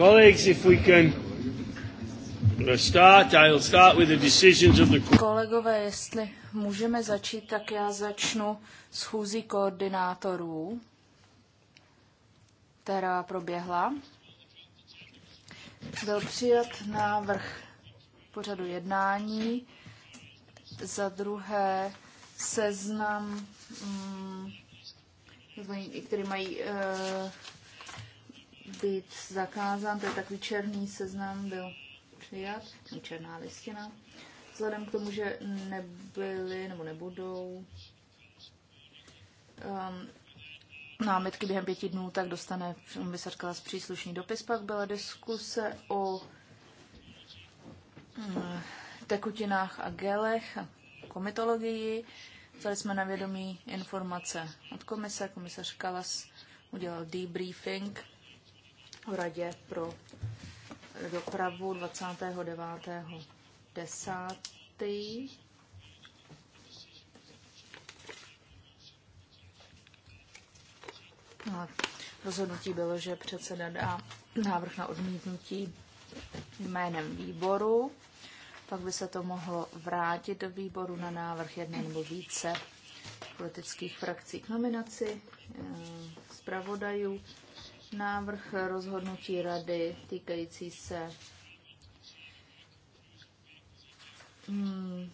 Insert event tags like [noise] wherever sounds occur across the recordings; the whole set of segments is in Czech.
Colleagues, if we can uh, start, I'll start with the decisions of the... Kolegové, jestli můžeme začít, tak já začnu schůzí koordinátorů, která proběhla. Byl přijat návrh pořadu jednání, za druhé seznam, mm, který mají eh, být zakázán, to je takový černý seznam byl přijat, černá listina, vzhledem k tomu, že nebyly nebo nebudou um, námitky během pěti dnů, tak dostane ambasádka z příslušný dopis. Pak byla diskuse o um, tekutinách a gelech a komitologii. Vzali jsme na vědomí informace od komise. Komisař Kalas udělal debriefing v Radě pro dopravu 29.10. A rozhodnutí bylo, že předseda dá návrh na odmítnutí jménem výboru, pak by se to mohlo vrátit do výboru na návrh jedné nebo více politických frakcí k nominaci eh, zpravodajů návrh rozhodnutí rady týkající se mm,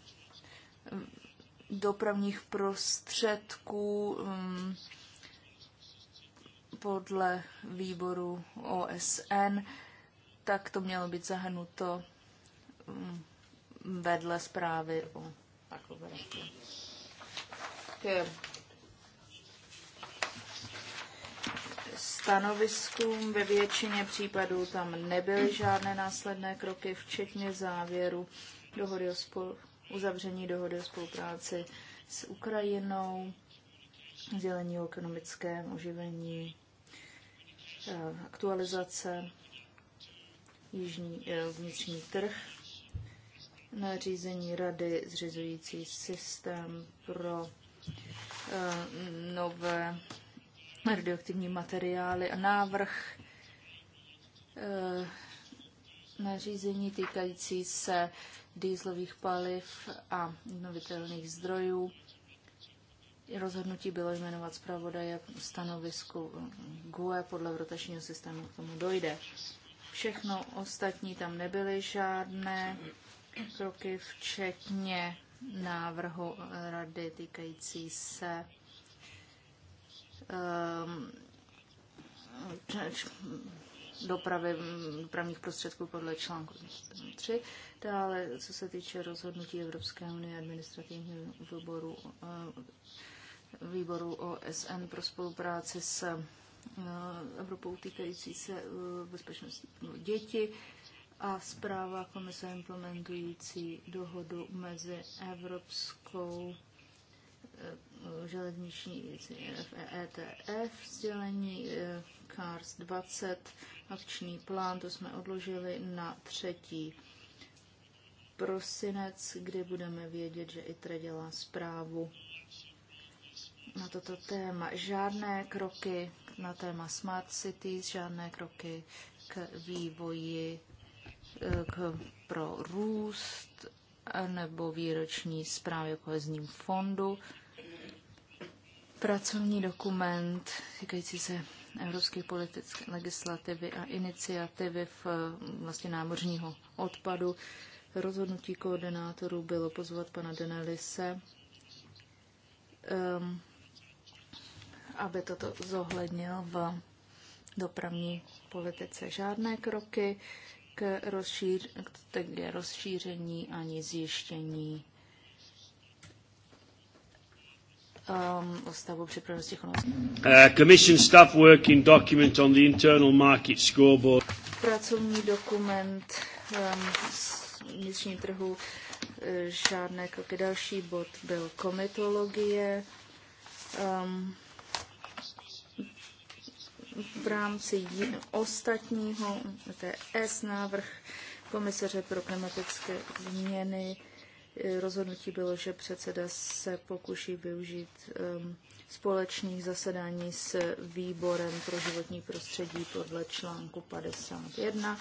dopravních prostředků mm, podle výboru OSN, tak to mělo být zahrnuto mm, vedle zprávy o takové. stanoviskům. Ve většině případů tam nebyly žádné následné kroky, včetně závěru dohody o spol- uzavření dohody o spolupráci s Ukrajinou, dělení o ekonomickém oživení, eh, aktualizace jižní eh, vnitřní trh, nařízení rady zřizující systém pro eh, nové radioaktivní materiály a návrh eh, nařízení týkající se dýzlových paliv a obnovitelných zdrojů. Rozhodnutí bylo jmenovat zpravodaje stanovisku GUE podle rotačního systému k tomu dojde. Všechno ostatní tam nebyly žádné kroky, včetně návrhu rady týkající se Ehm, dopravy, dopravních prostředků podle článku 3. Dále, co se týče rozhodnutí Evropské unie administrativního výboru, eh, výboru OSN pro spolupráci s eh, Evropou týkající se eh, bezpečnosti děti a zpráva komise implementující dohodu mezi Evropskou Eh, železniční ETF, sdělení eh, CARS 20, akční plán, to jsme odložili na třetí prosinec, kdy budeme vědět, že ITRE dělá zprávu na toto téma. Žádné kroky na téma Smart Cities, žádné kroky k vývoji eh, k, pro růst nebo výroční zprávy o jako kohezním fondu pracovní dokument týkající se evropské politické legislativy a iniciativy v vlastně námořního odpadu. Rozhodnutí koordinátorů bylo pozvat pana Denelise, um, aby toto zohlednil v dopravní politice. Žádné kroky k rozšíř, rozšíření ani zjištění um, o stavu připravenosti uh, Commission staff working document on the internal market scoreboard. Pracovní dokument um, vnitřní trhu, uh, žádné kroky. Další bod byl komitologie. Um, v rámci ostatního, to je S návrh komisaře pro klimatické změny, rozhodnutí bylo, že předseda se pokuší využít um, společných zasedání s výborem pro životní prostředí podle článku 51.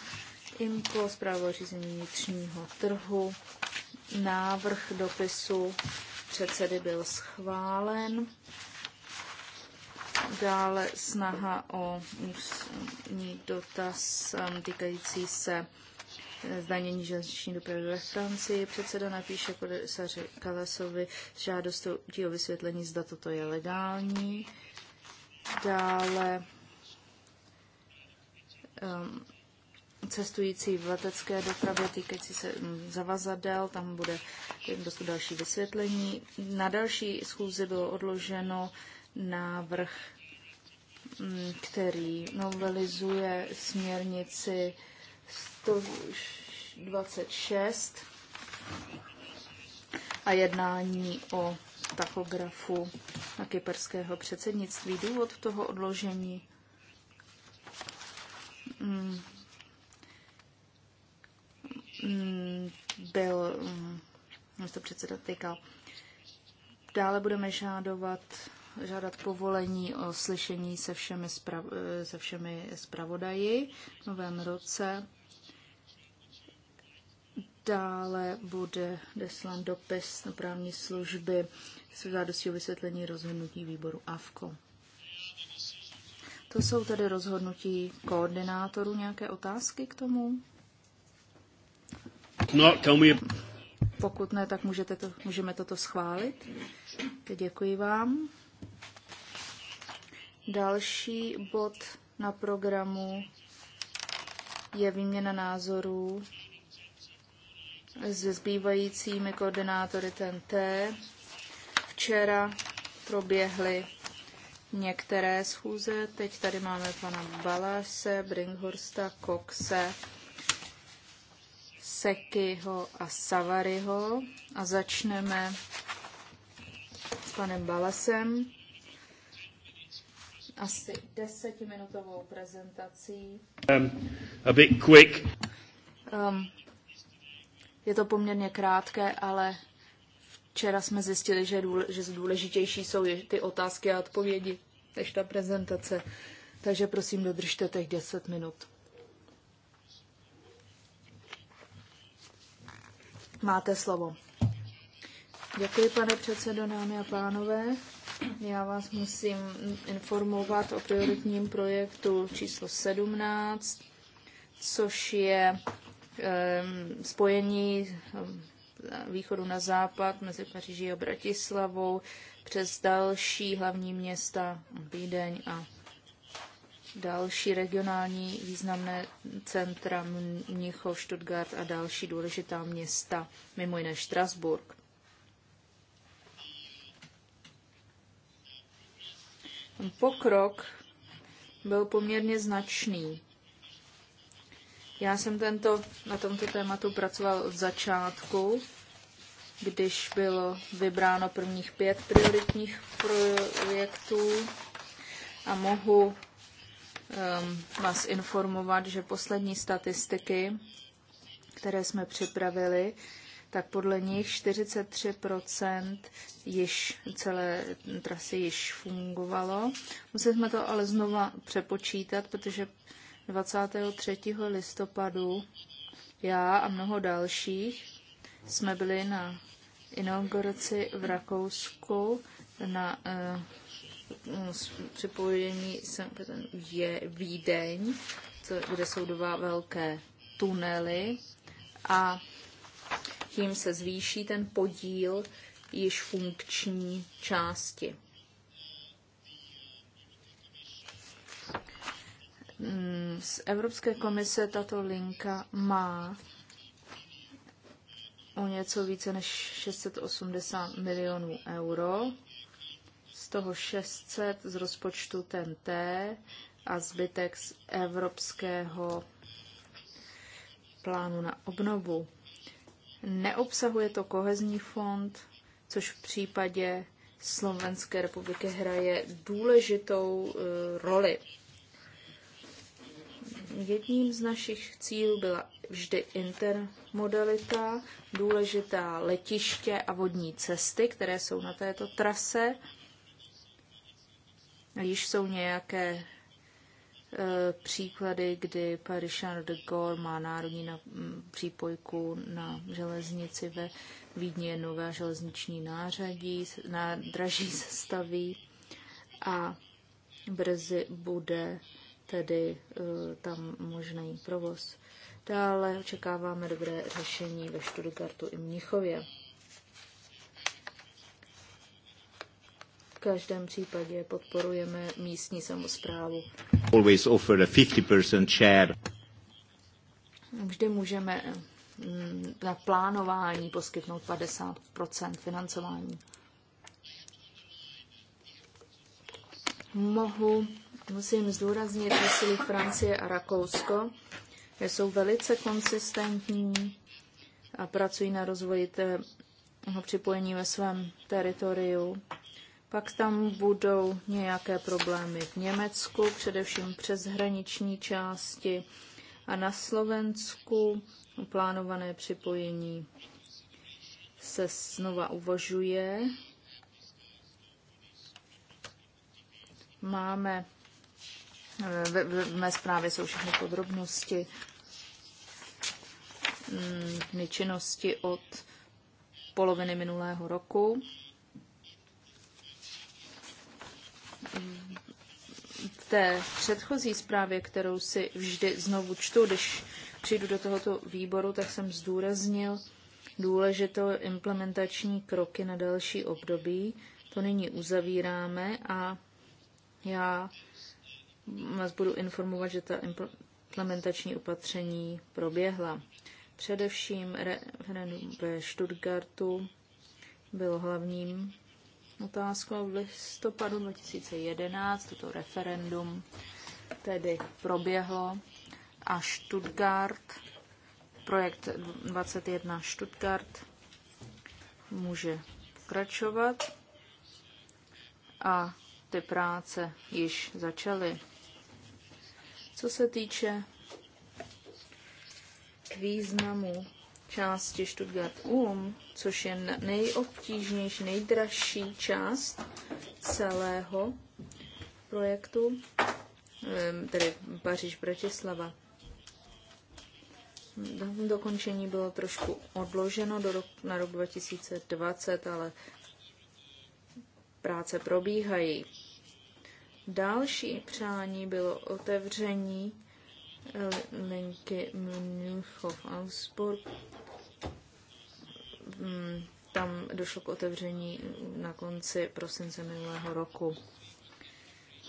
IMCO, zprávo řízení vnitřního trhu. Návrh dopisu předsedy byl schválen. Dále snaha o dotaz um, týkající se zdanění železniční dopravy ve Francii. Předseda napíše komisaři Kalasovi s žádostí o vysvětlení, zda toto je legální. Dále um, cestující v letecké dopravě týkající se mm, zavazadel, tam bude dost další vysvětlení. Na další schůzi bylo odloženo návrh, mm, který novelizuje směrnici 126 a jednání o tachografu na kyperského předsednictví. Důvod toho odložení mm, mm, byl mm, to předseda týkal. Dále budeme žádovat, žádat povolení o slyšení se všemi, spra, se všemi zpravodaji v novém roce. Dále bude deslán dopis na právní služby s žádostí o vysvětlení rozhodnutí výboru AVKO. To jsou tedy rozhodnutí koordinátorů. Nějaké otázky k tomu? No, tell me. Pokud ne, tak můžete to, můžeme toto schválit. Děkuji vám. Další bod na programu je výměna názorů se zbývajícími koordinátory TNT. Včera proběhly některé schůze. Teď tady máme pana Balase, Bringhorsta, Coxe, Sekyho a Savaryho. A začneme s panem Balasem. Asi desetiminutovou prezentací. Um, a bit quick. Um, je to poměrně krátké, ale včera jsme zjistili, že, důle, že důležitější jsou ty otázky a odpovědi než ta prezentace. Takže prosím, dodržte těch 10 minut. Máte slovo. Děkuji, pane předsedo, dámy a pánové. Já vás musím informovat o prioritním projektu číslo 17, což je Ehm, spojení ehm, východu na západ mezi Paříží a Bratislavou přes další hlavní města Vídeň a další regionální významné centra Mnichov, Stuttgart a další důležitá města, mimo jiné Štrasburg. Pokrok byl poměrně značný já jsem tento, na tomto tématu pracoval od začátku, když bylo vybráno prvních pět prioritních projektů a mohu um, vás informovat, že poslední statistiky, které jsme připravili, tak podle nich 43% již celé trasy již fungovalo. Museli jsme to ale znova přepočítat, protože 23. listopadu já a mnoho dalších jsme byli na inauguraci v Rakousku na uh, připojení je Vídeň, co, kde jsou dva velké tunely a tím se zvýší ten podíl již funkční části. Mm, z Evropské komise tato linka má o něco více než 680 milionů euro, z toho 600 z rozpočtu TNT a zbytek z Evropského plánu na obnovu. Neobsahuje to kohezní fond, což v případě Slovenské republiky hraje důležitou eh, roli. Jedním z našich cílů byla vždy intermodalita, důležitá letiště a vodní cesty, které jsou na této trase. Již jsou nějaké e, příklady, kdy Paris Charles de Gaulle má národní na, m, přípojku na železnici ve Vídni nové železniční nářadí, nádraží se staví a brzy bude tedy eh, tam možný provoz. Dále očekáváme dobré řešení ve Študgartu i Mnichově. V každém případě podporujeme místní samozprávu. Always offer a 50% share. Vždy můžeme mm, na plánování poskytnout 50 financování. Mohu Musím zdůraznit, že Francie a Rakousko jsou velice konsistentní a pracují na rozvoji toho připojení ve svém teritoriu. Pak tam budou nějaké problémy v Německu, především přes hraniční části a na Slovensku plánované připojení se znova uvažuje. Máme ve, v mé zprávě jsou všechny podrobnosti nečinnosti mm, od poloviny minulého roku. V té předchozí zprávě, kterou si vždy znovu čtu, když přijdu do tohoto výboru, tak jsem zdůraznil důležité implementační kroky na další období. To nyní uzavíráme a já vás budu informovat, že ta implementační opatření proběhla. Především referendum ve Stuttgartu bylo hlavním otázkou v listopadu 2011. Toto referendum tedy proběhlo a Stuttgart, projekt 21 Stuttgart může pokračovat a ty práce již začaly. Co se týče významu části Stuttgart Ulm, což je nejobtížnější, nejdražší část celého projektu, tedy Paříž Bratislava. Dokončení bylo trošku odloženo do rok, na rok 2020, ale práce probíhají. Další přání bylo otevření eh, linky Mnuchov Augsburg. Mm, tam došlo k otevření na konci prosince minulého roku.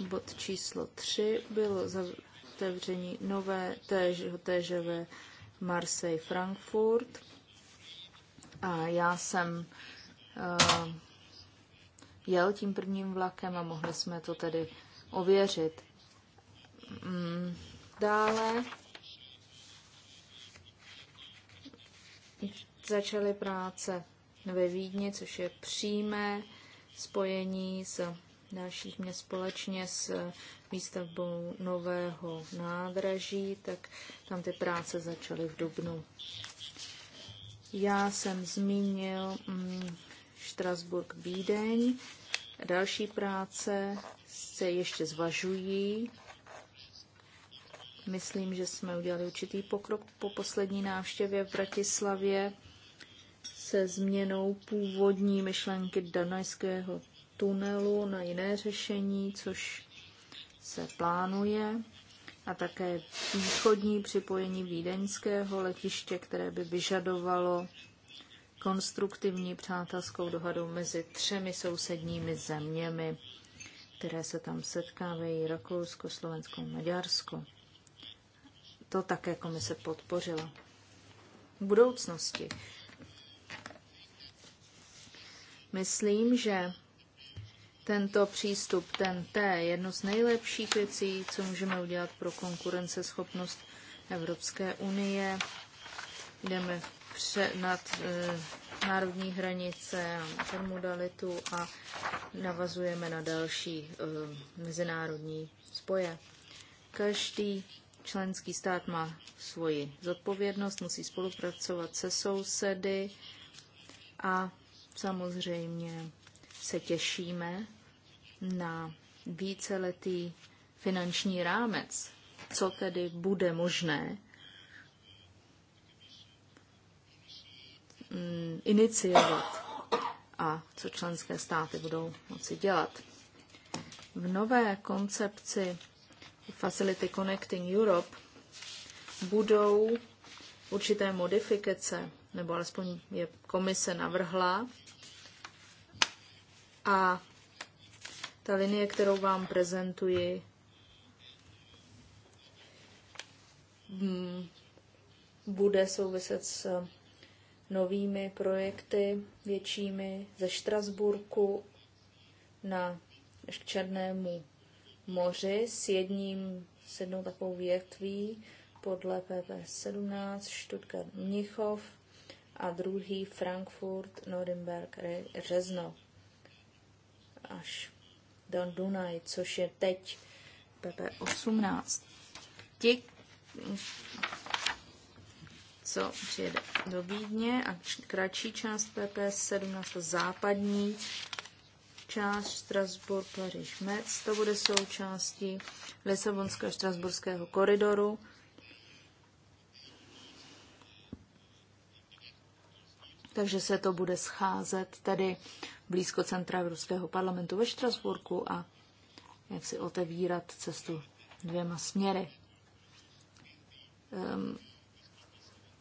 Bod číslo 3 bylo otevření nové též, téžové Marseille Frankfurt. A já jsem uh, jel tím prvním vlakem a mohli jsme to tedy ověřit. Mm, dále začaly práce ve Vídni, což je přímé spojení s dalších mě společně s výstavbou nového nádraží, tak tam ty práce začaly v Dubnu. Já jsem zmínil mm, Štrasburg Bídeň, další práce se ještě zvažují. Myslím, že jsme udělali určitý pokrok po poslední návštěvě v Bratislavě se změnou původní myšlenky danajského tunelu na jiné řešení, což se plánuje, a také východní připojení vídeňského letiště, které by vyžadovalo konstruktivní přátelskou dohodu mezi třemi sousedními zeměmi které se tam setkávají Rakousko, Slovensko, Maďarsko. To také komise podpořila. V budoucnosti. Myslím, že tento přístup, ten T, je jedno z nejlepších věcí, co můžeme udělat pro konkurenceschopnost Evropské unie. Jdeme před, nad, eh, národní hranice a intermodalitu a navazujeme na další eh, mezinárodní spoje. Každý členský stát má svoji zodpovědnost, musí spolupracovat se sousedy a samozřejmě se těšíme na víceletý finanční rámec, co tedy bude možné Mm, iniciovat a co členské státy budou moci dělat. V nové koncepci Facility Connecting Europe budou určité modifikace, nebo alespoň je komise navrhla. A ta linie, kterou vám prezentuji, mm, bude souviset s novými projekty většími ze Štrasburku na k Černému moři s jedním, s jednou takovou větví podle PP17 Stuttgart Mnichov a druhý Frankfurt Nuremberg, Řezno až do Dunaj, což je teď PP18. Ti co přijede do Vídně a kratší část PP 17 západní část Strasbourg, Paříž, Metz, to bude součástí Lisabonského Strasburského koridoru. Takže se to bude scházet tady blízko centra Evropského parlamentu ve Štrasburku a jak si otevírat cestu dvěma směry. Um,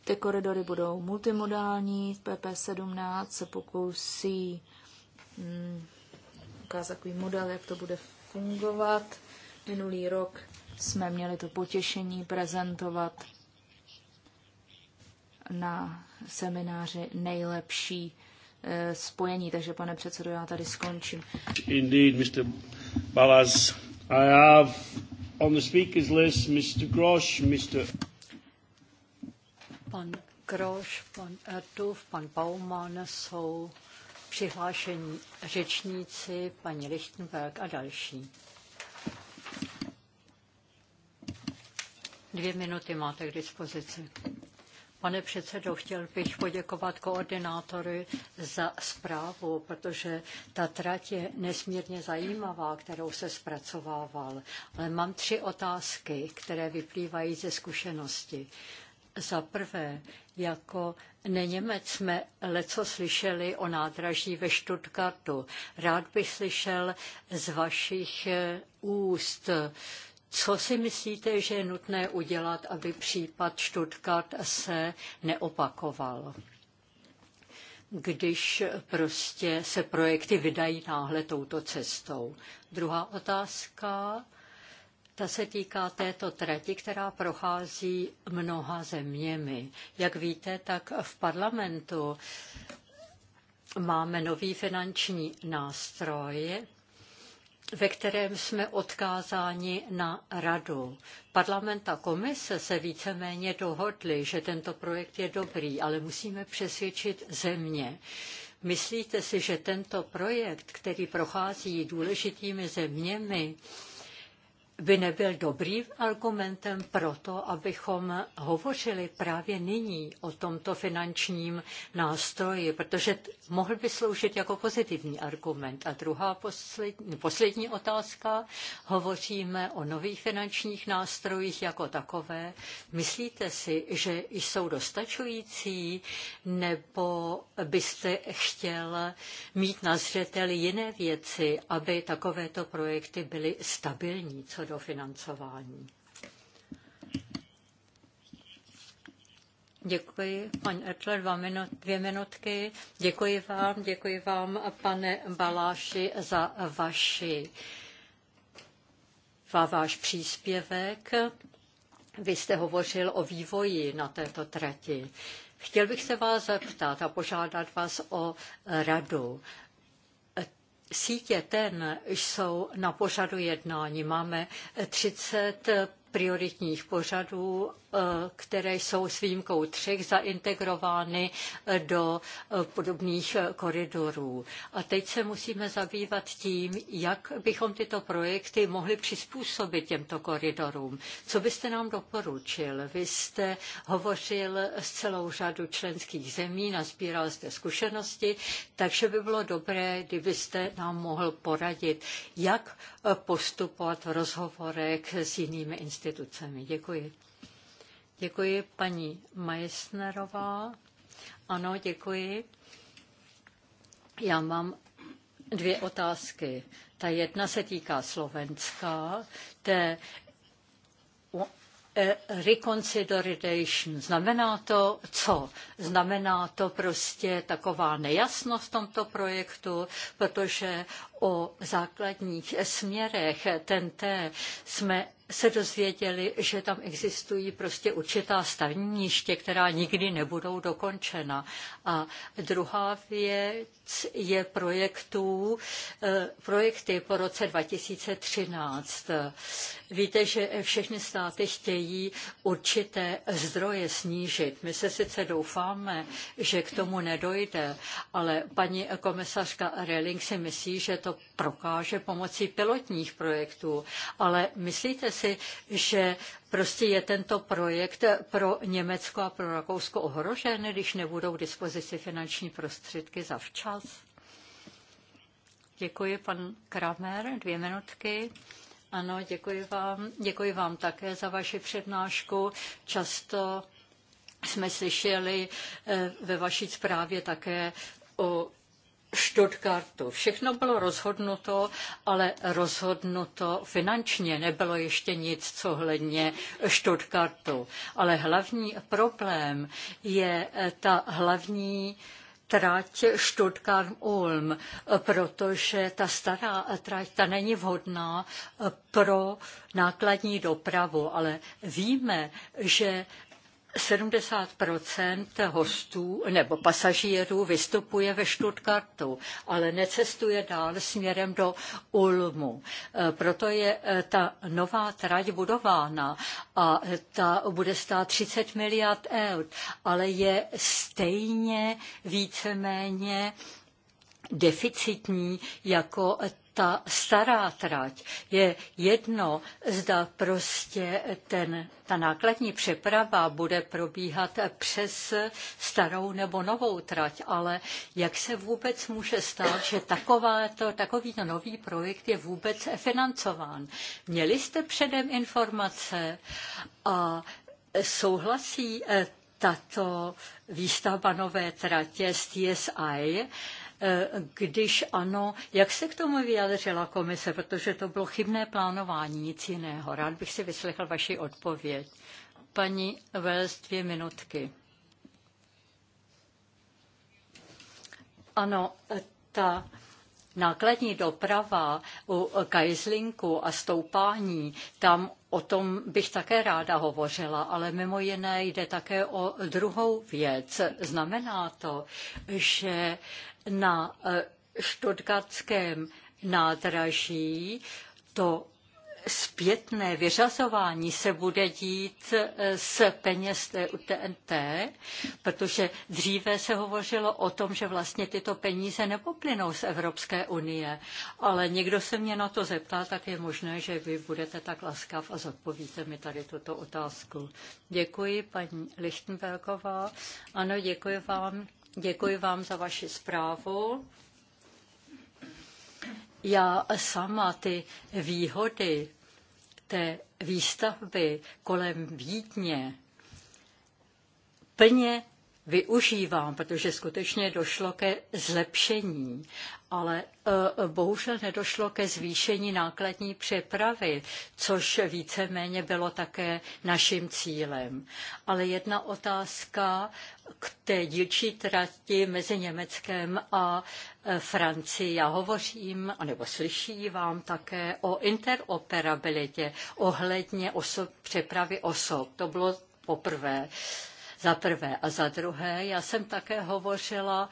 ty koridory budou multimodální, PP17 se pokusí hmm, ukázat takový model, jak to bude fungovat. Minulý rok jsme měli to potěšení prezentovat na semináři nejlepší eh, spojení. Takže, pane předsedo, já tady skončím. Indeed, Mr. Balaz. I have on the speakers list Mr. Grosch, Mr. Pan Kroš, pan Ertuf, pan Bauman jsou přihlášení řečníci, paní Lichtenberg a další. Dvě minuty máte k dispozici. Pane předsedo, chtěl bych poděkovat koordinátory za zprávu, protože ta trať je nesmírně zajímavá, kterou se zpracovával. Ale mám tři otázky, které vyplývají ze zkušenosti. Za prvé, jako Neněmec jsme leco slyšeli o nádraží ve Stuttgartu. Rád bych slyšel z vašich eh, úst, co si myslíte, že je nutné udělat, aby případ Stuttgart se neopakoval? když prostě se projekty vydají náhle touto cestou. Druhá otázka ta se týká této trati, která prochází mnoha zeměmi. Jak víte, tak v parlamentu máme nový finanční nástroj, ve kterém jsme odkázáni na radu. Parlament a komise se víceméně dohodli, že tento projekt je dobrý, ale musíme přesvědčit země. Myslíte si, že tento projekt, který prochází důležitými zeměmi, by nebyl dobrým argumentem pro to, abychom hovořili právě nyní o tomto finančním nástroji, protože mohl by sloužit jako pozitivní argument. A druhá poslední, poslední otázka. Hovoříme o nových finančních nástrojích jako takové. Myslíte si, že jsou dostačující, nebo byste chtěl mít na zřeteli jiné věci, aby takovéto projekty byly stabilní? Co dofinancování. Děkuji, paní Ertler, dva minut, dvě minutky. Děkuji vám, děkuji vám, pane Baláši, za vaši za váš příspěvek. Vy jste hovořil o vývoji na této trati. Chtěl bych se vás zeptat a požádat vás o radu sítě TEN jsou na pořadu jednání. Máme 30 prioritních pořadů, eh, které jsou s výjimkou třech zaintegrovány eh, do eh, podobných koridorů. A teď se musíme zabývat tím, jak bychom tyto projekty mohli přizpůsobit těmto koridorům. Co byste nám doporučil? Vy jste hovořil s celou řadu členských zemí, nazbíral jste zkušenosti, takže by bylo dobré, kdybyste nám mohl poradit, jak postupovat v rozhovorech s jinými institucemi institucemi. Děkuji. Děkuji paní Majesnerová. Ano, děkuji. Já mám dvě otázky. Ta jedna se týká Slovenska, té e, reconsideration. Znamená to co? Znamená to prostě taková nejasnost v tomto projektu, protože o základních směrech TNT jsme se dozvěděli, že tam existují prostě určitá staveniště, která nikdy nebudou dokončena. A druhá věc, je projektů, eh, projekty po roce 2013. Víte, že všechny státy chtějí určité zdroje snížit. My se sice doufáme, že k tomu nedojde, ale paní komisařka Relling si myslí, že to prokáže pomocí pilotních projektů. Ale myslíte si, že Prostě je tento projekt pro Německo a pro Rakousko ohrožen, když nebudou k dispozici finanční prostředky za včas. Děkuji, pan Kramer, dvě minutky. Ano, děkuji vám. Děkuji vám také za vaši přednášku. Často jsme slyšeli eh, ve vaší zprávě také o Stuttgartu. Všechno bylo rozhodnuto, ale rozhodnuto finančně. Nebylo ještě nic, co hledně Stuttgartu. Ale hlavní problém je eh, ta hlavní trať Stuttgart-Ulm, eh, protože ta stará eh, trať ta není vhodná pro nákladní dopravu, ale víme, že 70 hostů nebo pasažírů vystupuje ve Stuttgartu, ale necestuje dál směrem do Ulmu. Eh, proto je eh, ta nová trať budována a ta bude stát 30 miliard eur, ale je stejně víceméně deficitní jako ta stará trať. Je jedno, zda prostě ten, ta nákladní přeprava bude probíhat přes starou nebo novou trať, ale jak se vůbec může stát, že takový takovýto nový projekt je vůbec financován? Měli jste předem informace a souhlasí eh, tato výstavba nové tratě s TSI Eh, když ano, jak se k tomu vyjadřila komise, protože to bylo chybné plánování, nic jiného. Rád bych si vyslechl vaši odpověď. Paní Vels, dvě minutky. Ano, eh, ta nákladní doprava u Kajzlinku a stoupání, tam o tom bych také ráda hovořila, ale mimo jiné jde také o druhou věc. Znamená to, že na e, Štodgatském nádraží to zpětné vyřazování se bude dít e, z peněz TNT, protože dříve se hovořilo o tom, že vlastně tyto peníze nepoplynou z Evropské unie, ale někdo se mě na to zeptá, tak je možné, že vy budete tak laskav a zodpovíte mi tady tuto otázku. Děkuji, paní Lichtenbergová. Ano, děkuji vám Děkuji vám za vaši zprávu. Já sama ty výhody té výstavby kolem Vídně plně využívám, protože skutečně došlo ke zlepšení, ale e, e, bohužel nedošlo ke zvýšení nákladní přepravy, což víceméně bylo také naším cílem. Ale jedna otázka k té dílčí trati mezi Německem a e, Francii. Já hovořím, anebo slyší vám také o interoperabilitě ohledně osob, přepravy osob. To bylo poprvé za prvé. A za druhé, já jsem také hovořila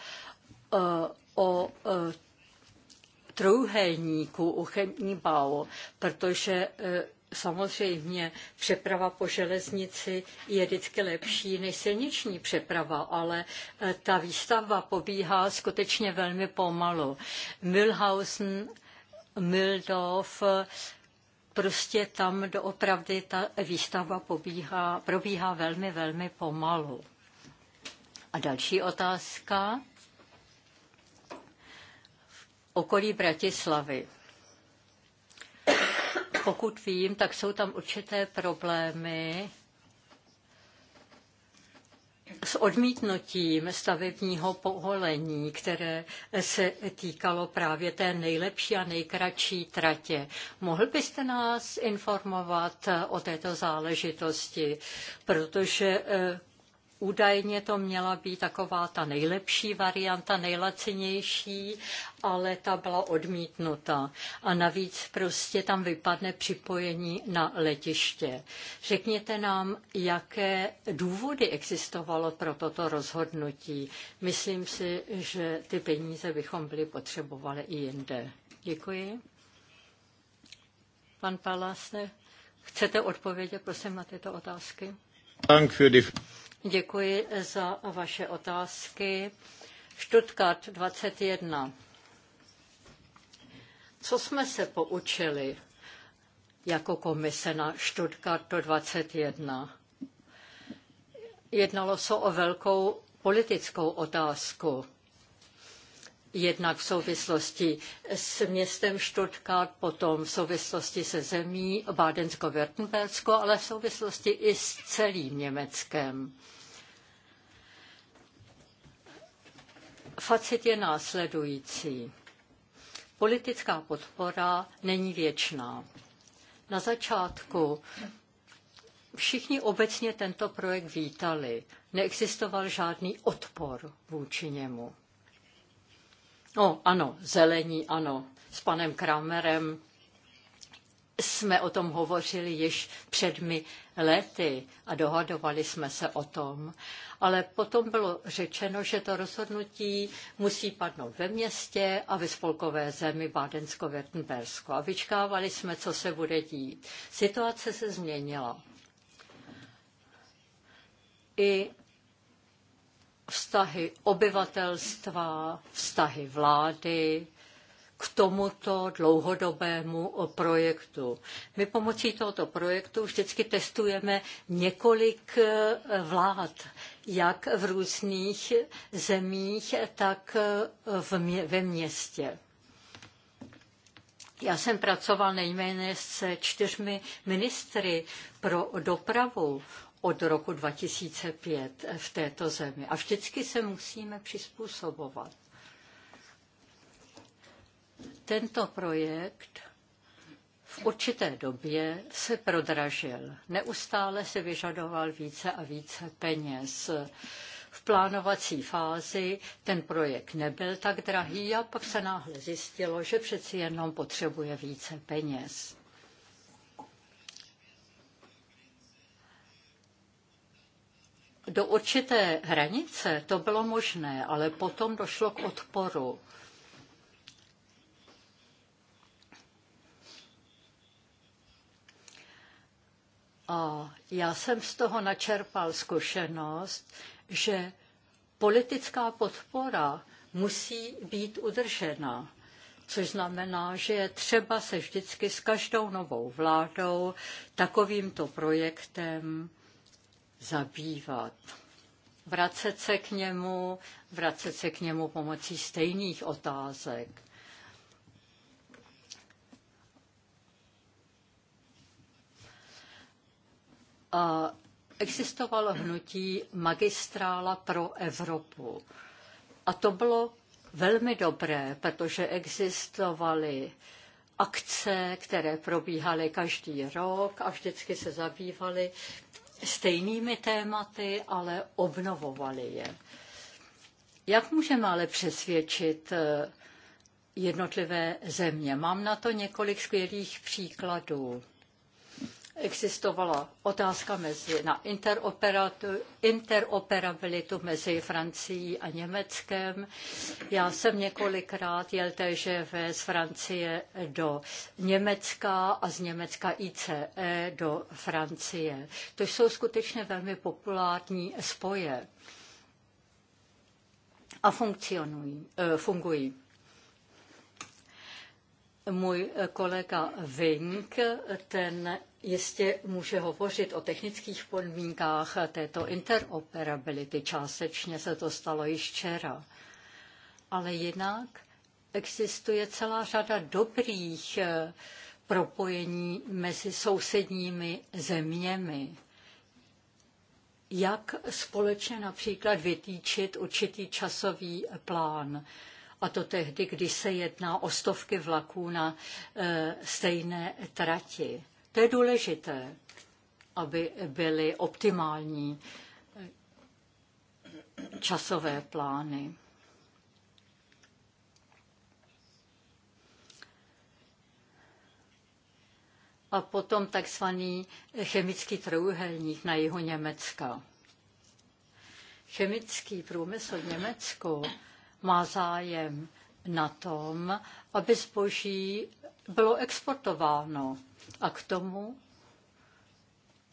eh, o eh, trojúhelníku u bau, protože eh, samozřejmě přeprava po železnici je vždycky lepší než silniční přeprava, ale ta výstavba pobíhá skutečně velmi pomalu. Milhausen, Mildorf, prostě tam doopravdy ta výstava pobíhá, probíhá velmi, velmi pomalu. A další otázka. V okolí Bratislavy. Pokud vím, tak jsou tam určité problémy s odmítnutím stavebního povolení, které se týkalo právě té nejlepší a nejkratší tratě. Mohl byste nás informovat o této záležitosti, protože eh, Údajně to měla být taková ta nejlepší varianta, nejlacinější, ale ta byla odmítnuta. A navíc prostě tam vypadne připojení na letiště. Řekněte nám, jaké důvody existovalo pro toto rozhodnutí. Myslím si, že ty peníze bychom byli potřebovali i jinde. Děkuji. Pan Palase, chcete odpovědět, prosím, na tyto otázky? Děkuji za vaše otázky. Stuttgart 21. Co jsme se poučili jako komise na Stuttgart 21? Jednalo se o velkou politickou otázku jednak v souvislosti s městem Stuttgart, potom v souvislosti se zemí Bádensko-Württembersko, ale v souvislosti i s celým Německem. Facit je následující. Politická podpora není věčná. Na začátku všichni obecně tento projekt vítali. Neexistoval žádný odpor vůči němu. O, no, ano, zelení, ano, s panem Kramerem jsme o tom hovořili již předmi lety a dohadovali jsme se o tom, ale potom bylo řečeno, že to rozhodnutí musí padnout ve městě a ve spolkové zemi Bádensko-Württembersko. A vyčkávali jsme, co se bude dít. Situace se změnila. I vztahy obyvatelstva, vztahy vlády k tomuto dlouhodobému projektu. My pomocí tohoto projektu vždycky testujeme několik eh, vlád, jak v různých zemích, tak eh, v mě, ve městě. Já jsem pracoval nejméně se čtyřmi ministry pro dopravu od roku 2005 v této zemi. A vždycky se musíme přizpůsobovat. Tento projekt v určité době se prodražil. Neustále se vyžadoval více a více peněz. V plánovací fázi ten projekt nebyl tak drahý a pak se náhle zjistilo, že přeci jenom potřebuje více peněz. do určité hranice to bylo možné, ale potom došlo k odporu. A já jsem z toho načerpal zkušenost, že politická podpora musí být udržena, což znamená, že je třeba se vždycky s každou novou vládou takovýmto projektem zabývat. Vracet se k němu, vracet se k němu pomocí stejných otázek. A existovalo hnutí magistrála pro Evropu. A to bylo velmi dobré, protože existovaly akce, které probíhaly každý rok a vždycky se zabývaly stejnými tématy, ale obnovovali je. Jak můžeme ale přesvědčit eh, jednotlivé země? Mám na to několik skvělých příkladů existovala otázka mezi, na interoperabilitu mezi Francií a Německem. Já jsem několikrát jel TGV z Francie do Německa a z Německa ICE do Francie. To jsou skutečně velmi populární spoje a funkcionují, eh, fungují. Můj eh, kolega Vink, ten jistě může hovořit o technických podmínkách této interoperability. Částečně se to stalo již včera. Ale jinak existuje celá řada dobrých eh, propojení mezi sousedními zeměmi. Jak společně například vytýčit určitý časový plán a to tehdy, když se jedná o stovky vlaků na e, stejné trati. To je důležité, aby byly optimální e, časové plány. a potom takzvaný chemický trojuhelník na jihu Německa. Chemický průmysl Německu má zájem na tom, aby zboží bylo exportováno a k tomu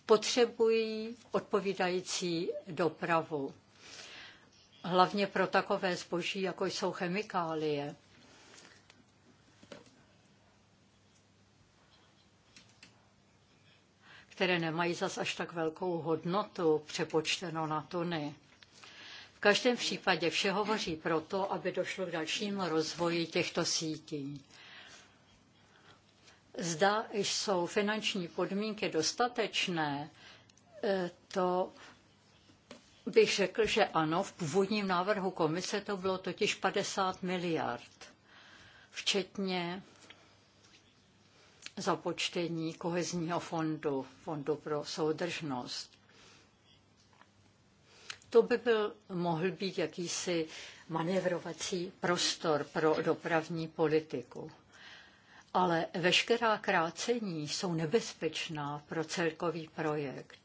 potřebují odpovídající dopravu. Hlavně pro takové zboží, jako jsou chemikálie. které nemají zas až tak velkou hodnotu přepočteno na tuny. V každém případě vše hovoří proto, aby došlo k dalšímu rozvoji těchto sítí. Zda jsou finanční podmínky dostatečné, eh, to bych řekl, že ano. V původním návrhu komise to bylo totiž 50 miliard, včetně započtení kohezního fondu, fondu pro soudržnost. To by byl, mohl být jakýsi manevrovací prostor pro dopravní politiku. Ale veškerá krácení jsou nebezpečná pro celkový projekt.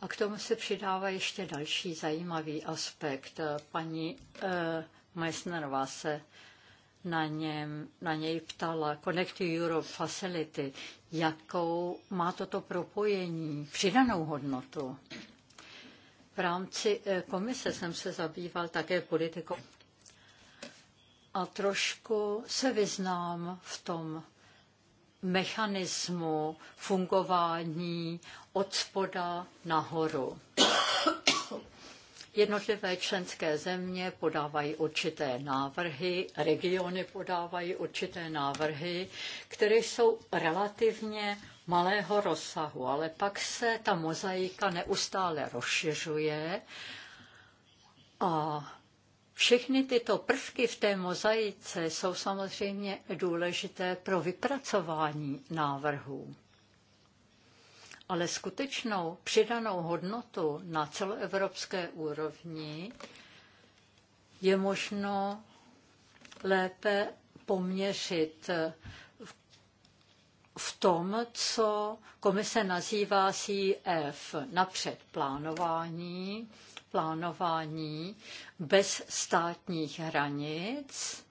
A k tomu se přidává ještě další zajímavý aspekt. Paní eh, Meissnerová se na, něm, na něj ptala Connect Europe Facility, jakou má toto propojení, přidanou hodnotu. V rámci eh, komise jsem se zabýval také politikou a trošku se vyznám v tom mechanismu fungování od spoda nahoru. Jednotlivé členské země podávají určité návrhy, regiony podávají určité návrhy, které jsou relativně malého rozsahu, ale pak se ta mozaika neustále rozšiřuje a všechny tyto prvky v té mozaice jsou samozřejmě důležité pro vypracování návrhů ale skutečnou přidanou hodnotu na celoevropské úrovni je možno lépe poměřit v tom, co komise nazývá CF, napřed plánování, plánování bez státních hranic,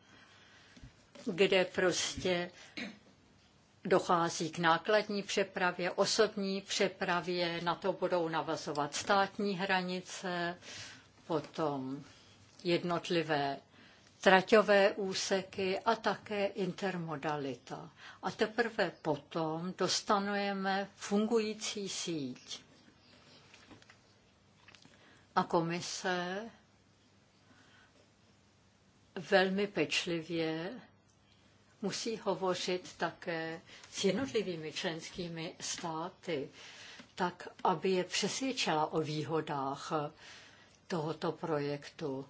kde prostě dochází k nákladní přepravě, osobní přepravě, na to budou navazovat státní hranice, potom jednotlivé traťové úseky a také intermodalita. A teprve potom dostanujeme fungující síť. A komise velmi pečlivě musí hovořit také s jednotlivými členskými státy, tak aby je přesvědčila o výhodách tohoto projektu.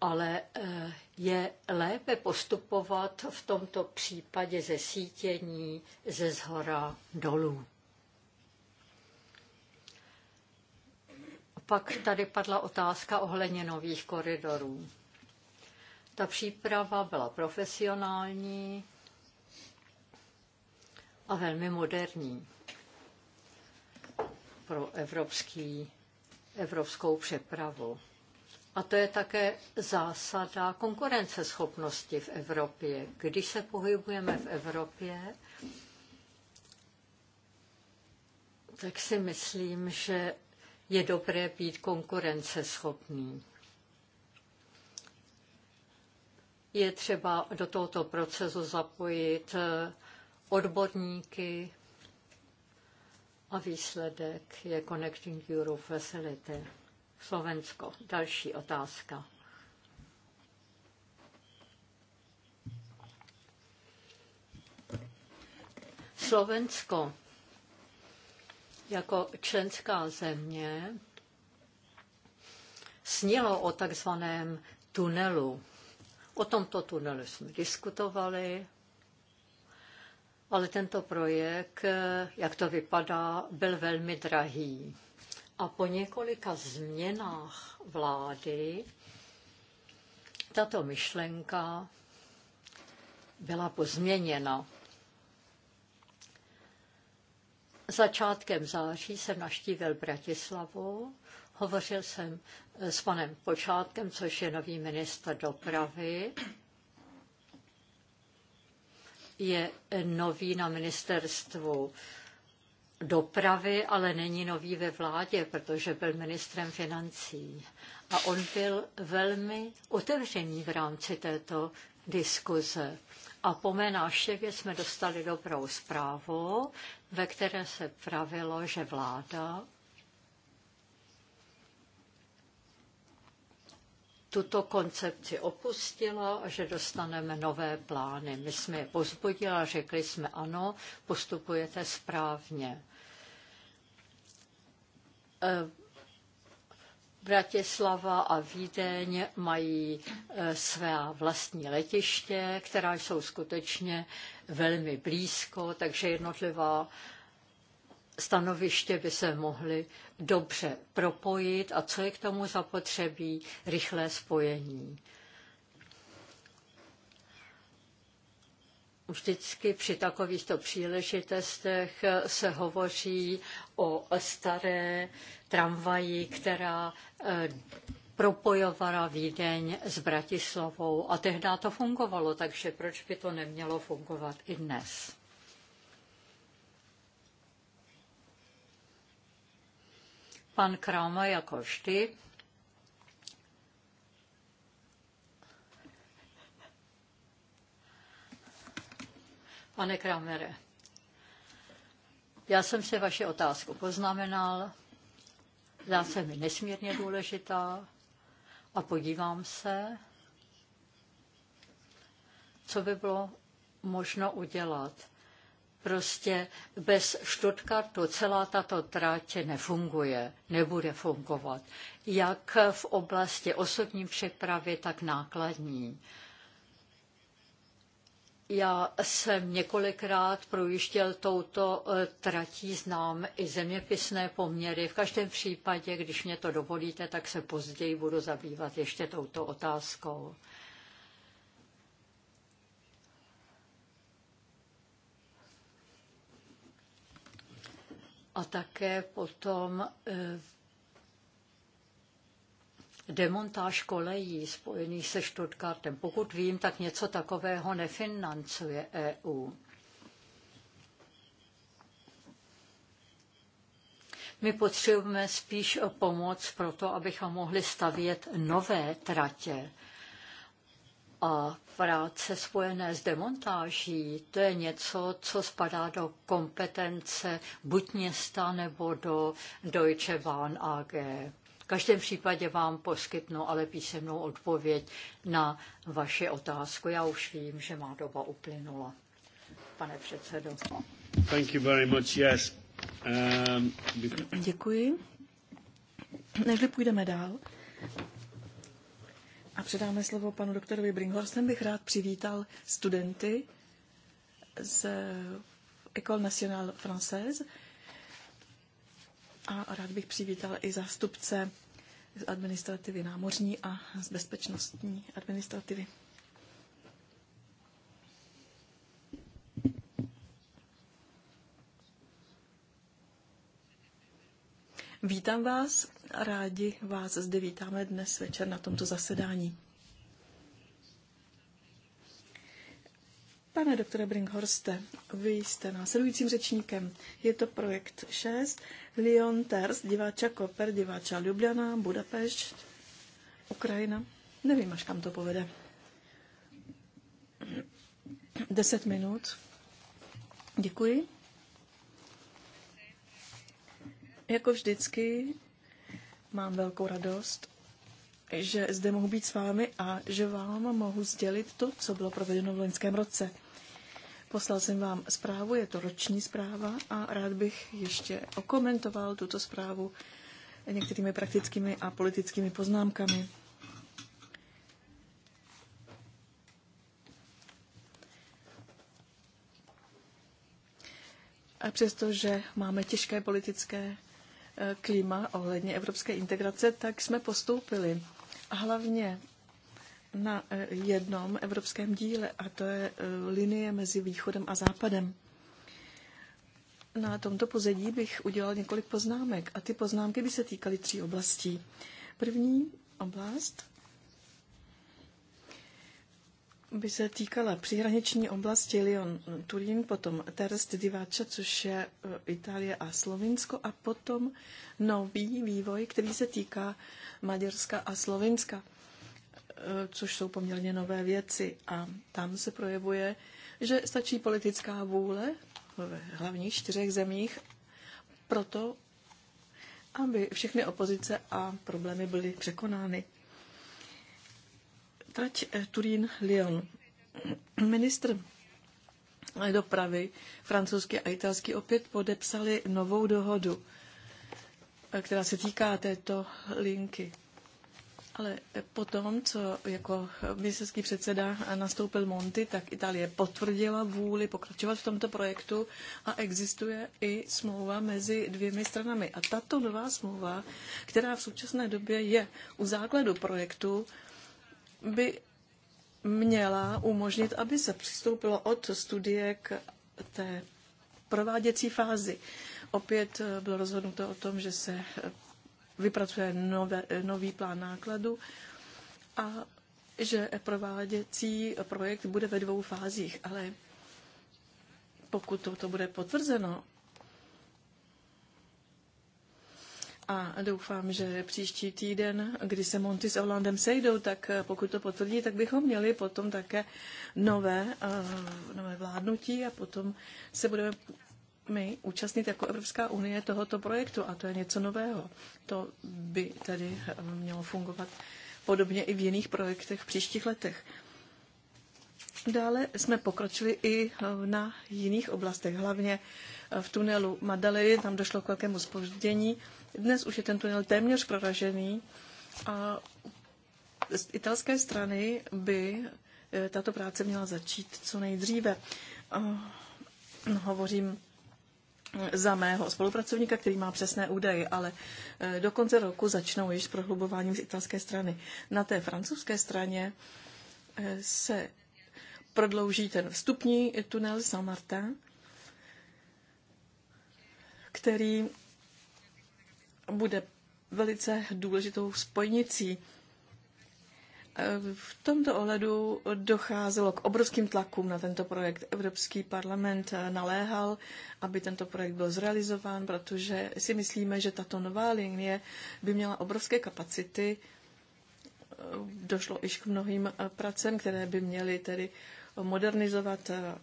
Ale eh, je lépe postupovat v tomto případě ze sítění ze zhora dolů. Pak tady padla otázka ohledně nových koridorů. Ta příprava byla profesionální, a velmi moderní pro evropský, evropskou přepravu. A to je také zásada konkurenceschopnosti v Evropě. Když se pohybujeme v Evropě, tak si myslím, že je dobré být konkurenceschopný. Je třeba do tohoto procesu zapojit eh, odborníky a výsledek je Connecting Europe Facility. Slovensko. Další otázka. Slovensko jako členská země snilo o takzvaném tunelu. O tomto tunelu jsme diskutovali, ale tento projekt, jak to vypadá, byl velmi drahý. A po několika změnách vlády tato myšlenka byla pozměněna. Začátkem září jsem naštívil Bratislavu, hovořil jsem s panem Počátkem, což je nový minister dopravy, je nový na ministerstvu dopravy, ale není nový ve vládě, protože byl ministrem financí. A on byl velmi otevřený v rámci této diskuze. A po mé návštěvě jsme dostali dobrou zprávu, ve které se pravilo, že vláda tuto koncepci opustila a že dostaneme nové plány. My jsme je pozbudili a řekli jsme ano, postupujete správně. E, Bratislava a Vídeň mají e, své vlastní letiště, která jsou skutečně velmi blízko, takže jednotlivá stanoviště by se mohly dobře propojit a co je k tomu zapotřebí, rychlé spojení. Vždycky při takovýchto příležitostech se hovoří o staré tramvaji, která eh, propojovala Vídeň s Bratislavou a tehdy to fungovalo, takže proč by to nemělo fungovat i dnes? pan Krama jako vždy. Pane Kramere, já jsem se vaši otázku poznamenal, zdá se mi nesmírně důležitá a podívám se, co by bylo možno udělat. Prostě bez Stuttgartu celá tato tráť nefunguje, nebude fungovat, jak v oblasti osobní přepravy, tak nákladní. Já jsem několikrát projížděl touto eh, tratí, znám i zeměpisné poměry. V každém případě, když mě to dovolíte, tak se později budu zabývat ještě touto otázkou. a také potom eh, demontáž kolejí spojených se Stuttgartem. Pokud vím, tak něco takového nefinancuje EU. My potřebujeme spíš pomoc pro to, abychom mohli stavět nové tratě. A práce spojené s demontáží, to je něco, co spadá do kompetence buď města nebo do Deutsche Bahn AG. V každém případě vám poskytnu ale písemnou odpověď na vaši otázku. Já už vím, že má doba uplynula. Pane předsedo. Thank you very much, yes. Um... Děkuji. Nežli půjdeme dál, a předáme slovo panu doktorovi Brinkhorstem, bych rád přivítal studenty z École Nationale Française a rád bych přivítal i zástupce z administrativy námořní a z bezpečnostní administrativy. Vítám vás Rádi vás zde vítáme dnes večer na tomto zasedání. Pane doktore Brinkhorste, vy jste následujícím řečníkem. Je to projekt 6, Lyon, Ters, Diváča, Koper, Diváča, Ljubljana, Budapešť, Ukrajina. Nevím, až kam to povede. Deset minut. Děkuji. Jako vždycky Mám velkou radost, že zde mohu být s vámi a že vám mohu sdělit to, co bylo provedeno v loňském roce. Poslal jsem vám zprávu, je to roční zpráva a rád bych ještě okomentoval tuto zprávu některými praktickými a politickými poznámkami. A přestože máme těžké politické klima ohledně evropské integrace, tak jsme postoupili. A hlavně na eh, jednom evropském díle, a to je eh, linie mezi východem a západem. Na tomto pozadí bych udělal několik poznámek a ty poznámky by se týkaly tří oblastí. První oblast by se týkala příhraniční oblasti Lyon-Turín, potom Terst Diváča, což je e, Itálie a Slovinsko, a potom nový vývoj, který se týká Maďarska a Slovinska, e, což jsou poměrně nové věci. A tam se projevuje, že stačí politická vůle v hlavních čtyřech zemích proto, aby všechny opozice a problémy byly překonány. Trať eh, Turín-Lyon. Ministr dopravy francouzský a italský opět podepsali novou dohodu, eh, která se týká této linky. Ale eh, potom, co jako ministerský předseda nastoupil Monty, tak Itálie potvrdila vůli pokračovat v tomto projektu a existuje i smlouva mezi dvěmi stranami. A tato nová smlouva, která v současné době je u základu projektu, by měla umožnit, aby se přistoupilo od studie k té prováděcí fázi. Opět eh, bylo rozhodnuto o tom, že se eh, vypracuje nové, eh, nový plán nákladu a že prováděcí projekt bude ve dvou fázích, ale pokud toto to bude potvrzeno, a doufám, že příští týden, kdy se Monty s Orlandem sejdou, tak eh, pokud to potvrdí, tak bychom měli potom také nové, eh, nové vládnutí a potom se budeme my účastnit jako Evropská unie tohoto projektu a to je něco nového. To by tady eh, mělo fungovat podobně i v jiných projektech v příštích letech. Dále jsme pokročili i eh, na jiných oblastech, hlavně eh, v tunelu Madalery, tam došlo k velkému zpoždění. Dnes už je ten tunel téměř proražený a z italské strany by eh, tato práce měla začít co nejdříve. Hovořím za mého spolupracovníka, který má přesné údaje, ale do konce roku začnou již s prohlubováním z italské strany. Na té francouzské straně se prodlouží ten vstupní tunel Saint-Martin, který bude velice důležitou spojnicí. V tomto ohledu docházelo k obrovským tlakům na tento projekt. Evropský parlament naléhal, aby tento projekt byl zrealizován, protože si myslíme, že tato nová linie by měla obrovské kapacity. Došlo již k mnohým pracem, které by měly tedy modernizovat eh,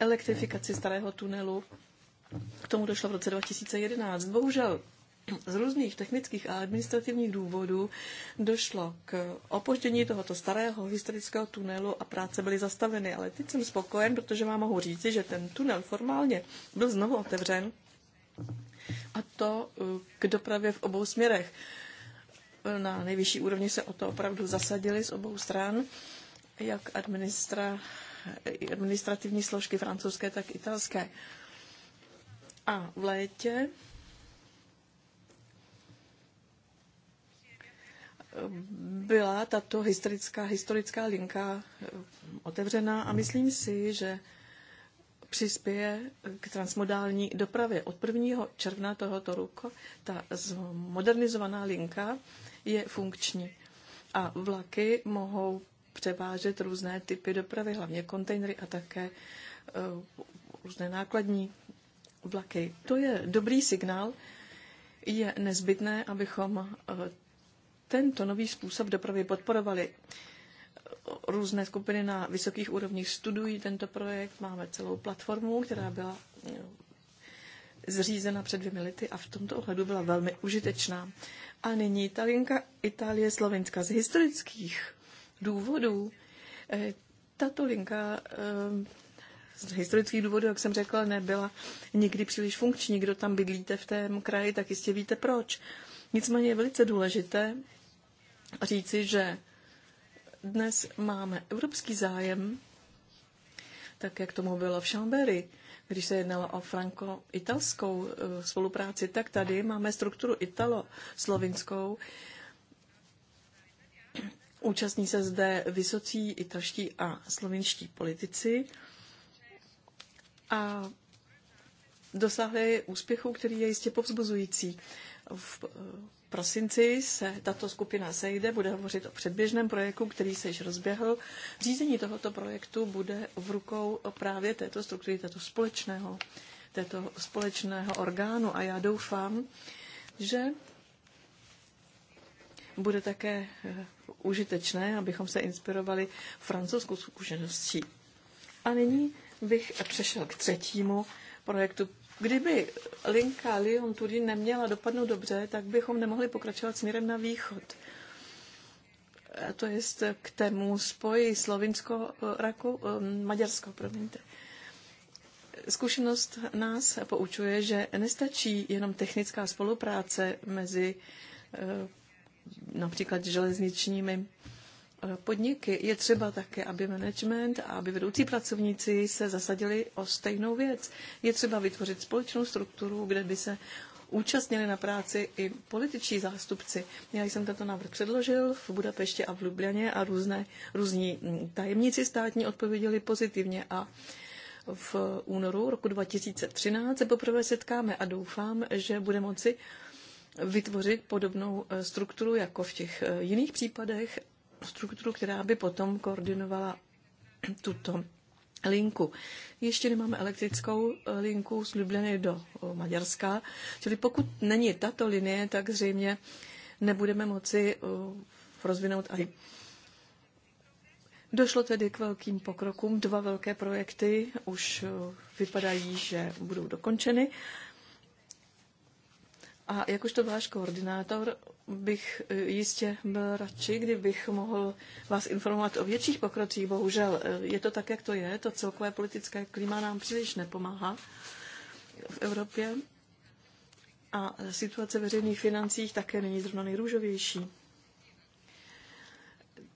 elektrifikaci starého tunelu. K tomu došlo v roce 2011. Bohužel z různých technických a administrativních důvodů došlo k opoždění tohoto starého historického tunelu a práce byly zastaveny. Ale teď jsem spokojen, protože vám mohu říci, že ten tunel formálně byl znovu otevřen a to eh, k dopravě v obou směrech. Na nejvyšší úrovni se o to opravdu zasadili z obou stran jak administra, administrativní složky francouzské, tak italské. A v létě byla tato historická, historická linka eh, otevřená a myslím si, že přispěje k transmodální dopravě. Od 1. června tohoto roku ta modernizovaná linka je funkční a vlaky mohou převážet různé typy dopravy, hlavně kontejnery a také eh, různé nákladní vlaky. To je dobrý signál. Je nezbytné, abychom eh, tento nový způsob dopravy podporovali. Různé skupiny na vysokých úrovních studují tento projekt. Máme celou platformu, která byla eh, zřízena před dvěmi lety a v tomto ohledu byla velmi užitečná. A nyní Italinka, Itálie, Slovenska z historických důvodů. Eh, tato linka eh, z historických důvodů, jak jsem řekla, nebyla nikdy příliš funkční. Kdo tam bydlíte v tém kraji, tak jistě víte proč. Nicméně je velice důležité říci, že dnes máme evropský zájem, tak jak tomu bylo v Chambery, když se jednalo o franko-italskou eh, spolupráci, tak tady máme strukturu italo-slovinskou Účastní se zde vysocí italští a slovinští politici a dosáhli úspěchu, který je jistě povzbuzující. V eh, prosinci se tato skupina sejde, bude hovořit o předběžném projektu, který se již rozběhl. Řízení tohoto projektu bude v rukou právě této struktury, této společného, této společného orgánu a já doufám, že bude také eh, užitečné, abychom se inspirovali francouzskou zkušeností. A nyní bych přešel k třetímu projektu. Kdyby linka Lyon tudy neměla dopadnout dobře, tak bychom nemohli pokračovat směrem na východ. A eh, to je k tému spoji Slovinsko, eh, Raku, Maďarsko, promiňte. Zkušenost nás poučuje, že nestačí jenom technická spolupráce mezi například železničními eh, podniky, je třeba také, aby management a aby vedoucí pracovníci se zasadili o stejnou věc. Je třeba vytvořit společnou strukturu, kde by se účastnili na práci i političní zástupci. Já jsem tento návrh předložil v Budapešti a v Ljubljaně a různé, různí mm, tajemníci státní odpověděli pozitivně a v únoru roku 2013 se poprvé setkáme a doufám, že bude moci vytvořit podobnou eh, strukturu jako v těch eh, jiných případech, strukturu, která by potom koordinovala [clears throat] tuto linku. Ještě nemáme elektrickou eh, linku z Lubliny do Maďarska, čili pokud není tato linie, tak zřejmě nebudeme moci rozvinout ani. Došlo tedy k velkým pokrokům. Dva velké projekty už vypadají, že budou dokončeny a jakožto váš koordinátor bych e, jistě byl radši, kdybych mohl vás informovat o větších pokrocích. Bohužel e, je to tak, jak to je. To celkové politické klima nám příliš nepomáhá v Evropě. A situace veřejných financí také není zrovna nejrůžovější.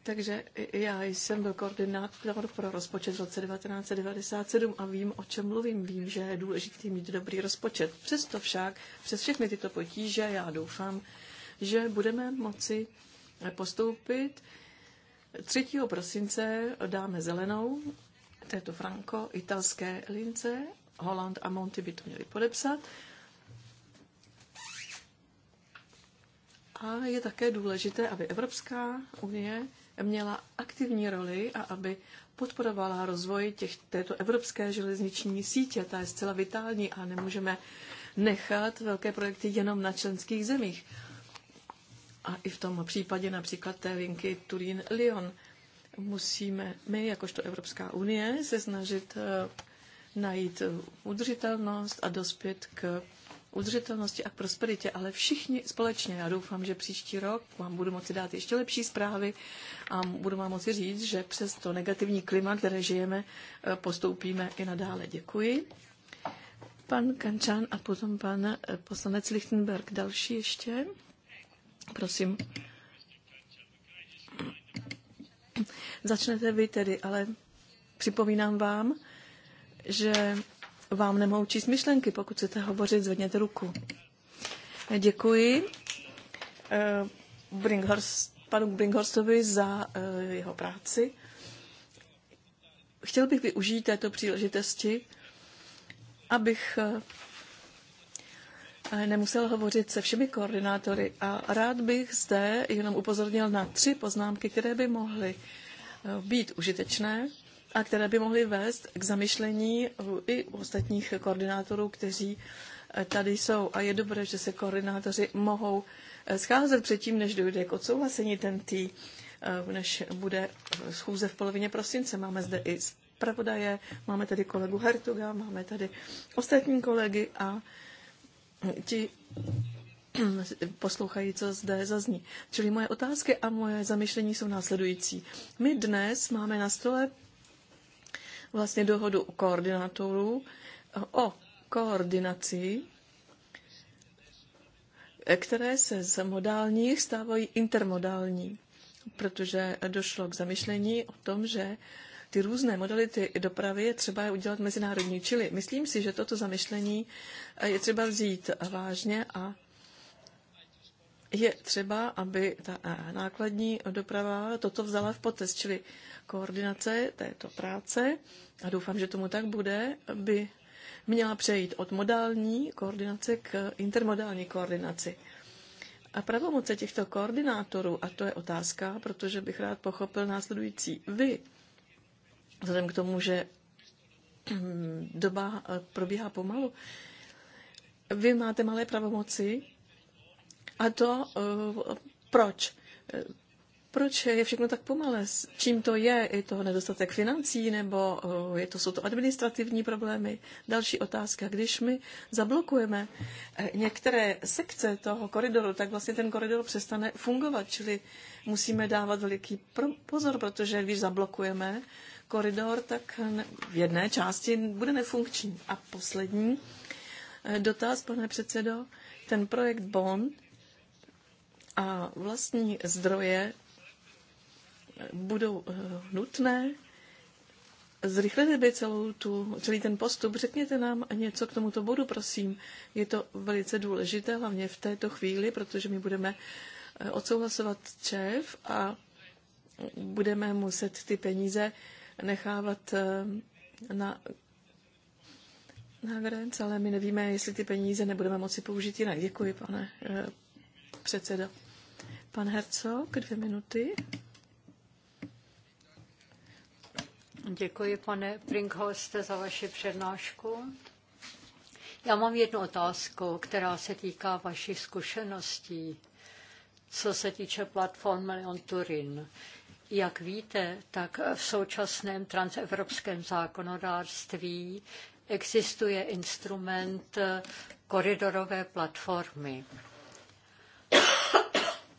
Takže já jsem byl koordinátor pro rozpočet v roce 1997 a vím, o čem mluvím. Vím, že je důležité mít dobrý rozpočet. Přesto však, přes všechny tyto potíže, já doufám, že budeme moci postoupit. 3. prosince dáme zelenou této franco-italské lince. Holland a Monty by to měli podepsat. A je také důležité, aby Evropská unie měla aktivní roli a aby podporovala rozvoj těch, této evropské železniční sítě. Ta je zcela vitální a nemůžeme nechat velké projekty jenom na členských zemích. A i v tom případě například té linky Turín-Lyon musíme my, jakožto Evropská unie, se snažit eh, najít udržitelnost a dospět k udržitelnosti a k prosperitě, ale všichni společně. Já doufám, že příští rok vám budu moci dát ještě lepší zprávy a budu vám moci říct, že přes to negativní klima, které žijeme, eh, postoupíme i nadále. Děkuji. Pan Kančan a potom pan eh, poslanec Lichtenberg. Další ještě. Prosím. Začnete vy tedy, ale připomínám vám, že vám nemohu číst myšlenky. Pokud chcete hovořit, zvedněte ruku. Děkuji eh, Bringhorst, panu Bringhorstovi za eh, jeho práci. Chtěl bych využít této příležitosti, abych eh, nemusel hovořit se všemi koordinátory a rád bych zde jenom upozornil na tři poznámky, které by mohly být užitečné a které by mohly vést k zamyšlení i ostatních koordinátorů, kteří eh, tady jsou. A je dobré, že se koordinátoři mohou eh, scházet předtím, než dojde k odsouhlasení tý, eh, než bude schůze v polovině prosince. Máme zde i zpravodaje, máme tady kolegu Hertuga, máme tady ostatní kolegy a hm, ti hm, poslouchají, co zde zazní. Čili moje otázky a moje zamyšlení jsou následující. My dnes máme na stole vlastně dohodu koordinátorů o koordinaci, které se z modálních stávají intermodální, protože došlo k zamyšlení o tom, že ty různé modality dopravy je třeba je udělat mezinárodní. Čili myslím si, že toto zamyšlení je třeba vzít vážně a je třeba, aby ta nákladní doprava toto vzala v potaz, čili koordinace této práce, a doufám, že tomu tak bude, by měla přejít od modální koordinace k intermodální koordinaci. A pravomoce těchto koordinátorů, a to je otázka, protože bych rád pochopil následující. Vy, vzhledem k tomu, že [clears throat] doba eh, probíhá pomalu, vy máte malé pravomoci, a to eh, proč? proč je všechno tak pomalé? S čím to je? Je to nedostatek financí nebo eh, je to, jsou to administrativní problémy? Další otázka. Když my zablokujeme eh, některé sekce toho koridoru, tak vlastně ten koridor přestane fungovat, čili musíme dávat veliký pozor, protože když zablokujeme koridor, tak v jedné části bude nefunkční. A poslední dotaz, pane předsedo, ten projekt Bond, a vlastní zdroje budou eh, nutné. Zrychlili by celou tu, celý ten postup. Řekněte nám něco k tomuto bodu, prosím. Je to velice důležité, hlavně v této chvíli, protože my budeme eh, odsouhlasovat ČEV a budeme muset ty peníze nechávat eh, na, na grenc, ale my nevíme, jestli ty peníze nebudeme moci použít jinak. Děkuji, pane předsedo. Pan Hercog, dvě minuty. Děkuji, pane Pringhoste, za vaši přednášku. Já mám jednu otázku, která se týká vašich zkušeností, co se týče platformy Leon Turin. Jak víte, tak v současném transevropském zákonodárství existuje instrument koridorové platformy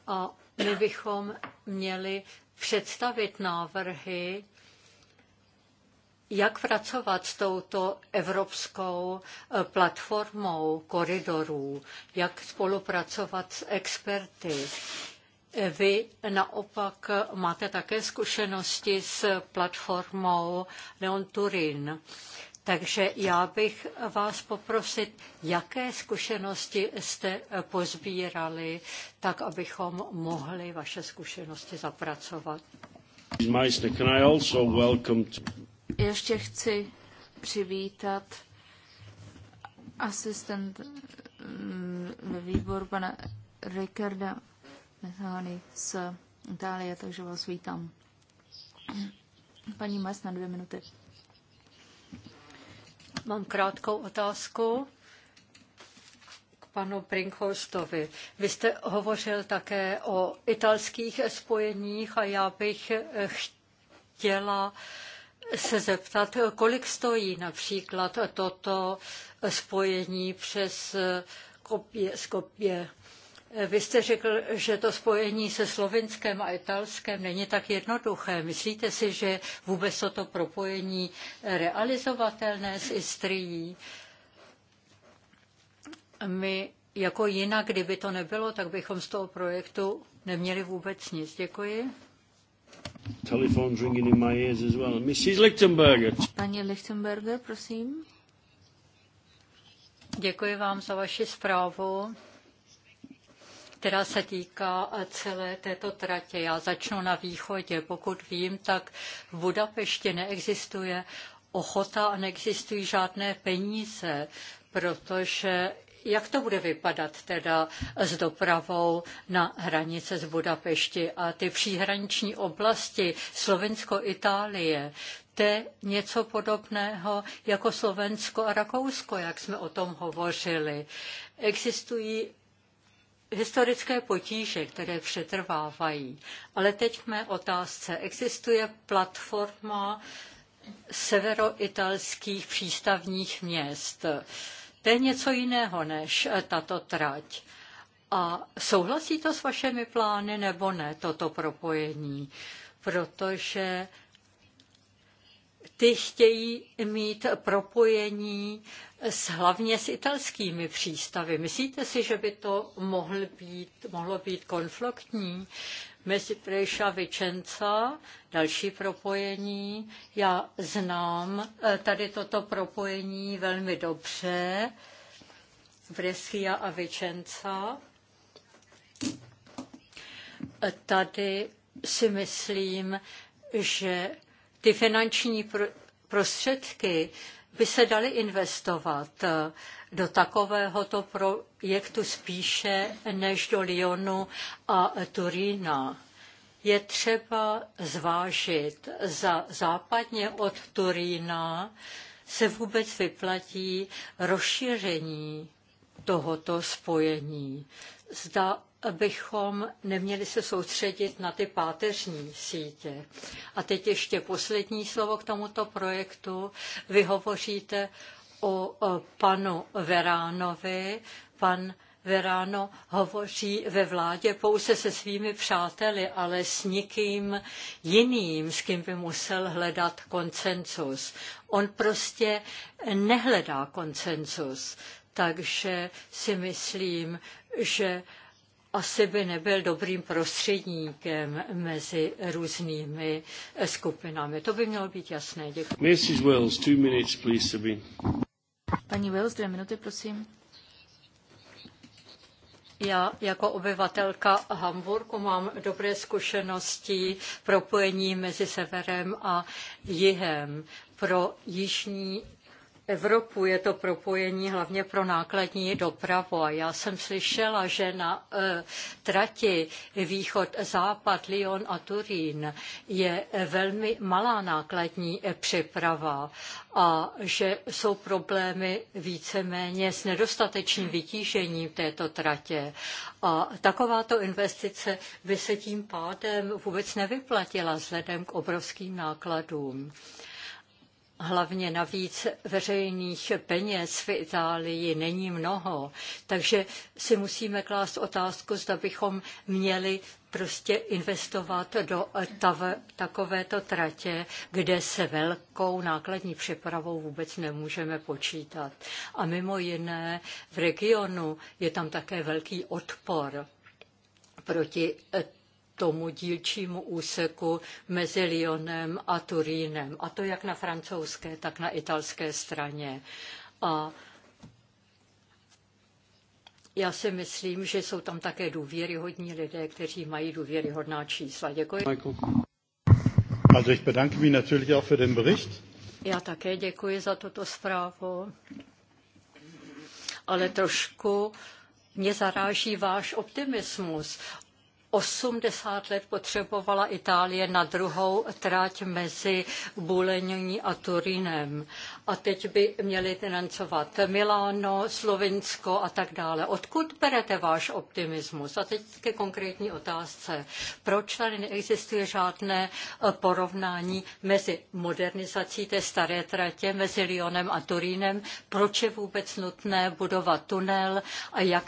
a my bychom měli představit návrhy, jak pracovat s touto evropskou eh, platformou koridorů, jak spolupracovat s experty. Eh, vy naopak eh, máte také zkušenosti s platformou Neon Turin. Takže já bych vás poprosit, jaké zkušenosti jste pozbírali, tak abychom mohli vaše zkušenosti zapracovat. Ještě chci přivítat asistent mm, ve výboru pana Ricarda Methany z Itálie, takže vás vítám. Paní Mas na dvě minuty. Mám krátkou otázku k panu Brinkhorstovi. Vy jste hovořil také o italských spojeních a já bych eh, chtěla se zeptat, kolik stojí například toto spojení přes kopie, z kopie vy jste řekl, že to spojení se Slovinskem a Italskem není tak jednoduché. Myslíte si, že vůbec toto propojení realizovatelné s Istrií? My jako jinak, kdyby to nebylo, tak bychom z toho projektu neměli vůbec nic. Děkuji. Telefon ringing in my ears as well. Mrs. Lichtenberger. Paní Lichtenberger, prosím. Děkuji vám za vaši zprávu která se týká celé této tratě. Já začnu na východě. Pokud vím, tak v Budapešti neexistuje ochota a neexistují žádné peníze, protože jak to bude vypadat teda s dopravou na hranice z Budapešti a ty příhraniční oblasti Slovensko-Itálie, to je něco podobného jako Slovensko a Rakousko, jak jsme o tom hovořili. Existují historické potíže, které přetrvávají. Ale teď k mé otázce. Existuje platforma severoitalských přístavních měst. To je něco jiného než tato trať. A souhlasí to s vašimi plány nebo ne, toto propojení? Protože ty chtějí mít propojení s, hlavně s italskými přístavy. Myslíte si, že by to mohl být, mohlo být konfliktní mezi Prejša Vicenza, další propojení? Já znám eh, tady toto propojení velmi dobře, Brescia a Vicenza. Eh, tady si myslím, že ty finanční prostředky, by se daly investovat eh, do takovéhoto projektu spíše než do Lyonu a Turína. Je třeba zvážit, za západně od Turína se vůbec vyplatí rozšíření tohoto spojení. Zda bychom neměli se soustředit na ty páteřní sítě. A teď ještě poslední slovo k tomuto projektu. Vy hovoříte o panu Veránovi. Pan Verano hovoří ve vládě pouze se svými přáteli, ale s nikým jiným, s kým by musel hledat koncensus. On prostě nehledá koncensus, Takže si myslím, že asi by nebyl dobrým prostředníkem mezi různými eh, skupinami. To by mělo být jasné. Děkuji. Mrs. Wells, two minutes, please, Sabine. Paní Wells, dvě minuty, prosím. Já jako obyvatelka Hamburku mám dobré zkušenosti propojení mezi severem a jihem. Pro jižní Evropu je to propojení hlavně pro nákladní dopravu. A já jsem slyšela, že na e, trati východ-západ Lyon a Turín je e, velmi malá nákladní e, přeprava a že jsou problémy víceméně s nedostatečným vytížením této tratě. A takováto investice by se tím pádem vůbec nevyplatila vzhledem k obrovským nákladům hlavně navíc veřejných peněz v Itálii není mnoho, takže si musíme klást otázku, zda bychom měli prostě investovat do tav, takovéto tratě, kde se velkou nákladní přepravou vůbec nemůžeme počítat. A mimo jiné v regionu je tam také velký odpor proti tomu dílčímu úseku mezi Lyonem a Turínem. A to jak na francouzské, tak na italské straně. A já si myslím, že jsou tam také důvěryhodní lidé, kteří mají důvěryhodná čísla. Děkuji. Also ich bedanke mich natürlich auch für den Bericht. Já také děkuji za tuto zprávu, ale trošku mě zaráží váš optimismus. 80 let potřebovala Itálie na druhou trať mezi Bulení a Turínem. A teď by měli financovat Miláno, Slovinsko a tak dále. Odkud berete váš optimismus? A teď ke konkrétní otázce. Proč tady neexistuje žádné eh, porovnání mezi modernizací té staré tratě, mezi Lyonem a Turínem? Proč je vůbec nutné budovat tunel a jak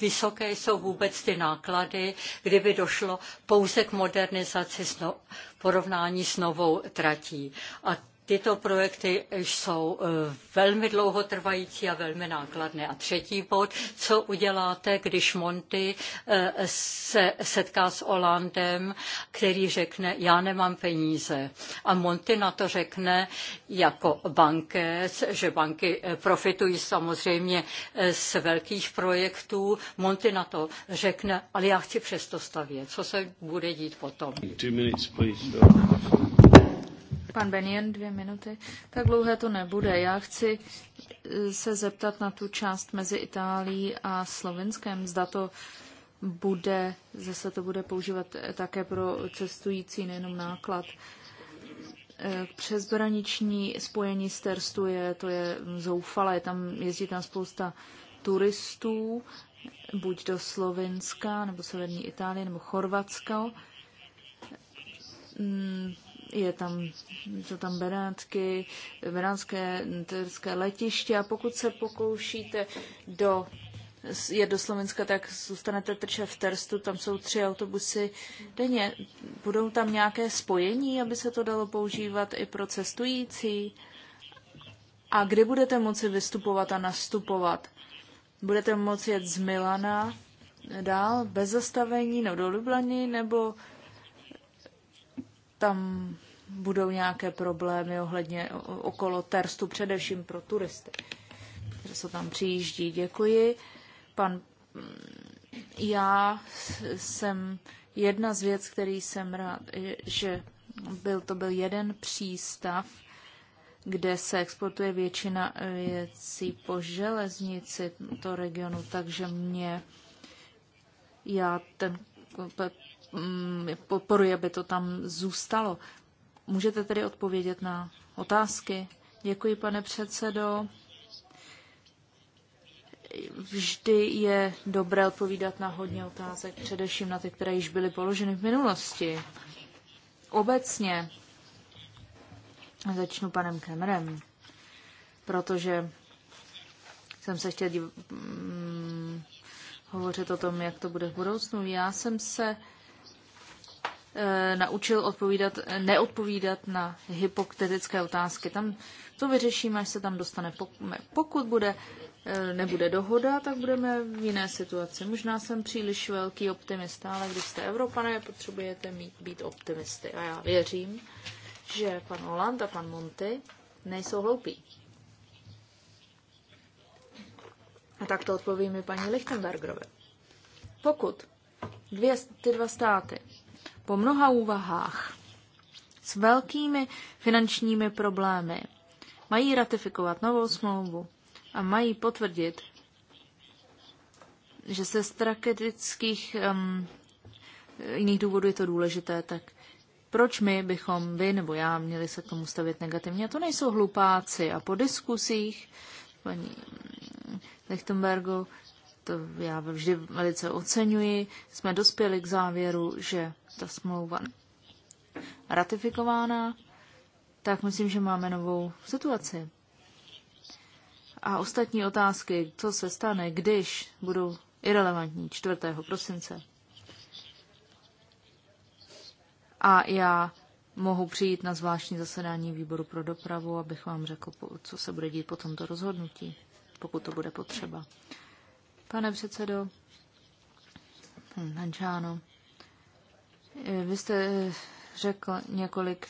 vysoké jsou vůbec ty náklady, kdyby by došlo pouze k modernizaci s porovnání s novou tratí. A Tyto projekty jsou eh, velmi dlouhotrvající a velmi nákladné. A třetí bod, co uděláte, když Monty eh, se setká s Olandem, který řekne, já nemám peníze. A Monty na to řekne jako bankéř, že banky eh, profitují samozřejmě z velkých projektů. Monty na to řekne, ale já chci přesto stavět. Co se bude dít potom? Two minutes, please. Pan Benjen, dvě minuty. Tak dlouhé to nebude. Já chci eh, se zeptat na tu část mezi Itálií a Slovenskem. Zda to bude, zase to bude používat eh, také pro cestující, nejenom náklad. Eh, Přesbraniční spojení s Terstu je, to je mm, zoufalé, je tam, jezdí tam spousta turistů, buď do Slovenska, nebo severní Itálie, nebo Chorvatska. Mm, je tam, to tam Benátky, Benátské terské letiště a pokud se pokoušíte do je do Slovenska, tak zůstanete trče v Terstu, tam jsou tři autobusy denně. Budou tam nějaké spojení, aby se to dalo používat i pro cestující? A kdy budete moci vystupovat a nastupovat? Budete moci jet z Milana dál bez zastavení nebo do Lublany nebo tam budou nějaké problémy ohledně okolo Terstu, především pro turisty, kteří se tam přijíždí. Děkuji. Pan, mm, já jsem jedna z věc, který jsem rád, že byl, to byl jeden přístav, kde se exportuje většina eh, věcí po železnici to regionu, takže mě já ten Mm, podporuji, aby to tam zůstalo. Můžete tedy odpovědět na otázky? Děkuji, pane předsedo. Vždy je dobré odpovídat na hodně otázek, především na ty, které již byly položeny v minulosti. Obecně začnu panem Kemrem, protože jsem se chtěl div- mm, hovořit o tom, jak to bude v budoucnu. Já jsem se Eh, naučil odpovídat, neodpovídat na hypoktetické otázky. Tam to vyřešíme, až se tam dostane. Pokud bude, eh, nebude dohoda, tak budeme v jiné situaci. Možná jsem příliš velký optimista, ale když jste Evropané, potřebujete mít, být optimisty. A já věřím, že pan Holland a pan Monty nejsou hloupí. A tak to odpoví mi paní Lichtenbergerové. Pokud dvě, ty dva státy po mnoha úvahách s velkými finančními problémy mají ratifikovat novou smlouvu a mají potvrdit, že se z strategických um, jiných důvodů je to důležité, tak proč my bychom, vy nebo já, měli se k tomu stavět negativně? A to nejsou hlupáci. A po diskusích, paní Lichtenbergu, to já vždy velice oceňuji. Jsme dospěli k závěru, že ta smlouva ratifikována, tak myslím, že máme novou situaci. A ostatní otázky, co se stane, když budou irrelevantní 4. prosince. A já mohu přijít na zvláštní zasedání výboru pro dopravu, abych vám řekl, co se bude dít po tomto rozhodnutí, pokud to bude potřeba. Pane předsedo Hančáno, vy jste eh, řekl několik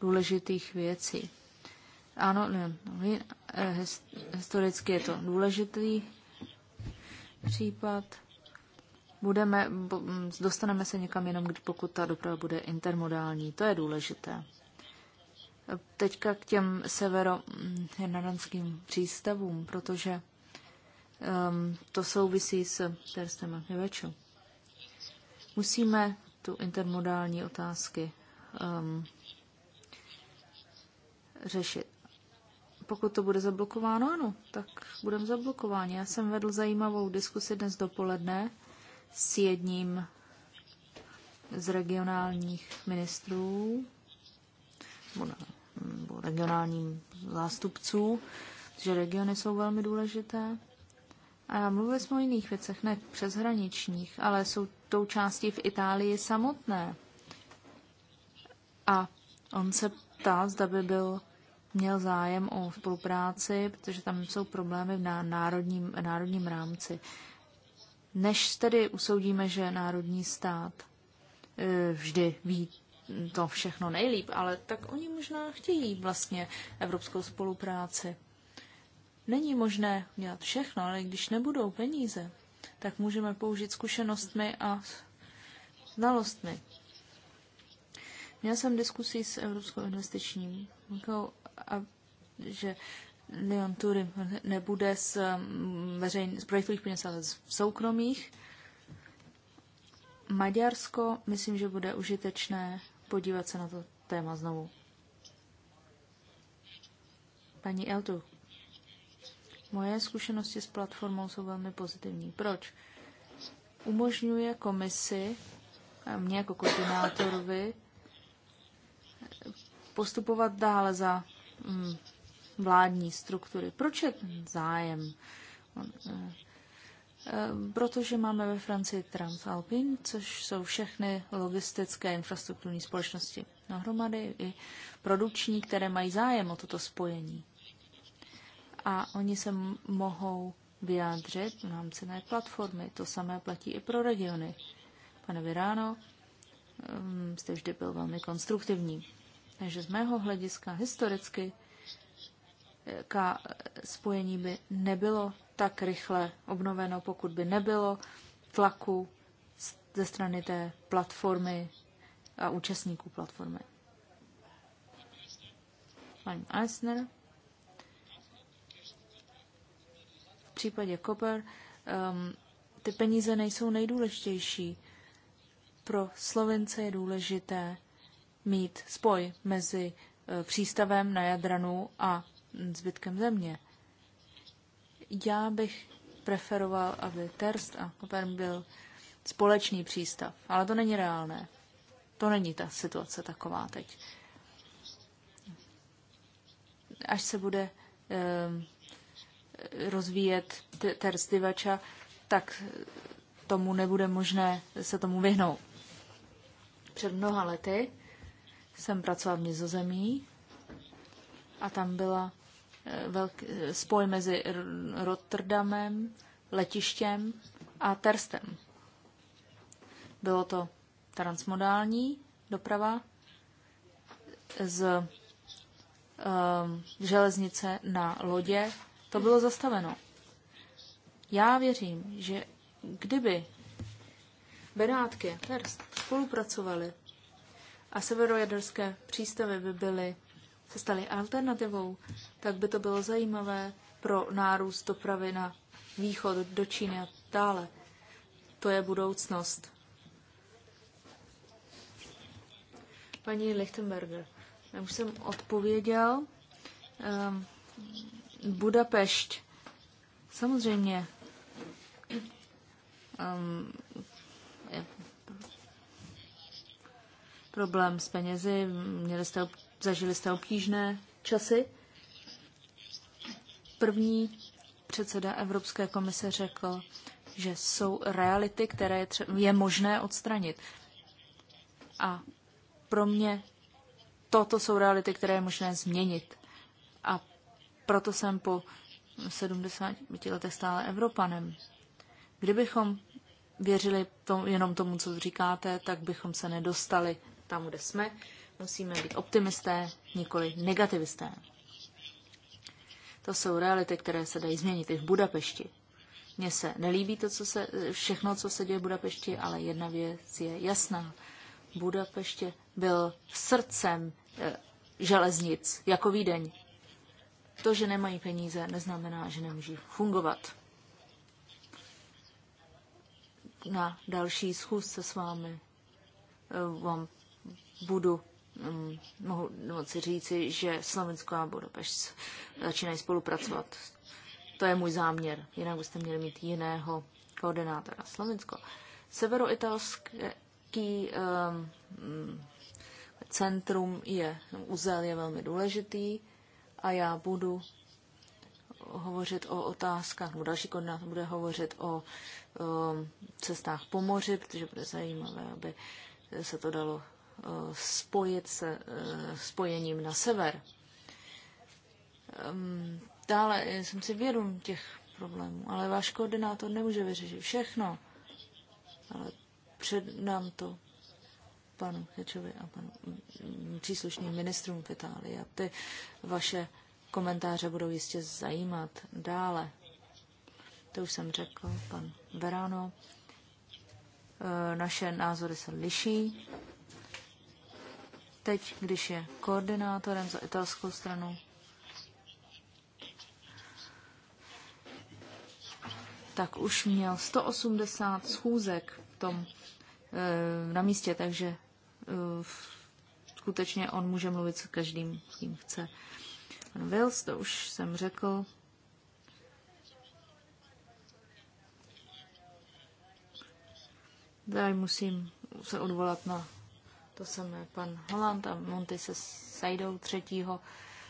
důležitých věcí. Ano, eh, historicky je to důležitý případ. Budeme, hm, dostaneme se někam jenom, pokud ta doprava bude intermodální. To je důležité. Teďka k těm severo hm, přístavům, protože um, to souvisí s terstem Macheveču. Musíme tu intermodální otázky um, řešit. Pokud to bude zablokováno, ano, tak budeme zablokováni. Já jsem vedl zajímavou diskusi dnes dopoledne s jedním z regionálních ministrů, nebo regionálním zástupců, že regiony jsou velmi důležité. A mluvili jsme o jiných věcech, ne přeshraničních, ale jsou tou částí v Itálii samotné. A on se ptá, zda by byl měl zájem o spolupráci, protože tam jsou problémy v národním, národním rámci. Než tedy usoudíme, že národní stát e, vždy ví to všechno nejlíp, ale tak oni možná chtějí vlastně evropskou spolupráci. Není možné dělat všechno, ale když nebudou peníze, tak můžeme použít zkušenostmi a znalostmi. Měl jsem diskusi s Evropskou investiční bankou, a že Leon Tury nebude z, um, veřejn, z projektových peněz, ale z soukromých. Maďarsko, myslím, že bude užitečné podívat se na to téma znovu. Paní Eltu, Moje zkušenosti s platformou jsou velmi pozitivní. Proč? Umožňuje komisi mě jako koordinátorovi postupovat dále za mm, vládní struktury. Proč je ten zájem? Eh, eh, protože máme ve Francii Transalpin, což jsou všechny logistické infrastrukturní společnosti nahromady i produkční, které mají zájem o toto spojení a oni se mohou vyjádřit v rámci mé platformy. To samé platí i pro regiony. Pane Viráno, mm, jste vždy byl velmi konstruktivní. Takže z mého hlediska historicky eh, k eh, spojení by nebylo tak rychle obnoveno, pokud by nebylo tlaku ze strany té platformy a účastníků platformy. Pani Eisner. případě Koper um, ty peníze nejsou nejdůležitější. Pro Slovence je důležité mít spoj mezi eh, přístavem na Jadranu a zbytkem země. Já bych preferoval, aby Terst a Koper byl společný přístav, ale to není reálné. To není ta situace taková teď. Až se bude eh, rozvíjet terstivača, tak tomu nebude možné se tomu vyhnout. Před mnoha lety jsem pracovala v Nizozemí a tam byla eh, velký spoj mezi Rotterdamem, letištěm a Terstem. Bylo to transmodální doprava z uh, železnice na lodě to bylo zastaveno. Já věřím, že kdyby Benátky, Terst spolupracovali a severojaderské přístavy by byly, se staly alternativou, tak by to bylo zajímavé pro nárůst dopravy na východ do Číny a dále. To je budoucnost. Paní Lichtenberger, já už jsem odpověděl. Um, Budapešť. Samozřejmě. Um, je problém s penězi, měli jste, zažili jste obtížné časy. První předseda Evropské komise řekl, že jsou reality, které je, tře- je možné odstranit. A pro mě toto jsou reality, které je možné změnit. A proto jsem po 70 letech stále Evropanem. Kdybychom věřili tomu, jenom tomu, co říkáte, tak bychom se nedostali tam, kde jsme. Musíme být optimisté, nikoli negativisté. To jsou reality, které se dají změnit i v Budapešti. Mně se nelíbí to, co se, všechno, co se děje v Budapešti, ale jedna věc je jasná. Budapeště byl srdcem e, železnic, jako Vídeň. To, že nemají peníze, neznamená, že nemůží fungovat. Na další schůzce s vámi eh, vám budu mm, mohu moci říci, že Slovensko a Budapešť začínají spolupracovat. To je můj záměr, jinak byste měli mít jiného koordinátora. Slovensko. Severoitalský um, centrum je, uzel je velmi důležitý a já budu hovořit o otázkách, nebo další koordinátor bude hovořit o, o cestách po moři, protože bude zajímavé, aby se to dalo spojit se e, spojením na sever. Dále jsem si vědom těch problémů, ale váš koordinátor nemůže vyřešit všechno. Ale před nám to panu Hečovi a panu mm, mm, příslušným ministrům v Itálii. A ty vaše komentáře budou jistě zajímat dále. To už jsem řekl, pan Verano. E, naše názory se liší. Teď, když je koordinátorem za italskou stranu, tak už měl 180 schůzek v tom e, na místě, takže Eh, skutečně on může mluvit s každým, kým chce. Pan Wills, to už jsem řekl. Tady musím se odvolat na to samé pan Holland a Monty se sejdou 3.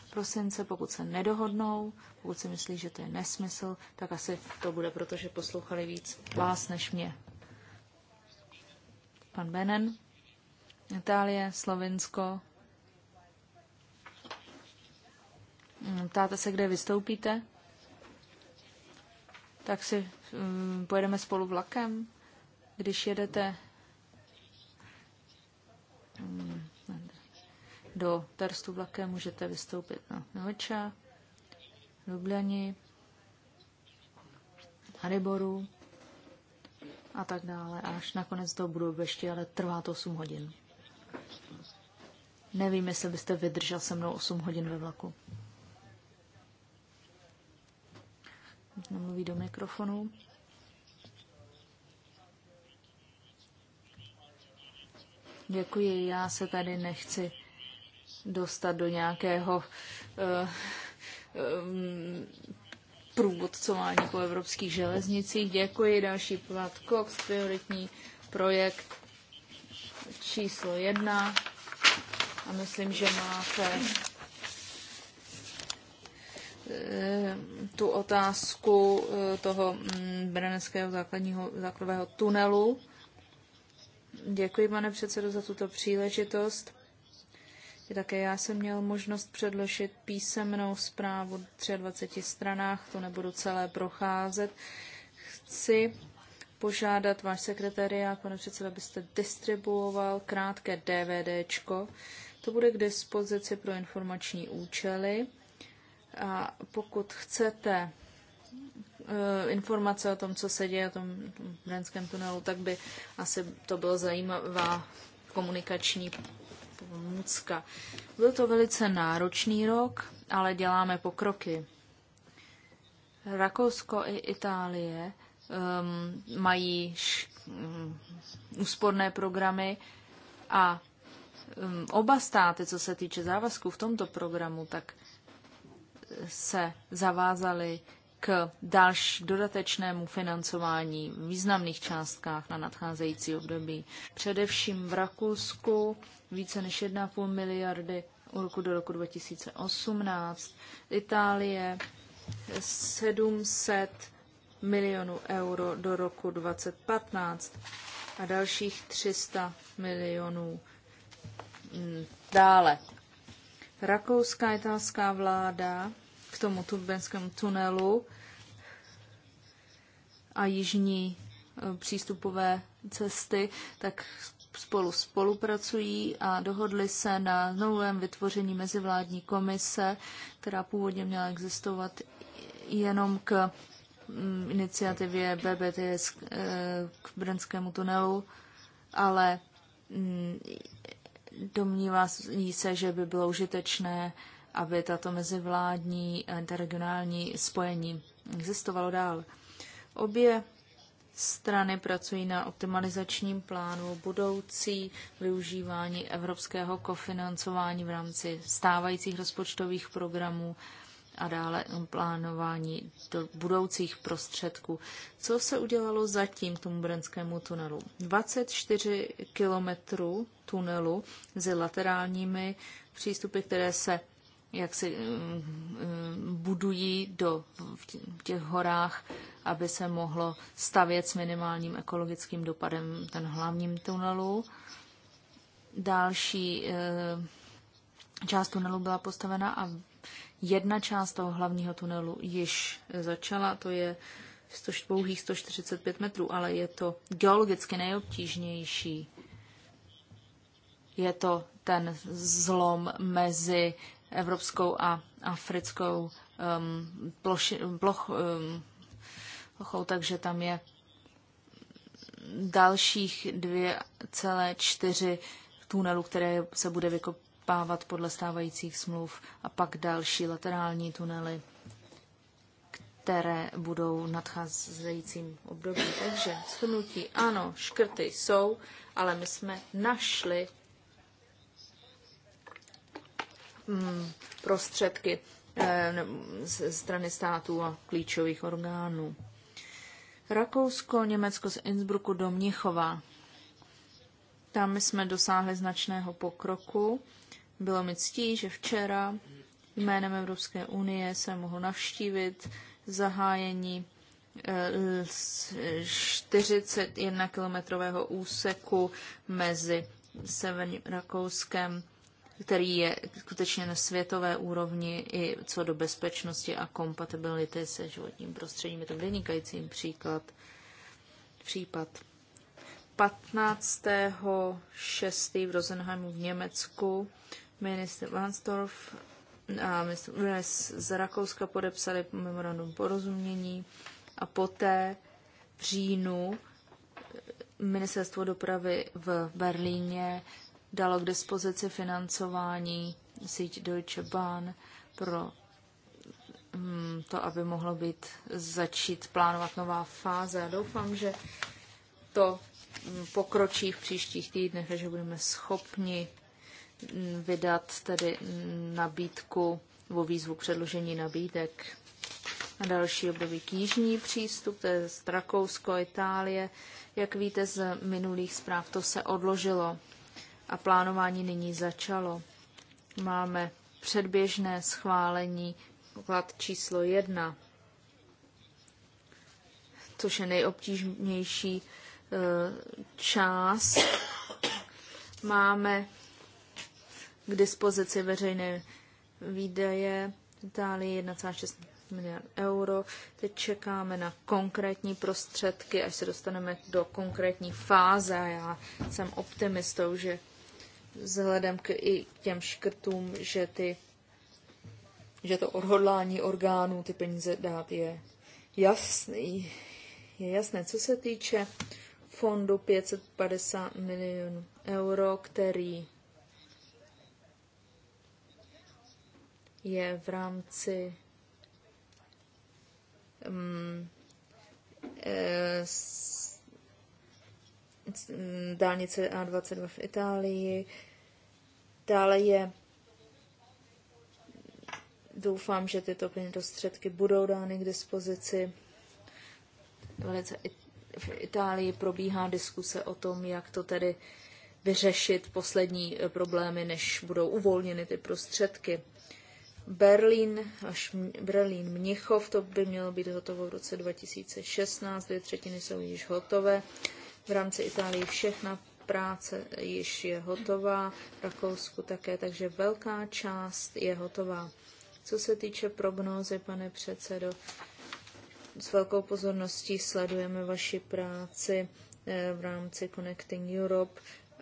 prosince, pokud se nedohodnou, pokud si myslí, že to je nesmysl, tak asi to bude, protože poslouchali víc vás než mě. Pan Benen. Itálie, Slovensko. Mm, Ptáte se, kde vystoupíte? Tak si um, pojedeme spolu vlakem. Když jedete um, do Terstu vlakem, můžete vystoupit na Noča, Lublani, Hariboru a tak dále. Až nakonec to budou ještě, ale trvá to 8 hodin. Nevím, jestli byste vydržel se mnou 8 hodin ve vlaku. Nemluví do mikrofonu. Děkuji, já se tady nechci dostat do nějakého uh, um, průvodcování po evropských železnicích. Děkuji, další Plat Cox, prioritní projekt číslo jedna a myslím, že máte eh, tu otázku eh, toho mm, Breneckého základního základového tunelu. Děkuji, pane předsedo, za tuto příležitost. Také já jsem měl možnost předložit písemnou zprávu v 23 stranách, to nebudu celé procházet. Chci požádat váš sekretariát, pane předsedo, abyste distribuoval krátké DVDčko. To bude k dispozici pro informační účely. A pokud chcete eh, informace o tom, co se děje o tom brenském tunelu, tak by asi to byla zajímavá komunikační pomůcka. Byl to velice náročný rok, ale děláme pokroky. Rakousko i Itálie um, mají š, um, úsporné programy a um, oba státy, co se týče závazků v tomto programu, tak se zavázaly k další dodatečnému financování v významných částkách na nadcházející období. Především v Rakousku více než 1,5 miliardy roku do roku 2018, Itálie 700 milionů euro do roku 2015 a dalších 300 milionů mm, dále. Rakouská italská vláda k tomu tubenskému tunelu a jižní e, přístupové cesty, tak spolu spolupracují a dohodli se na novém vytvoření mezivládní komise, která původně měla existovat jenom k Mm, iniciativě BBTS eh, k Brnskému tunelu, ale mm, domnívá se, že by bylo užitečné, aby tato mezivládní interregionální spojení existovalo dál. Obě strany pracují na optimalizačním plánu budoucí využívání evropského kofinancování v rámci stávajících rozpočtových programů a dále plánování do budoucích prostředků. Co se udělalo zatím k tomu brenskému tunelu? 24 kilometrů tunelu s laterálními přístupy, které se jak se mm, mm, budují do, v těch horách, aby se mohlo stavět s minimálním ekologickým dopadem ten hlavním tunelu. Další eh, část tunelu byla postavena a Jedna část toho hlavního tunelu již začala, to je 100, pouhých 145 metrů, ale je to geologicky nejobtížnější. Je to ten zlom mezi evropskou a africkou um, ploši, ploch, um, plochou, takže tam je dalších 2,4 tunelů, které se bude vykop, vyčerpávat podle stávajících smluv a pak další laterální tunely, které budou nadcházejícím období. Takže shrnutí ano, škrty jsou, ale my jsme našli mm, prostředky eh, ze strany států a klíčových orgánů. Rakousko, Německo z Innsbrucku do Mnichova. Tam jsme dosáhli značného pokroku bylo mi ctí, že včera jménem Evropské unie se mohl navštívit zahájení 41-kilometrového eh, úseku mezi severním Rakouskem, který je skutečně na světové úrovni i co do bezpečnosti a kompatibility se životním prostředím. Je to vynikající příklad, případ. 15. 6. v Rosenheimu v Německu Minister Vansdorf a minister Unes z Rakouska podepsali memorandum porozumění a poté v říjnu ministerstvo dopravy v Berlíně dalo k dispozici financování síť Deutsche Bahn pro mm, to, aby mohlo být začít plánovat nová fáze. A doufám, že to mm, pokročí v příštích týdnech a že budeme schopni vydat tedy nabídku nebo výzvu k předložení nabídek na další období k jižní přístup, to je z Rakousko, Itálie. Jak víte z minulých zpráv, to se odložilo a plánování nyní začalo. Máme předběžné schválení klad číslo jedna, což je nejobtížnější eh, část. Máme k dispozici veřejné výdaje v Itálii 1,6 miliard euro. Teď čekáme na konkrétní prostředky, až se dostaneme do konkrétní fáze. já jsem optimistou, že vzhledem k i těm škrtům, že ty že to odhodlání orgánů ty peníze dát je jasný. Je jasné, co se týče fondu 550 milionů euro, který je v rámci um, e, dálnice A22 v Itálii. Dále je doufám, že tyto prostředky budou dány k dispozici. Velice v Itálii probíhá diskuse o tom, jak to tedy vyřešit poslední eh, problémy, než budou uvolněny ty prostředky. Berlín až Berlín Mnichov, to by mělo být hotovo v roce 2016, dvě třetiny jsou již hotové. V rámci Itálie všechna práce již je hotová, v Rakousku také, takže velká část je hotová. Co se týče prognózy, pane předsedo, s velkou pozorností sledujeme vaši práci eh, v rámci Connecting Europe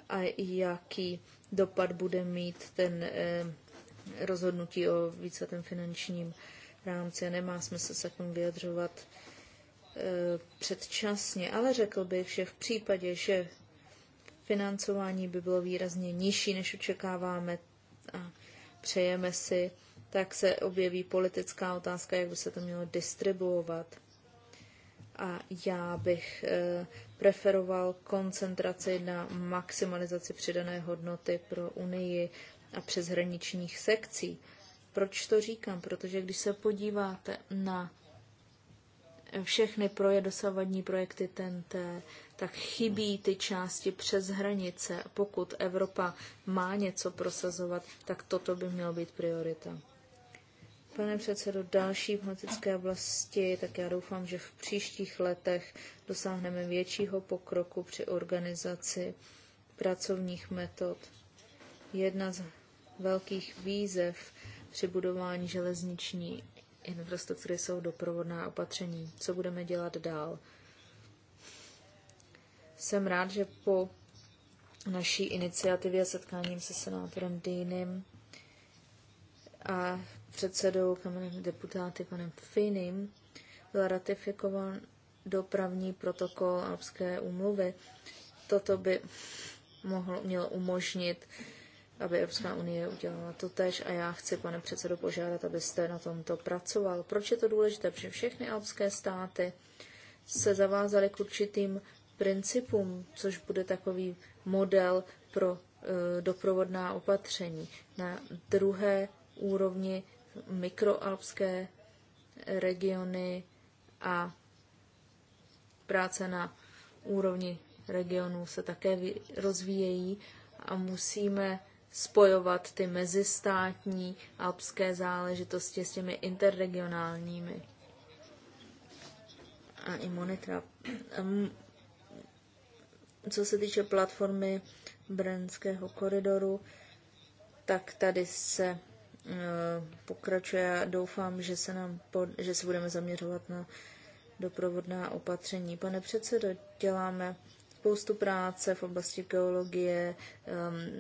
a jaký dopad bude mít ten eh, rozhodnutí o víceletém finančním rámci a nemá smysl se k tomu vyjadřovat eh, předčasně, ale řekl bych, že v případě, že financování by bylo výrazně nižší, než očekáváme a přejeme si, tak se objeví politická otázka, jak by se to mělo distribuovat. A já bych eh, preferoval koncentraci na maximalizaci přidané hodnoty pro Unii a přeshraničních sekcí. Proč to říkám? Protože když se podíváte na všechny proje, dosavadní projekty TNT, tak chybí ty části přes hranice. Pokud Evropa má něco prosazovat, tak toto by mělo být priorita. Pane předsedo, další politické oblasti, tak já doufám, že v příštích letech dosáhneme většího pokroku při organizaci pracovních metod. Jedna z velkých výzev při budování železniční infrastruktury jsou doprovodná opatření. Co budeme dělat dál? Jsem rád, že po naší iniciativě a setkáním se senátorem Dýnem a předsedou kamerem deputáty panem Finným byl ratifikován dopravní protokol Alpské úmluvy. Toto by mohlo, mělo umožnit aby Evropská unie udělala to tež a já chci, pane předsedo, požádat, abyste na tomto pracoval. Proč je to důležité? Protože všechny alpské státy se zavázaly k určitým principům, což bude takový model pro e, doprovodná opatření. Na druhé úrovni mikroalpské regiony a práce na úrovni regionů se také rozvíjejí a musíme spojovat ty mezistátní alpské záležitosti s těmi interregionálními. A i monitra. Co se týče platformy Brenského koridoru, tak tady se e, pokračuje doufám, že se, nám že se budeme zaměřovat na doprovodná opatření. Pane předsedo, děláme spoustu práce v oblasti geologie,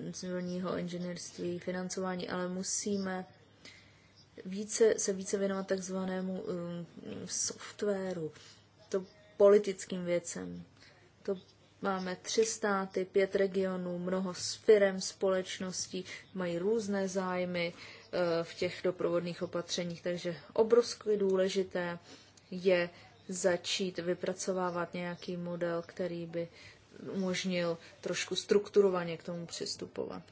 um, civilního inženýrství, financování, ale musíme více, se více věnovat takzvanému um, softwaru, to politickým věcem. To máme tři státy, pět regionů, mnoho firem, společností, mají různé zájmy uh, v těch doprovodných opatřeních, takže obrovsky důležité je začít vypracovávat nějaký model, který by umožnil trošku strukturovaně k tomu přistupovat.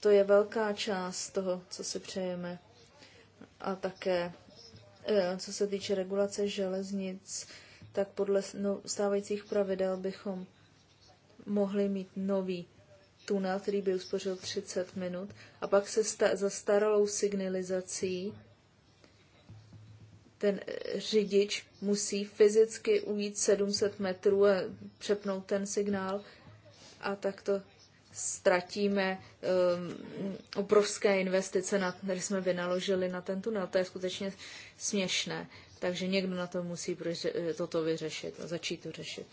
To je velká část toho, co si přejeme. A také, e, co se týče regulace železnic, tak podle no, stávajících pravidel bychom mohli mít nový tunel, který by uspořil 30 minut, a pak se za starou signalizací ten řidič musí fyzicky ujít 700 metrů a přepnout ten signál a tak to ztratíme um, obrovské investice, na, které jsme vynaložili na ten tunel. To je skutečně směšné. Takže někdo na to musí toto vyřešit a no, začít to řešit.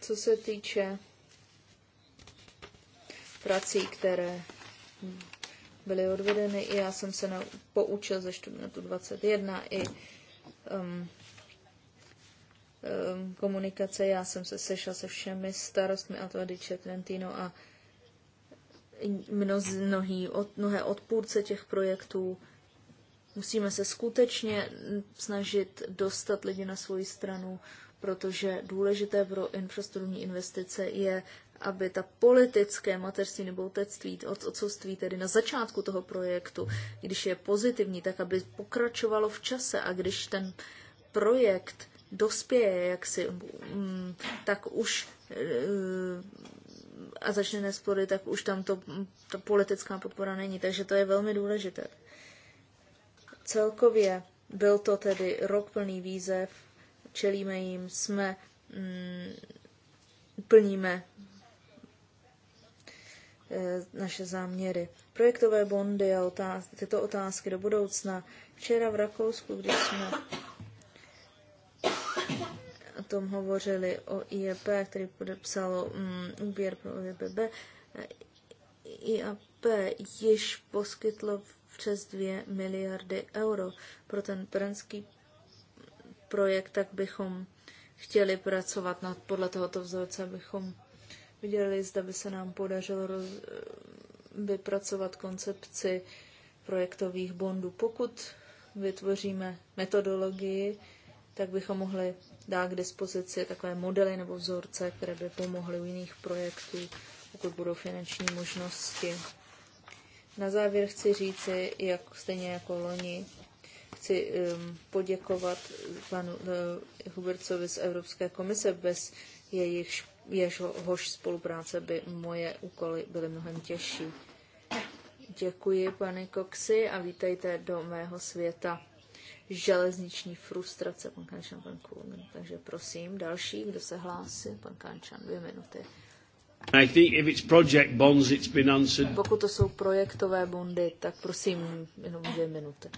Co se týče prací, které byly odvedeny. I já jsem se na, poučil ze Studentu 21 i um, um, komunikace. Já jsem se sešel se všemi starostmi a to Adiče Trentino a mnoz, mnohý, od, mnohé odpůrce těch projektů. Musíme se skutečně snažit dostat lidi na svoji stranu, protože důležité pro infrastrukturní investice je aby ta politické mateřství nebo otectví, otcovství tedy na začátku toho projektu, když je pozitivní, tak aby pokračovalo v čase a když ten projekt dospěje, jak si, mm, tak už eh, a začne nespory, tak už tam to, ta politická podpora není. Takže to je velmi důležité. Celkově byl to tedy rok plný výzev, čelíme jim, jsme, mm, plníme Eh, naše záměry. Projektové bondy a otázky, tyto otázky do budoucna. Včera v Rakousku, když jsme o tom hovořili o IEP, který podepsalo mm, úběr úvěr pro IEPB, eh, IAP již poskytlo přes 2 miliardy euro pro ten brnský projekt, tak bychom chtěli pracovat na, podle tohoto vzorce, abychom viděli, zda by se nám podařilo roz, eh, vypracovat koncepci projektových bondů. Pokud vytvoříme metodologii, tak bychom mohli dát k dispozici takové modely nebo vzorce, které by pomohly u jiných projektů, pokud budou finanční možnosti. Na závěr chci říci, jak stejně jako loni, chci um, poděkovat panu uh, Hubercovi z Evropské komise. Bez jejich jehož spolupráce by moje úkoly byly mnohem těžší. Děkuji, pane Coxy, a vítejte do mého světa železniční frustrace, pan Kančan, pan Kulmin. Takže prosím, další, kdo se hlásí, pan Kančan, dvě minuty. I think if it's project bonds, it's been answered. Pokud to jsou projektové bondy, tak prosím, jenom dvě minuty.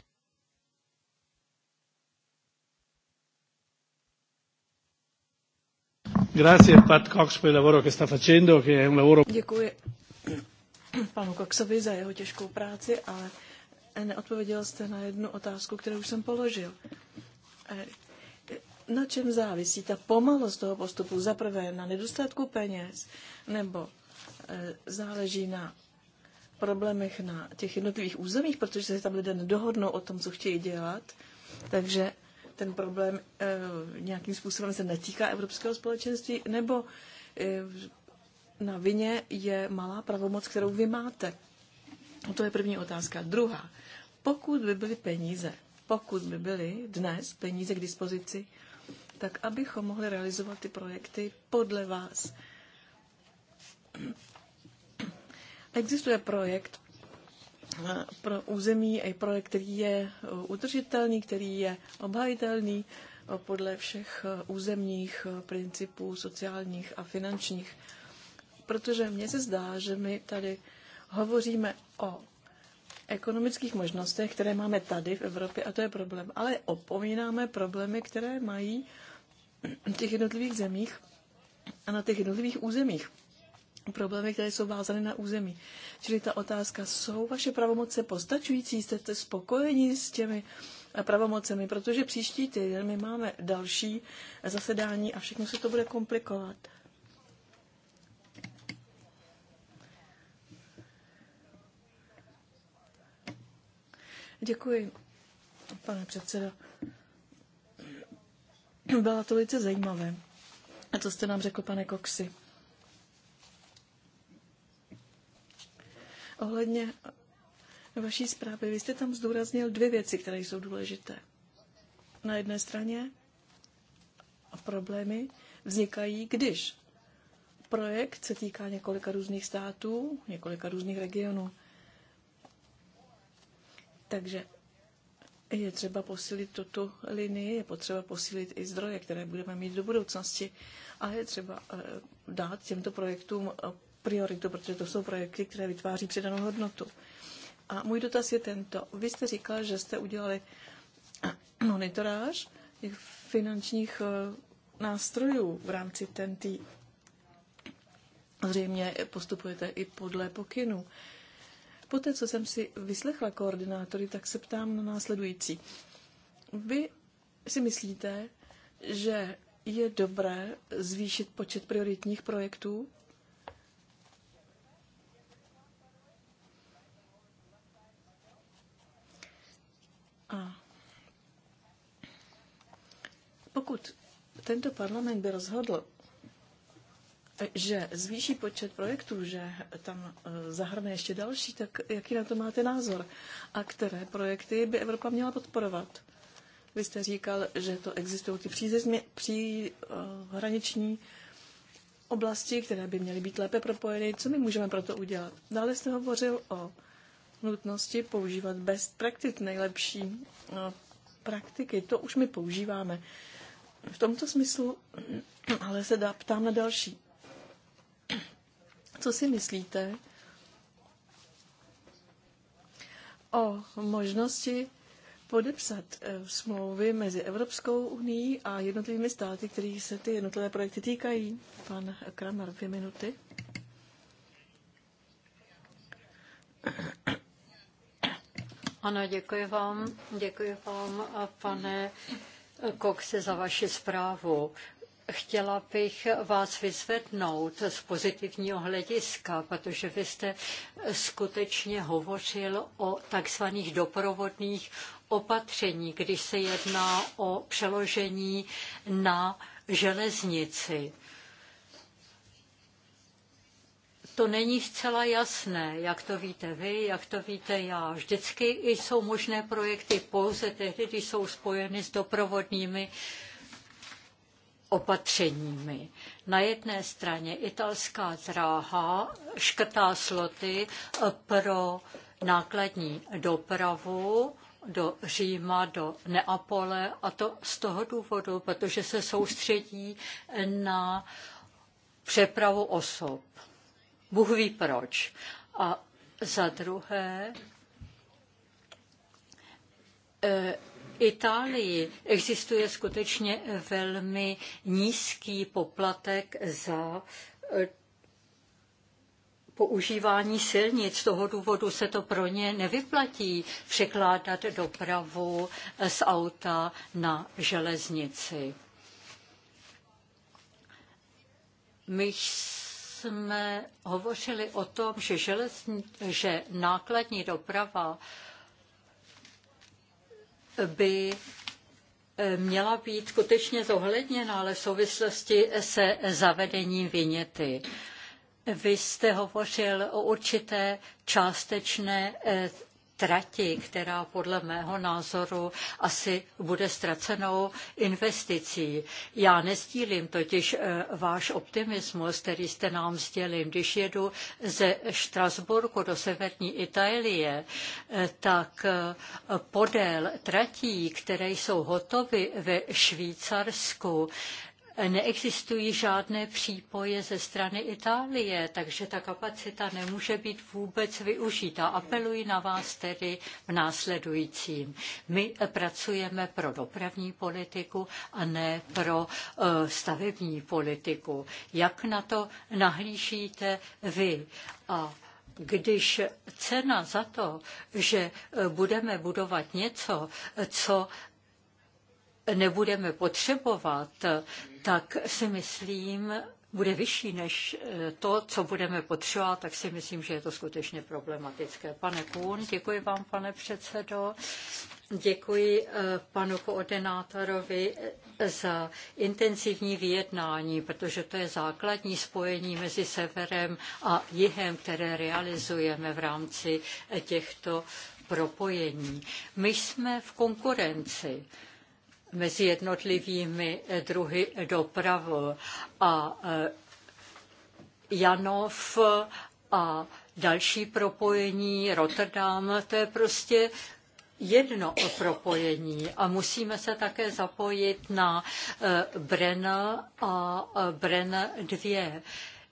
Grazie Pat Cox per il lavoro che sta facendo, che è un lavoro... Děkuji [clears throat] panu Coxovi za jeho těžkou práci, ale neodpověděl jste na jednu otázku, kterou už jsem položil. E, na čem závisí ta pomalost toho postupu? Za prvé na nedostatku peněz, nebo e, záleží na problémech na těch jednotlivých územích, protože se tam lidé nedohodnou o tom, co chtějí dělat. Takže ten problém eh, nějakým způsobem se netýká Evropského společenství, nebo eh, na vině je malá pravomoc, kterou vy máte. No, to je první otázka. Druhá. Pokud by byly peníze, pokud by byly dnes peníze k dispozici, tak abychom mohli realizovat ty projekty podle vás. Existuje projekt Eh, pro území a projekt, který je eh, udržitelný, který je obhajitelný eh, podle všech územních principů sociálních a finančních. Protože mně se zdá, že my tady hovoříme o ekonomických možnostech, které máme tady v Evropě, a to je problém. Ale opomínáme problémy, které mají v těch jednotlivých zemích a na těch jednotlivých územích problémy, které jsou vázané na území. Čili ta otázka, jsou vaše pravomoce postačující, jste spokojeni s těmi eh, pravomocemi, protože příští týden my máme další eh, zasedání a všechno se to bude komplikovat. Děkuji, pane předsedo. Byla to velice zajímavé. A co jste nám řekl, pane Koksi. Ohledně vaší zprávy, vy jste tam zdůraznil dvě věci, které jsou důležité. Na jedné straně problémy vznikají, když projekt se týká několika různých států, několika různých regionů. Takže je třeba posílit tuto linii, je potřeba posílit i zdroje, které budeme mít do budoucnosti a je třeba eh, dát těmto projektům prioritu, protože to jsou projekty, které vytváří přidanou hodnotu. A můj dotaz je tento. Vy jste říkal, že jste udělali [clears throat] monitoráž finančních eh, nástrojů v rámci TNT. Zřejmě postupujete i podle pokynů. Poté, co jsem si vyslechla koordinátory, tak se ptám na následující. Vy si myslíte, že je dobré zvýšit počet prioritních projektů Pokud tento parlament by rozhodl, že zvýší počet projektů, že tam e, zahrne ještě další, tak jaký na to máte názor? A které projekty by Evropa měla podporovat? Vy jste říkal, že to existují ty přízezmě, pří, uh, hraniční oblasti, které by měly být lépe propojeny. Co my můžeme pro to udělat? Dále jste hovořil o nutnosti používat best practice, nejlepší uh, praktiky. To už my používáme. Uh, v tomto smyslu [clears throat] ale se dá, ptám na další. Co si myslíte o možnosti podepsat eh, smlouvy mezi Evropskou unii a jednotlivými státy, kterých se ty jednotlivé projekty týkají? Pan Kramer, dvě minuty. Ano, děkuji vám. Děkuji vám, pane Kokse, za vaši zprávu. Chtěla bych vás vyzvednout z pozitivního hlediska, protože vy jste skutečně hovořil o takzvaných doprovodných opatření, když se jedná o přeložení na železnici. to není zcela jasné, jak to víte vy, jak to víte já. Vždycky jsou možné projekty pouze tehdy, když jsou spojeny s doprovodnými opatřeními. Na jedné straně italská dráha škrtá sloty pro nákladní dopravu do Říma, do Neapole a to z toho důvodu, protože se soustředí na přepravu osob. Bůh ví proč. A za druhé, e, Itálii existuje skutečně velmi nízký poplatek za e, používání silnic. Z toho důvodu se to pro ně nevyplatí překládat dopravu z auta na železnici. My jsme hovořili o tom, že, železní, že nákladní doprava by eh, měla být skutečně zohledněna, ale v souvislosti se zavedením viněty. Vy jste hovořil o určité částečné eh, trati, která podle mého názoru asi bude ztracenou investicí. Já nestílím totiž eh, váš optimismus, který jste nám sdělil. Když jedu ze Štrasburku do severní Itálie, eh, tak eh, podél tratí, které jsou hotovy ve Švýcarsku, neexistují žádné přípoje ze strany Itálie, takže ta kapacita nemůže být vůbec využita. Apeluji na vás tedy v následujícím. My eh, pracujeme pro dopravní politiku a ne pro eh, stavební politiku. Jak na to nahlížíte vy? A když cena za to, že eh, budeme budovat něco, co nebudeme potřebovat, tak si myslím, bude vyšší než eh, to, co budeme potřebovat, tak si myslím, že je to skutečně problematické. Pane Kuhn, děkuji vám, pane předsedo. Děkuji eh, panu koordinátorovi eh, za intenzivní vyjednání, protože to je základní spojení mezi severem a jihem, které realizujeme v rámci těchto propojení. My jsme v konkurenci mezi jednotlivými eh, druhy dopravu. A eh, Janov a další propojení, Rotterdam, to je prostě jedno propojení a musíme se také zapojit na eh, Brenna a Brenna 2.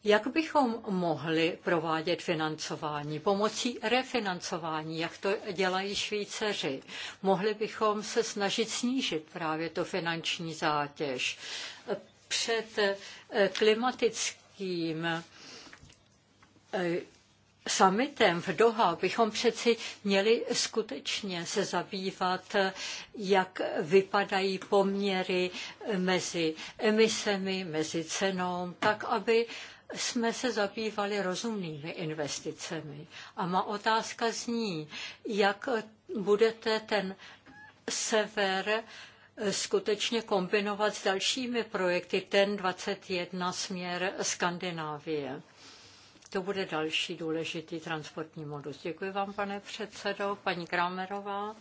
Jak bychom mohli provádět financování? Pomocí refinancování, jak to dělají Švýceři. Mohli bychom se snažit snížit právě to finanční zátěž. Před eh, klimatickým eh, summitem v Doha bychom přeci měli skutečně se zabývat, eh, jak vypadají poměry mezi emisemi, mezi cenou, tak aby jsme se zabývali rozumnými investicemi. A má otázka zní, jak budete ten sever eh, skutečně kombinovat s dalšími projekty, ten 21 směr Skandinávie. To bude další důležitý transportní modus. Děkuji vám, pane předsedo, paní Kramerová.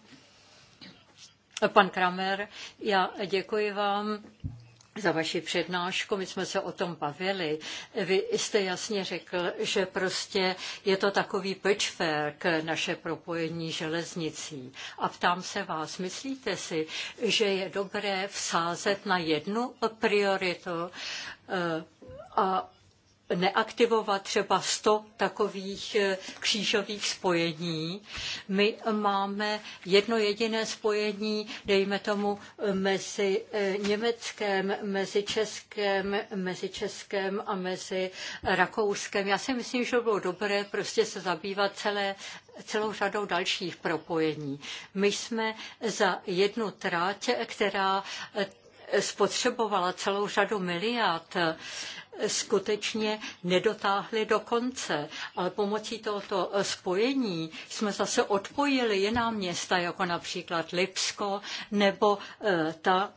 Pan Kramer, já děkuji vám za vaši přednášku. My jsme se o tom bavili. Vy jste jasně řekl, že prostě je to takový pečfek naše propojení železnicí. A ptám se vás, myslíte si, že je dobré vsázet na jednu prioritu eh, a neaktivovat třeba 100 takových eh, křížových spojení. My máme jedno jediné spojení, dejme tomu, mezi eh, Německém, mezi Českém, mezi Českém a mezi Rakouskem. Já si myslím, že bylo dobré prostě se zabývat celé celou řadou dalších propojení. My jsme za jednu tráť, která eh, spotřebovala celou řadu miliard, skutečně nedotáhli do konce. Ale pomocí tohoto spojení jsme zase odpojili jiná města, jako například Lipsko nebo eh, ta,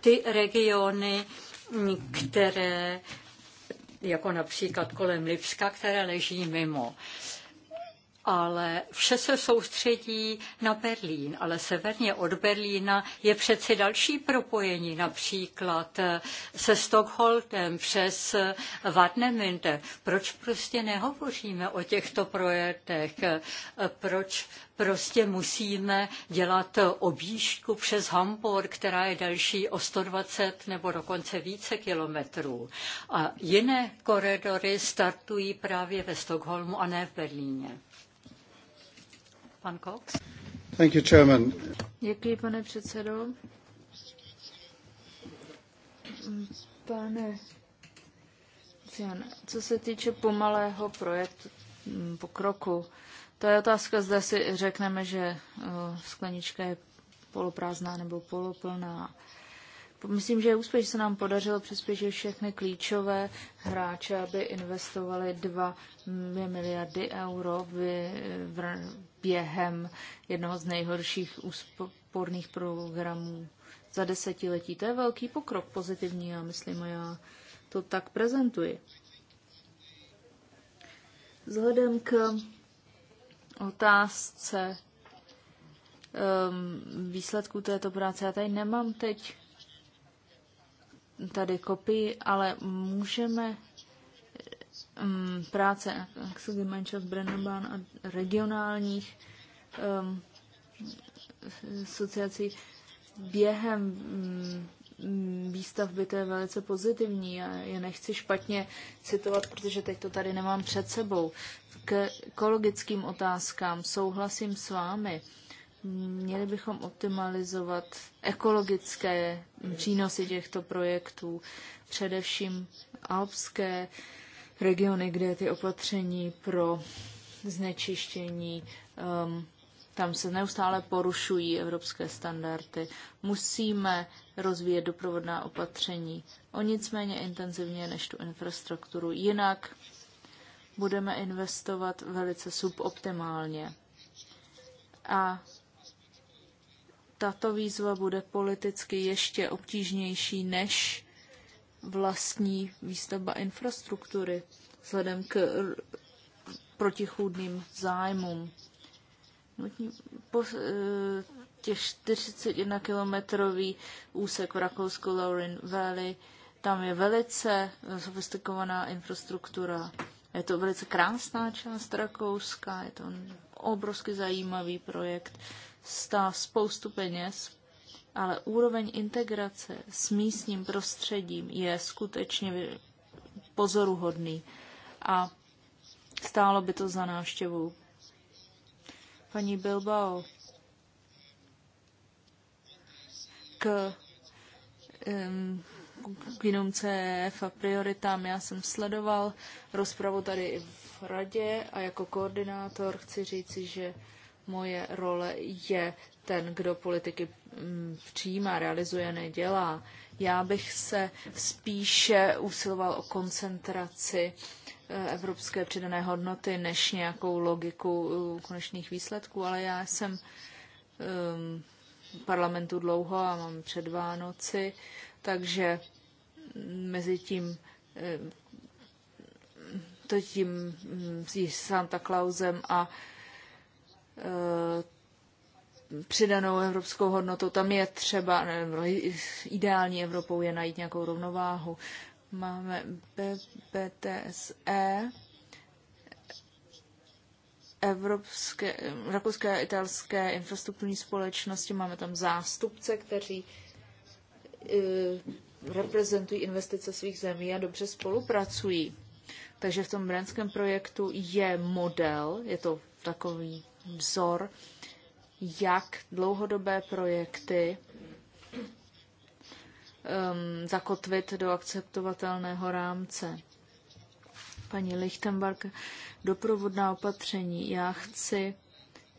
ty regiony, mm, které jako například kolem Lipska, které leží mimo. Uh, ale vše se soustředí na Berlín, ale severně od Berlína je přeci další propojení, například eh, se Stockholmem přes Vadnemünde. Eh, proč prostě nehovoříme o těchto projektech? Eh, proč prostě musíme dělat objížďku přes Hamburg, která je další o 120 nebo dokonce více kilometrů. A jiné koridory startují právě ve Stockholmu a ne v Berlíně. Pan Cox. Thank you, Chairman. Děkuji, pane předsedo. Pane Jan, co se týče pomalého projektu pokroku, to je otázka, zda si řekneme, že eh, sklenička je poloprázdná nebo poloplná. Myslím, že je úspěch, že se nám podařilo přispěšit všechny klíčové hráče, aby investovali 2 miliardy euro v, během jednoho z nejhorších úsporných programů za desetiletí. To je velký pokrok pozitivní, já myslím, a já to tak prezentuji. Vzhledem k otázce um, výsledků této práce, já tady nemám teď tady kopii, ale můžeme um, práce Axel Gemenčov, Brennerban a regionálních um, asociací během um, výstavby, to je velice pozitivní. Já je nechci špatně citovat, protože teď to tady nemám před sebou. K ekologickým otázkám souhlasím s vámi. Měli bychom optimalizovat ekologické přínosy těchto projektů, především alpské regiony, kde ty opatření pro znečištění, um, tam se neustále porušují evropské standardy. Musíme rozvíjet doprovodná opatření o nic méně intenzivně než tu infrastrukturu. Jinak budeme investovat velice suboptimálně. A tato výzva bude politicky ještě obtížnější než vlastní výstavba infrastruktury vzhledem k protichůdným zájmům. Po, e, těch 41 kilometrový úsek v Rakousku Lauren Valley, tam je velice sofistikovaná infrastruktura. Je to velice krásná část Rakouska, je to obrovsky zajímavý projekt, stá spoustu peněz, ale úroveň integrace s místním prostředím je skutečně pozoruhodný a stálo by to za návštěvu. Paní Bilbao, k, um, k CF a prioritám. Já jsem sledoval rozpravu tady i v radě a jako koordinátor chci říci, že moje role je ten, kdo politiky mm, přijímá, realizuje, nedělá. Já bych se spíše usiloval o koncentraci eh, evropské přidané hodnoty než nějakou logiku eh, konečných výsledků, ale já jsem ehm, parlamentu dlouho a mám před Vánoci, takže mezi tím eh, to tím mm, s Santa Clausem a Eh, přidanou evropskou hodnotou. Tam je třeba, nevím, ideální Evropou je najít nějakou rovnováhu. Máme BTSE, evropské, rakouské a italské infrastrukturní společnosti, máme tam zástupce, kteří eh, reprezentují investice svých zemí a dobře spolupracují. Takže v tom brandském projektu je model, je to takový vzor, jak dlouhodobé projekty um, zakotvit do akceptovatelného rámce. Paní Lichtenberg, doprovodná opatření. Já chci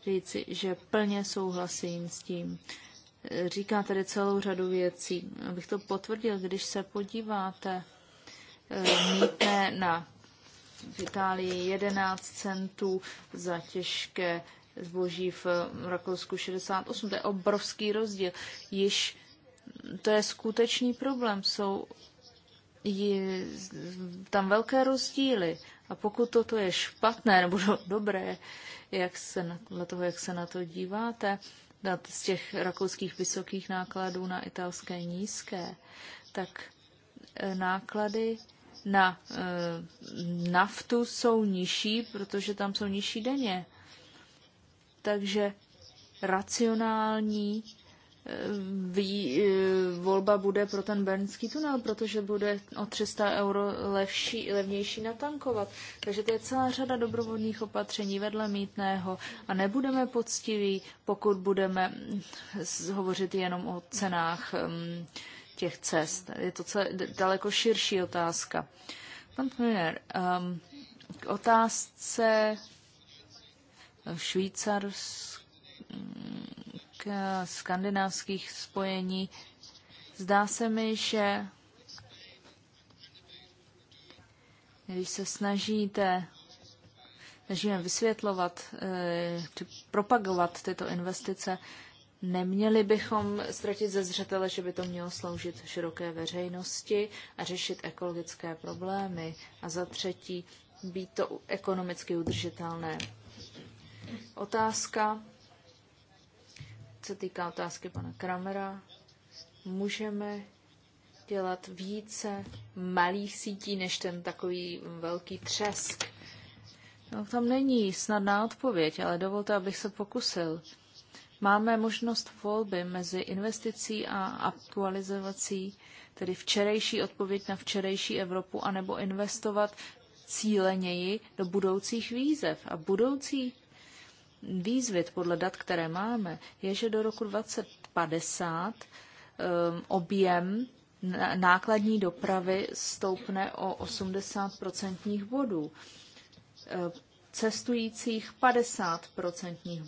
říci, že plně souhlasím s tím. Říká tady celou řadu věcí. Abych to potvrdil, když se podíváte eh, mítné na v Itálii 11 centů za těžké zboží v Rakousku 68. To je obrovský rozdíl. Již to je skutečný problém. Jsou je tam velké rozdíly. A pokud toto je špatné nebo dobré, jak se na, na toho, jak se na to díváte, z těch rakouských vysokých nákladů na italské nízké, tak e, náklady na eh, naftu jsou nižší, protože tam jsou nižší daně. Takže racionální eh, vý, eh, volba bude pro ten bernský tunel, protože bude o 300 euro levší, levnější natankovat. Takže to je celá řada dobrovolných opatření vedle mítného a nebudeme poctiví, pokud budeme hovořit jenom o cenách mm, těch cest. Je to celé, daleko širší otázka. Pan premiér, um, k otázce švýcarských skandinávských spojení. Zdá se mi, že když se snažíte snažíme vysvětlovat, eh, propagovat tyto investice, Neměli bychom ztratit ze zřetele, že by to mělo sloužit široké veřejnosti a řešit ekologické problémy. A za třetí, být to ekonomicky udržitelné. Otázka, co týká otázky pana Kramera, můžeme dělat více malých sítí než ten takový velký třesk. No, tam není snadná odpověď, ale dovolte, abych se pokusil. Máme možnost volby mezi investicí a aktualizací, tedy včerejší odpověď na včerejší Evropu, anebo investovat cíleněji do budoucích výzev. A budoucí výzvy podle dat, které máme, je, že do roku 2050 um, objem nákladní dopravy stoupne o 80% bodů cestujících 50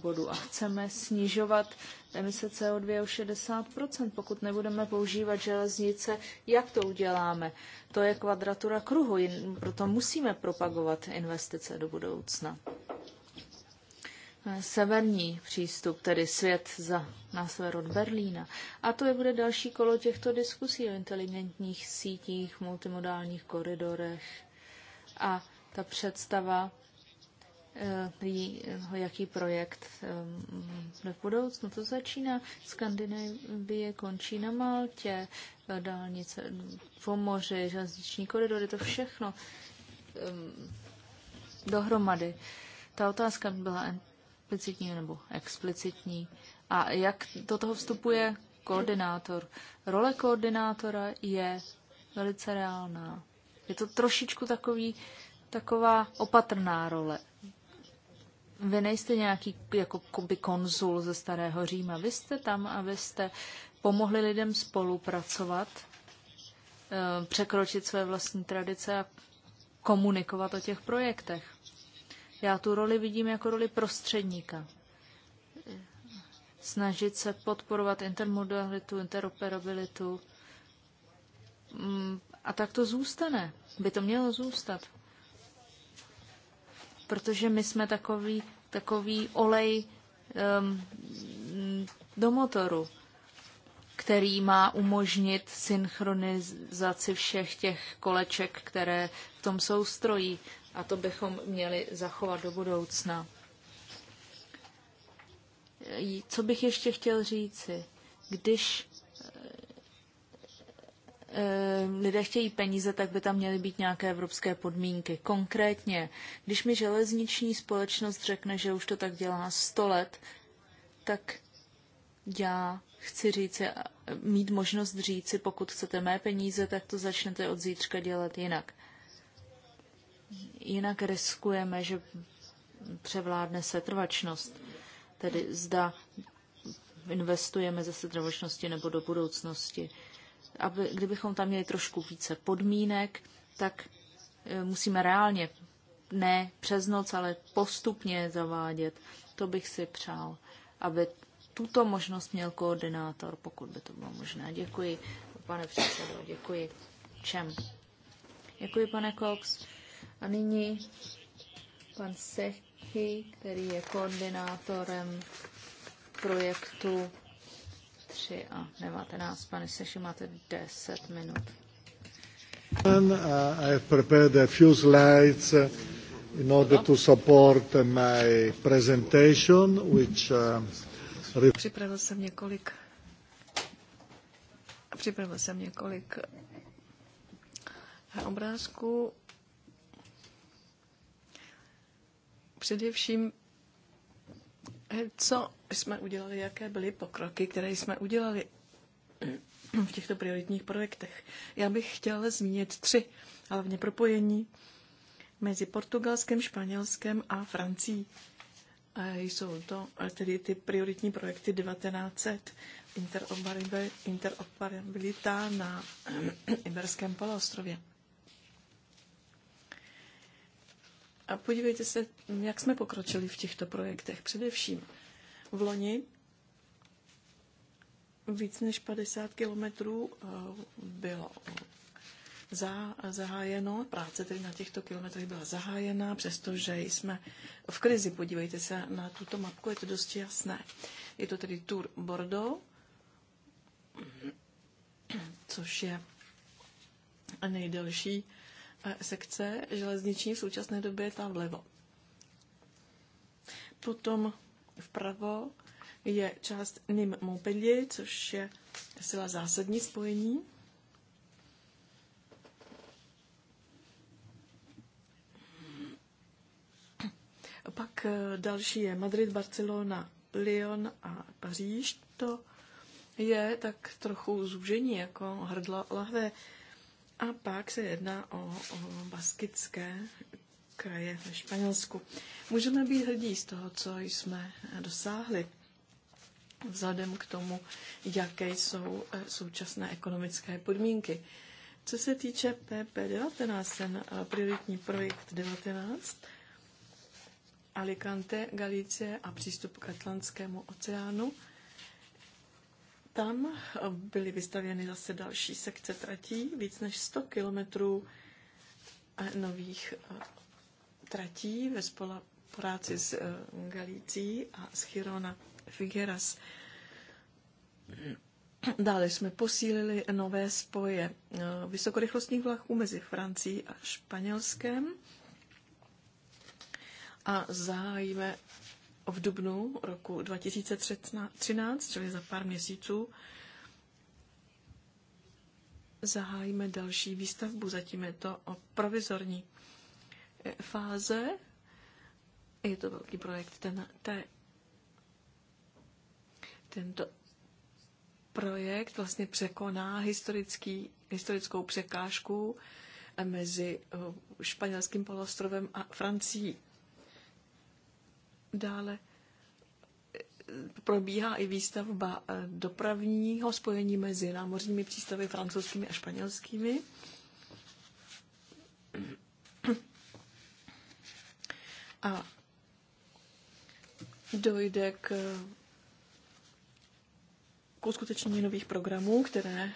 bodů a chceme snižovat emise CO2 o 60 Pokud nebudeme používat železnice, jak to uděláme? To je kvadratura kruhu, proto musíme propagovat investice do budoucna. Severní přístup, tedy svět za na sever od Berlína. A to je bude další kolo těchto diskusí o inteligentních sítích, multimodálních koridorech. A ta představa Eh, eh, jaký projekt eh, v budoucnu. To začíná Skandinávie, končí na Maltě, dálnice po moři, železniční koridory, to všechno dohromady. Ta otázka byla implicitní nebo explicitní. A jak do toho vstupuje koordinátor? Role koordinátora je velice reálná. Je to trošičku takový, taková opatrná role vy nejste nějaký jako by konzul ze Starého Říma. Vy jste tam, abyste pomohli lidem spolupracovat, eh, překročit své vlastní tradice a komunikovat o těch projektech. Já tu roli vidím jako roli prostředníka. Snažit se podporovat intermodalitu, interoperabilitu. Mm, a tak to zůstane. By to mělo zůstat protože my jsme takový, takový olej um, do motoru, který má umožnit synchronizaci všech těch koleček, které v tom soustrojí. A to bychom měli zachovat do budoucna. Co bych ještě chtěl říci? Když Eh, lidé chtějí peníze, tak by tam měly být nějaké evropské podmínky. Konkrétně, když mi železniční společnost řekne, že už to tak dělá 100 let, tak já chci říct, mít možnost říci, pokud chcete mé peníze, tak to začnete od zítřka dělat jinak. Jinak riskujeme, že převládne setrvačnost. Tedy zda investujeme ze setrvačnosti nebo do budoucnosti aby, kdybychom tam měli trošku více podmínek, tak eh, musíme reálně, ne přes noc, ale postupně zavádět. To bych si přál, aby tuto možnost měl koordinátor, pokud by to bylo možné. Děkuji, pane předsedo, děkuji všem. Děkuji, pane Cox. A nyní pan Sechy, který je koordinátorem projektu 23 a 19. Pane Seši, máte 10 minut. Uh, I have prepared a few slides uh, in order to support uh, my presentation, which... Připravil jsem několik připravil jsem několik eh, obrázků. Především co jsme udělali, jaké byly pokroky, které jsme udělali v těchto prioritních projektech? Já bych chtěla zmínit tři, hlavně propojení mezi Portugalskem, Španělskem a A Jsou to tedy ty prioritní projekty 1900, interoperabilita na Iberském poloostrově. A podívejte se, jak jsme pokročili v těchto projektech. Především v loni víc než 50 kilometrů eh, bylo za, zahájeno, práce tedy na těchto kilometrech byla zahájena, přestože jsme v krizi. Podívejte se na tuto mapku, je to dost jasné. Je to tedy Tour Bordeaux, což je nejdelší Eh, sekce železniční v současné době je tam vlevo. Potom vpravo je část Nim Mobili, což je sila zásadní spojení. Pak eh, další je Madrid, Barcelona, Lyon a Paříž. To je tak trochu zúžení, jako hrdla lahve. A pak se jedná o, o baskické kraje ve Španělsku. Můžeme být hrdí z toho, co jsme dosáhli vzhledem k tomu, jaké jsou eh, současné ekonomické podmínky. Co se týče PP19, ten eh, prioritní projekt 19, Alicante, Galicie a přístup k Atlantskému oceánu, tam byly vystavěny zase další sekce tratí, víc než 100 kilometrů eh, nových eh, tratí ve spolupráci s eh, Galicí a s Chirona Figueras. Dále jsme posílili nové spoje vysokorychlostních vlaků mezi Francií a Španělskem a zahájíme v dubnu roku 2013, čili za pár měsíců, zahájíme další výstavbu. Zatím je to o provizorní e, fáze. Je to velký projekt. Ten, te, tento projekt vlastně překoná historický, historickou překážku mezi e, španělským polostrovem a Francií. Dále eh, probíhá i výstavba eh, dopravního spojení mezi námořními přístavy francouzskými a španělskými. A dojde k, eh, k uskutečnění nových programů, které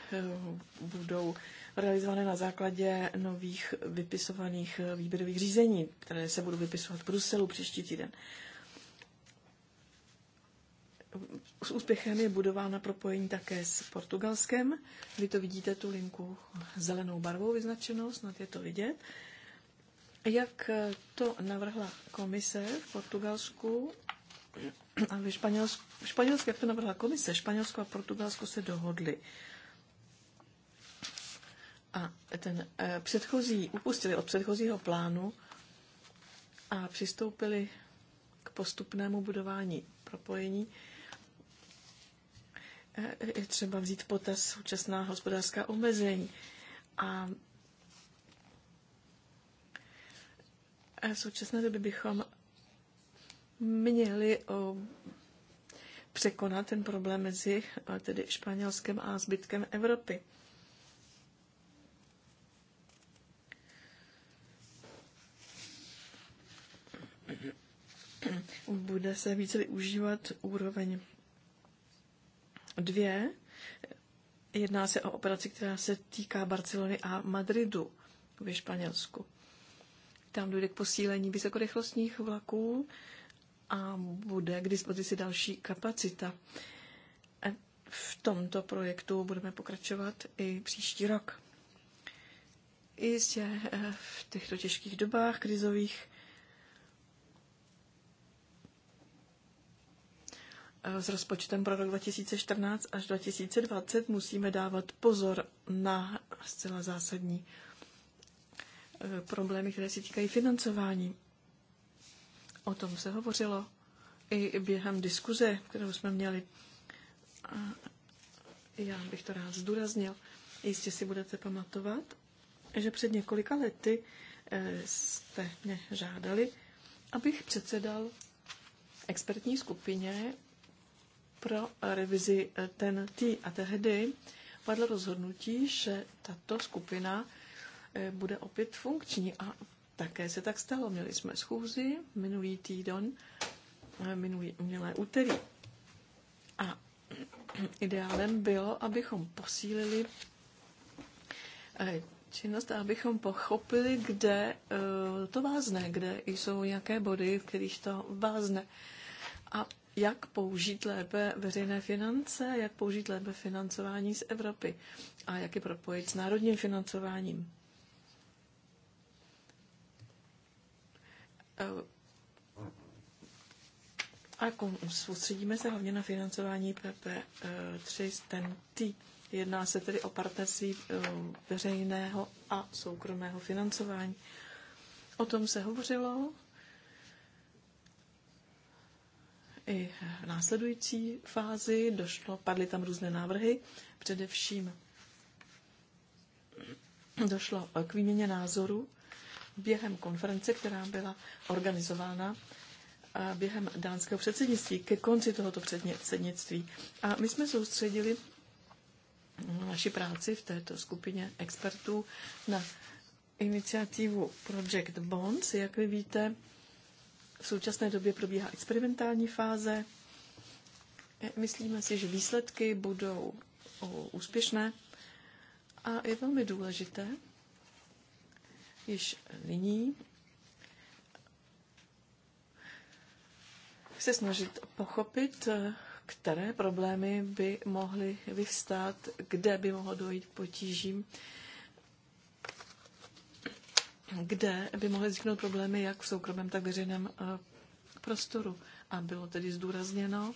budou realizované na základě nových vypisovaných výběrových řízení, které se budou vypisovat v Bruselu příští týden. Uh, s úspěchem je budována propojení také s Portugalskem. Vy to vidíte, tu linku zelenou barvou vyznačenou, snad je to vidět. Jak to navrhla komise v Portugalsku a ve Španělsku, Španělsku, jak to navrhla komise, Španělsko a Portugalsko se dohodli. A ten eh, předchozí, upustili od předchozího plánu a přistoupili k postupnému budování propojení Eh, je třeba vzít potaz současná hospodářská omezení. A v současné době bychom měli překonat ten problém mezi tedy Španělskem a zbytkem Evropy. Bude se více využívat úroveň dvě Jedná se o operaci, která se týká Barcelony a Madridu ve Španělsku. Tam dojde k posílení vysokorychlostních vlaků a bude k dispozici další kapacita. V tomto projektu budeme pokračovat i příští rok. Jistě eh, v těchto těžkých dobách krizových Eh, s rozpočtem pro rok 2014 až 2020 musíme dávat pozor na zcela zásadní eh, problémy, které se týkají financování. O tom se hovořilo i během diskuze, kterou jsme měli. já bych to rád zdůraznil. Jistě si budete pamatovat, že před několika lety eh, jste mě žádali, abych předsedal expertní skupině pro revizi eh, tý. A tehdy padlo rozhodnutí, že tato skupina eh, bude opět funkční. A také se tak stalo. Měli jsme schůzi minulý týden, eh, minulý, umělé úterý. A [clears throat] ideálem bylo, abychom posílili činnost a abychom pochopili, kde to vázne, kde jsou jaké body, v kterých to vázne. A jak použít lépe veřejné finance, jak použít lépe financování z Evropy a jak je propojit s národním financováním. A soustředíme se hlavně na financování PP3 e z TNT. Jedná se tedy o partnerství eh, veřejného a soukromého financování. O tom se hovořilo i v následující fázi. Došlo, padly tam různé návrhy, především došlo k výměně názorů během konference, která byla organizována během dánského předsednictví, ke konci tohoto předsednictví. A my jsme soustředili naši práci v této skupině expertů na iniciativu Project Bonds. Jak vy víte, v současné době probíhá experimentální fáze. E, myslíme si, že výsledky budou úspěšné a je velmi důležité již nyní se snažit pochopit, e, které problémy by mohly vyvstát, kde by mohlo dojít k potížím kde by mohly vzniknout problémy jak v soukromém, tak v veřejném eh, prostoru. A bylo tedy zdůrazněno,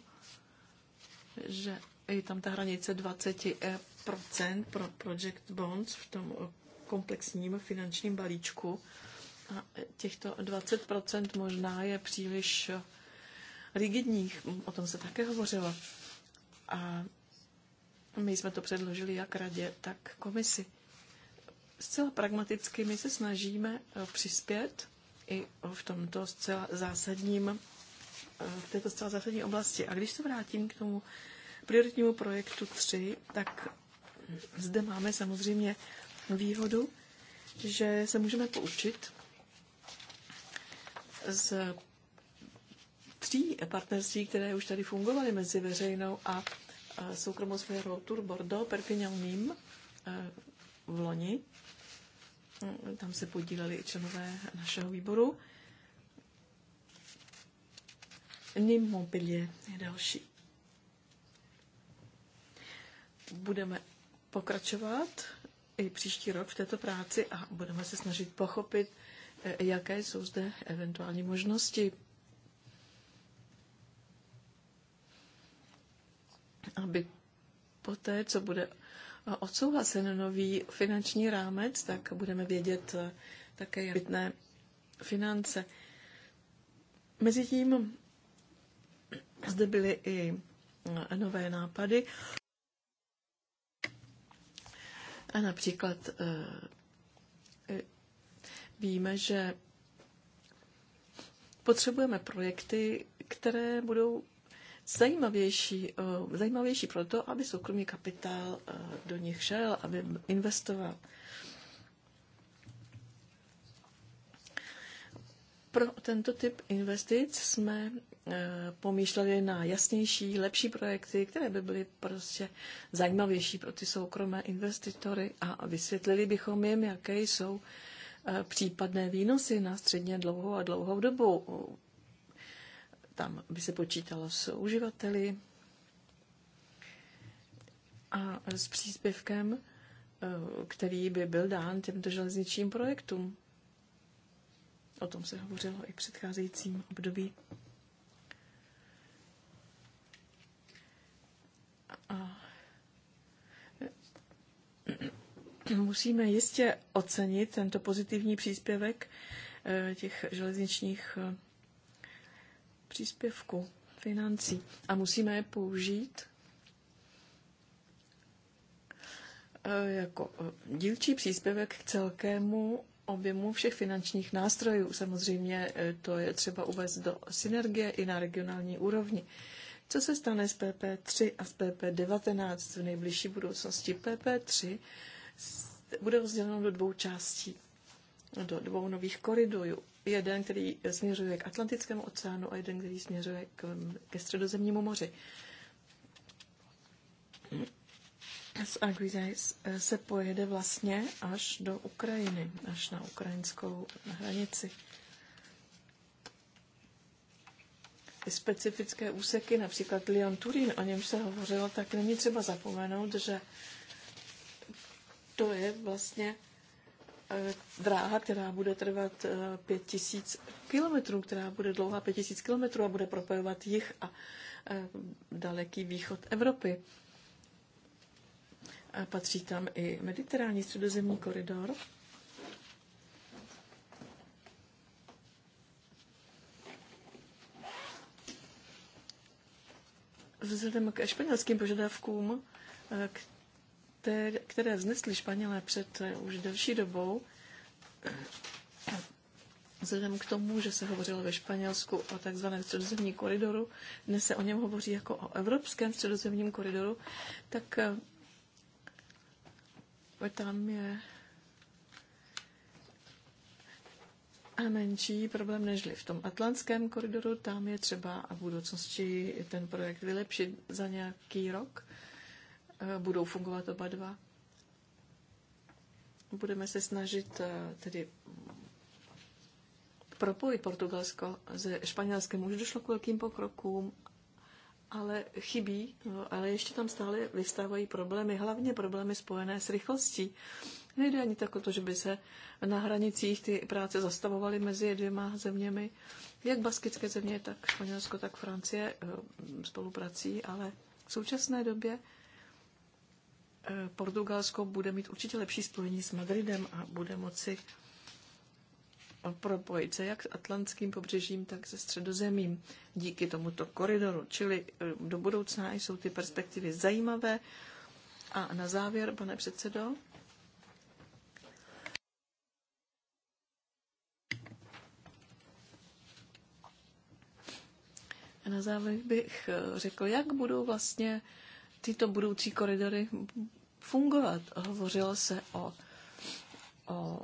že je tam ta hranice 20% eh, pro project bonds v tom eh, komplexním finančním balíčku. A těchto 20% možná je příliš rigidních, o tom se také hovořilo. A my jsme to předložili jak radě, tak komisi zcela pragmaticky my se snažíme eh, přispět i v tomto zcela zásadním, eh, v této zcela zásadní oblasti. A když se vrátím k tomu prioritnímu projektu 3, tak zde máme samozřejmě výhodu, že se můžeme poučit z tří partnerství, které už tady fungovaly mezi veřejnou a eh, soukromou sférou Tour Bordeaux, Perpignan Mim, v loni. Tam se podíleli i členové našeho výboru. Nimobilie je další. Budeme pokračovat i příští rok v této práci a budeme se snažit pochopit, jaké jsou zde eventuální možnosti. Aby poté, co bude odsouhlasen nový finanční rámec, tak budeme vědět eh, také jakbytné finance. Mezitím zde byly i eh, nové nápady. A například eh, víme, že potřebujeme projekty, které budou zajímavější, eh, zajímavější proto, aby soukromý kapitál eh, do nich šel, aby investoval. Pro tento typ investic jsme eh, pomýšleli na jasnější, lepší projekty, které by byly prostě zajímavější pro ty soukromé investitory a vysvětlili bychom jim, jaké jsou případné výnosy na středně dlouhou a dlouhou dobu tam by se počítalo s uživateli a s příspěvkem, eh, který by byl dán těmto železničním projektům. O tom se hovořilo i v předcházejícím období. A musíme jistě ocenit tento pozitivní příspěvek eh, těch železničních eh, příspěvku, financí a musíme je použít eh, jako eh, dílčí příspěvek k celkému objemu všech finančních nástrojů. Samozřejmě eh, to je třeba uvést do synergie i na regionální úrovni. Co se stane s PP3 a s PP19 v nejbližší budoucnosti? PP3 bude rozděleno do dvou částí, do dvou nových koridorů jeden, který směřuje k Atlantickému oceánu a jeden, který směřuje k, ke Středozemnímu moři. Z Agrizais se pojede vlastně až do Ukrajiny, až na ukrajinskou hranici. Specifické úseky, například Lyon-Turín, o něm se hovořilo, tak není třeba zapomenout, že to je vlastně Eh, dráha, která bude trvat 5000 eh, kilometrů, která bude dlouhá 5000 kilometrů a bude propojovat jich a eh, daleký východ Evropy. A patří tam i mediterální středozemní koridor. Vzhledem k španělským požadavkům, které, které vznesli Španělé před eh, už delší dobou, vzhledem k tomu, že se hovořilo ve Španělsku o takzvaném středozemní koridoru, dnes se o něm hovoří jako o evropském středozemním koridoru, tak eh, tam je a menší problém nežli v tom atlantském koridoru. Tam je třeba a v budoucnosti ten projekt vylepšit za nějaký rok. Eh, budou fungovat oba dva. Budeme se snažit eh, tedy propojit Portugalsko se Španělskem. Už došlo k velkým pokrokům, ale chybí, eh, ale ještě tam stále vystávají problémy, hlavně problémy spojené s rychlostí. Nejde ani tak o to, že by se na hranicích ty práce zastavovaly mezi dvěma zeměmi, jak baskické země, tak Španělsko, tak Francie spoluprací, ale v současné době Portugalsko bude mít určitě lepší spojení s Madridem a bude moci propojit se jak s atlantským pobřežím, tak se středozemím díky tomuto koridoru. Čili eh, do budoucna jsou ty perspektivy zajímavé. A na závěr, pane předsedo, A na závěr bych eh, řekl, jak budou vlastně tyto budoucí koridory fungovat. Hovořilo se o, o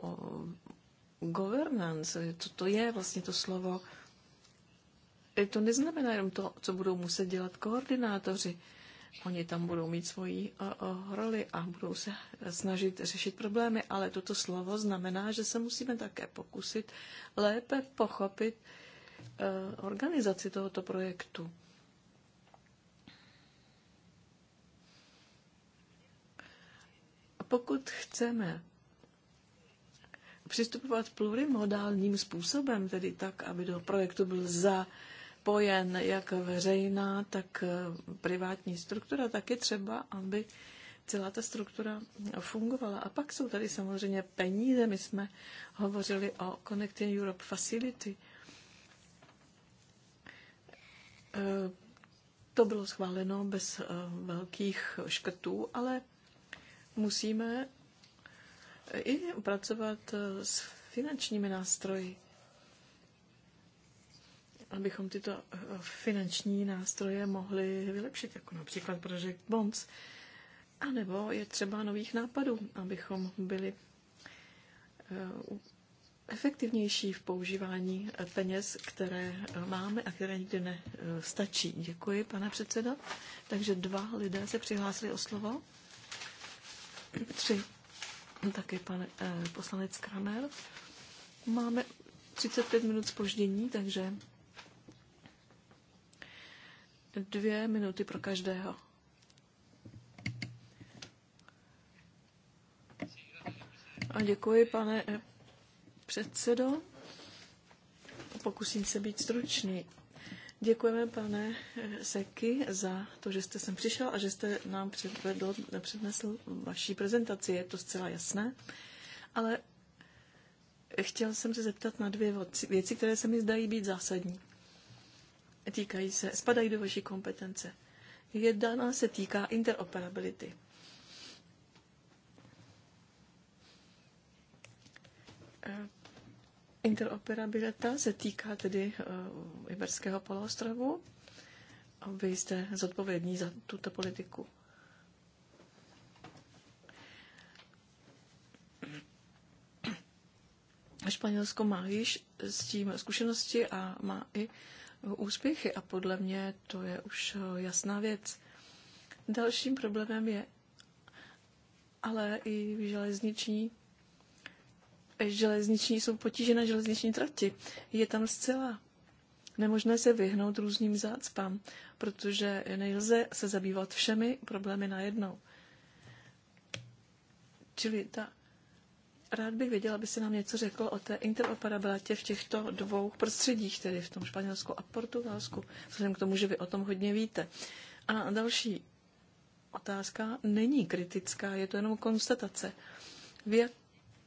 governance, co to je vlastně to slovo. To neznamená jenom to, co budou muset dělat koordinátoři. Oni tam budou mít svoji o, o, roli a budou se snažit řešit problémy, ale toto slovo znamená, že se musíme také pokusit lépe pochopit e, organizaci tohoto projektu. pokud chceme přistupovat plurimodálním způsobem, tedy tak, aby do projektu byl zapojen jak veřejná, tak eh, privátní struktura, tak je třeba, aby celá ta struktura fungovala. A pak jsou tady samozřejmě peníze. My jsme hovořili o Connecting Europe Facility. Eh, to bylo schváleno bez eh, velkých škrtů, ale musíme i pracovat eh, s finančními nástroji, abychom tyto eh, finanční nástroje mohli vylepšit, jako například Project Bonds. A nebo je třeba nových nápadů, abychom byli eh, efektivnější v používání peněz, které máme a které nikdy nestačí. Děkuji, pane předsedo. Takže dva lidé se přihlásili o slovo. Tři, Taky pane eh, poslanec Kramer. Máme 35 minut spoždění, takže dvě minuty pro každého. A děkuji, pane eh, předsedo. Pokusím se být stručný. Děkujeme, pane eh, Seky, za to, že jste sem přišel a že jste nám předvedl, přednesl vaší prezentaci. Je to zcela jasné. Ale chtěl jsem se zeptat na dvě věci, které se mi zdají být zásadní. Týkají se, spadají do vaší kompetence. Jedna se týká interoperability. E Interoperabilita se týká tedy uh, Iberského poloostrovu. Vy jste zodpovědní za tuto politiku. Španělsko má již s tím zkušenosti a má i úspěchy a podle mě to je už eh, jasná věc. Dalším problémem je ale i železniční železniční, jsou potíže na železniční trati. Je tam zcela nemožné se vyhnout různým zácpám, protože nelze se zabývat všemi problémy najednou. Čili ta, rád bych věděla, aby se nám něco řeklo o té interoperabilitě v těchto dvou prostředích, tedy v tom Španělsku a Portugalsku, vzhledem k tomu, že vy o tom hodně víte. A další otázka není kritická, je to jenom konstatace. V jak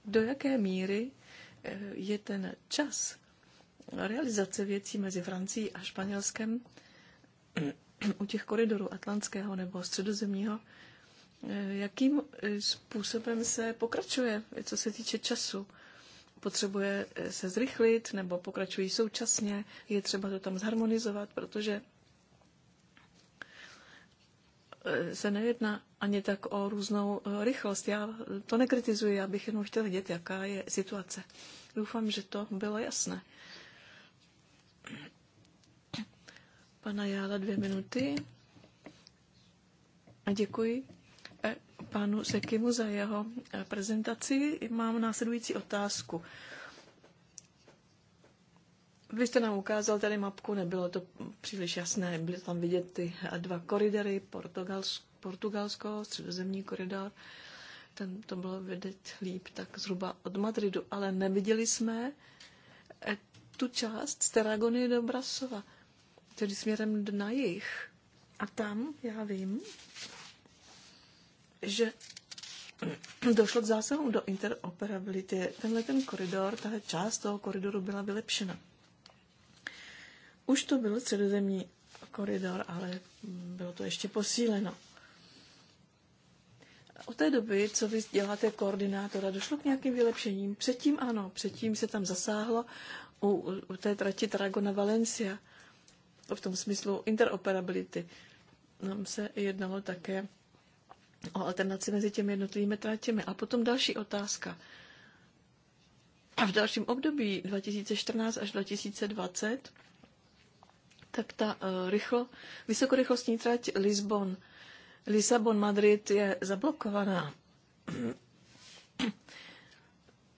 do jaké míry eh, je ten čas realizace věcí mezi Francií a Španělskem [clears throat] u těch koridorů atlantského nebo středozemního, eh, jakým eh, způsobem se pokračuje, co se týče času? Potřebuje se zrychlit nebo pokračují současně? Je třeba to tam zharmonizovat, protože se nejedná ani tak o různou eh, rychlost. Já to nekritizuji, já bych jenom chtěl vědět, jaká je situace. Doufám, že to bylo jasné. Pana Jála dvě minuty. A děkuji eh, panu Sekimu za jeho eh, prezentaci. Mám následující otázku. Vy jste nám ukázal tady mapku, nebylo to příliš jasné, byly tam vidět ty dva koridory, Portugalsko, Portugalsko středozemní koridor, ten to bylo vidět líp tak zhruba od Madridu, ale neviděli jsme eh, tu část z Teragony do Brasova, tedy směrem na jich. A tam já vím, že [clears throat] došlo k zásahu do interoperability. Tenhle ten koridor, tahle část toho koridoru byla vylepšena. Už to byl středozemní koridor, ale bylo to ještě posíleno. Od té doby, co vy děláte koordinátora, došlo k nějakým vylepšením? Předtím ano, předtím se tam zasáhlo u, u té trati Tarragona Valencia. V tom smyslu interoperability. Nám se jednalo také o alternaci mezi těmi jednotlivými tratěmi. A potom další otázka. A v dalším období 2014 až 2020 tak ta e, rychlo, vysokorychlostní trať Lisbon, Lisabon, Madrid je zablokovaná.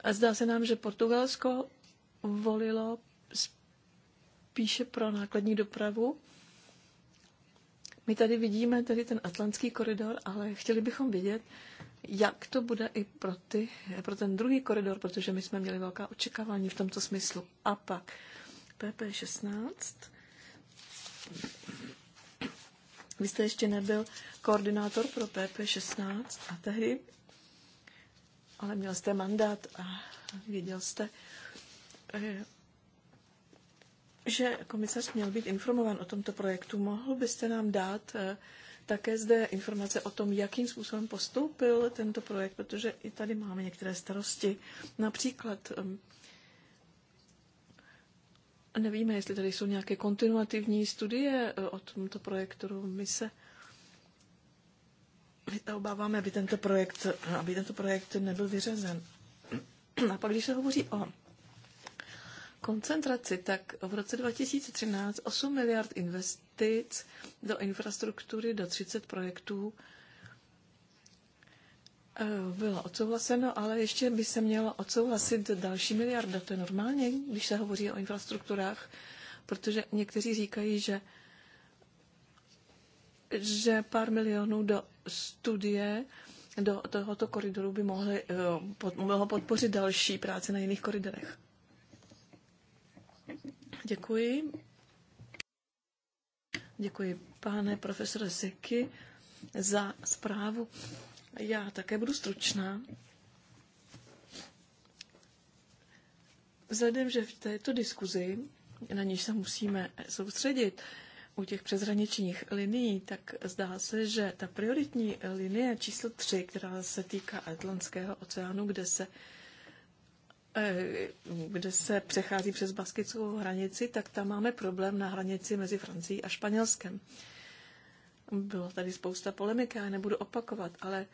A zdá se nám, že Portugalsko volilo spíše pro nákladní dopravu. My tady vidíme tady ten atlantský koridor, ale chtěli bychom vidět, jak to bude i pro, ty, pro ten druhý koridor, protože my jsme měli velká očekávání v tomto smyslu. A pak PP16. Vy jste ještě nebyl koordinátor pro PP16 a tehdy, ale měl jste mandát a věděl jste, eh, že komisař měl být informován o tomto projektu. Mohl byste nám dát eh, také zde informace o tom, jakým způsobem postoupil tento projekt, protože i tady máme některé starosti. Například eh, Nevíme, jestli tady jsou nějaké kontinuativní studie e, o tomto projektu. My se my to obáváme, aby tento projekt, aby tento projekt nebyl vyřazen. [clears throat] A pak, když se hovoří o koncentraci, tak v roce 2013 8 miliard investic do infrastruktury, do 30 projektů Eh, byla odsouhlaseno, ale ještě by se měla odsouhlasit další miliarda. To je normálně, když se hovoří o infrastrukturách, protože někteří říkají, že, že pár milionů do studie do tohoto koridoru by mohly, eh, mohlo podpořit další práce na jiných koridorech. Děkuji. Děkuji, pane profesore Siky, za zprávu. Já také budu stručná. Vzhledem, že v této diskuzi, na níž se musíme soustředit, u těch přezhraničních linií, tak zdá se, že ta prioritní linie číslo 3, která se týká Atlantského oceánu, kde se eh, kde se přechází přes baskickou hranici, tak tam máme problém na hranici mezi Francií a Španělskem. Bylo tady spousta polemiky, já nebudu opakovat, ale